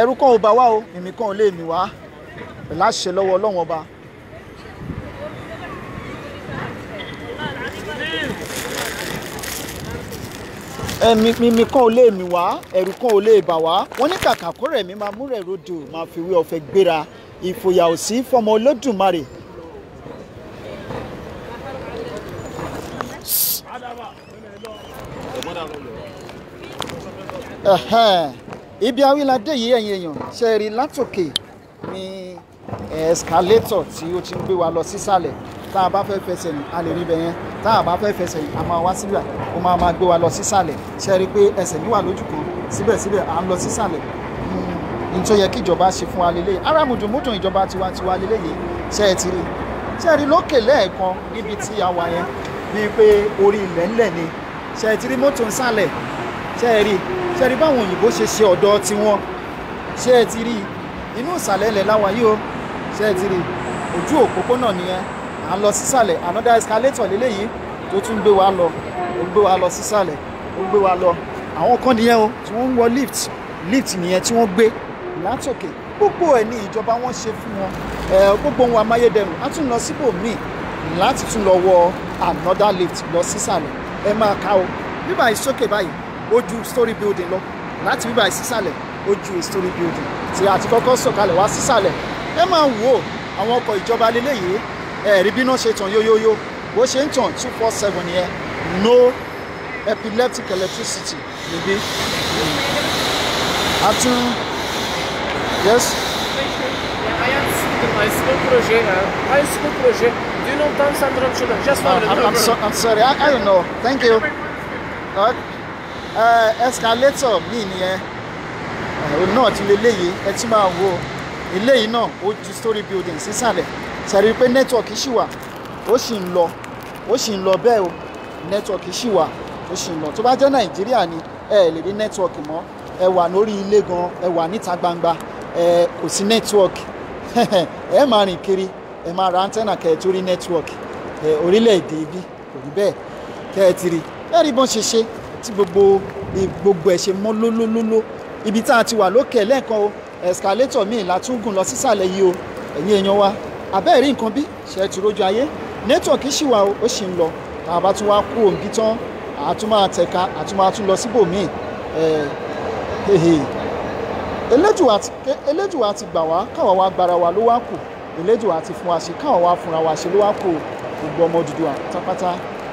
ẹrú kan ò bá wá o èmi kan ò lè mì wá pẹ̀lú àṣẹ lọ́wọ́ ọlọ́run ọba. ẹ̀mí mímí kan ò lè mì wá ẹ̀rù kan ò lè bà wá wọ́n ní kàkà kó rẹ̀ mi máa múrẹ̀ rodò máa fi wí ọ̀fẹ́ gbéra ìfòyà òsì fọmọ olódùmarè ibi awilade yìí ẹ̀yin èèyàn ṣe rí látòkè ní ẹ̀ẹ́skálétọ̀ tí ó ti ń gbé wa lọ sísàlẹ̀ tá a bá fẹ́ fẹsẹ̀ rìn a lè rí ibẹ̀ tá a bá fẹ́ fẹsẹ̀ rìn a máa wá síbẹ̀ ó máa máa gbé wa lọ sísàlẹ̀ ṣe rí pé ẹsẹ̀ mi wà lójú kan síbẹ̀síbẹ̀ à ń lọ sísàlẹ̀ hmm, n tó yẹ kí ìjọba ṣe fún wa lélẹ̀ ara mùdùnmùdùn ìjọba tiwantiwa lélẹ̀ yìí ṣe é ti rí ṣe rí lókè lẹ́ẹ̀kan níbi tí a wà yẹn bíi pé orí ilẹ̀ ńlẹ̀ ni ṣe ti rí mọ́tò ńsàlẹ̀ ṣe é rí ṣe é rí báwọn òyìnbó ṣe ṣe ọ̀dọ́ tiwọn ṣe é ti rí inú ìsàlẹ̀ ilẹ̀ láwa yìí o ṣe é ti rí ojú òpópónà nìyẹn à ń lọ sísàlẹ̀ another escalator lélẹ́yìí tó tún gbé wa lọ ó gbé wa lọ sísàlẹ̀ ó gbé wa lọ àwọn kan nìyẹn o tí wọ́n ń wọ lift lift nìyẹn tí wọ́n gbé látòkè gbogbo ẹ̀ ní ìjọba wọn ṣe fún wọn gbogbo ohun amáyédẹrùn á tún lọ síbò míì láti tún lọ wọ another lift lọ sísàlẹ̀ ẹ máa ka o bíbá ìsókè báyìí ó story building lọ láti bíbá ìsísàlẹ̀ ó story building tí a kọ́kọ́ sọ̀kalẹ̀ wá sísàlẹ̀ ẹ máa wò àwọn ọkọ̀ ìjọba lélẹ́yìí ẹ̀rí bí náà ṣe tàn yóyóyó bó ṣe ń tàn two four seven yẹn no epileptic electricity níbí a tún yes. Do you know Tan Sandra Just one. I'm, I'm sorry. I, I don't know. Thank you. Okay. escalator mi ni e o na ti le leyi e ti ma wo ileyi na o ju story building si sale sari pe network si wa o si nlo o si nlo be o network si wa o si nlo to baje je nigeria ni e le netwọk network mo e wa lori ile gan e wa nita gbangba e ko netwọk network e ma rin e ma ra antenna ke tori network e orile ede bi ko bi be ke ti ri e ri bon se tí gbogbo gbogbo ẹ̀ ṣe mọ́ lólólóló ibi tá a ti wà lókè lẹ́ẹ̀kan o escalator míì la tún gùn lọ sísàlẹ̀ yìí o ẹ̀yin èèyàn wa abẹ́ẹ̀rí nǹkan bí ṣe é ti ayé nẹ́tọ̀ọ̀kì ṣì wà ó ṣì ń lọ tá a bá tún wá kú òǹbí tán àá tún máa tẹ̀ka àá tún máa tún lọ síbòmíì elédùwà ti gbà wá káwọn wa gbára wa ló wá kù elédùwà ti fún wa ṣe káwọn wa fúnra wa ṣe ló wá kù gbogbo ọmọ Odùduwà pátápátá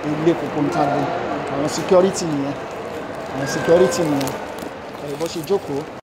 ilé kòkòrò tá a gbé àwọn security nìyẹn àwọn security nìyẹn bó ṣe jókòó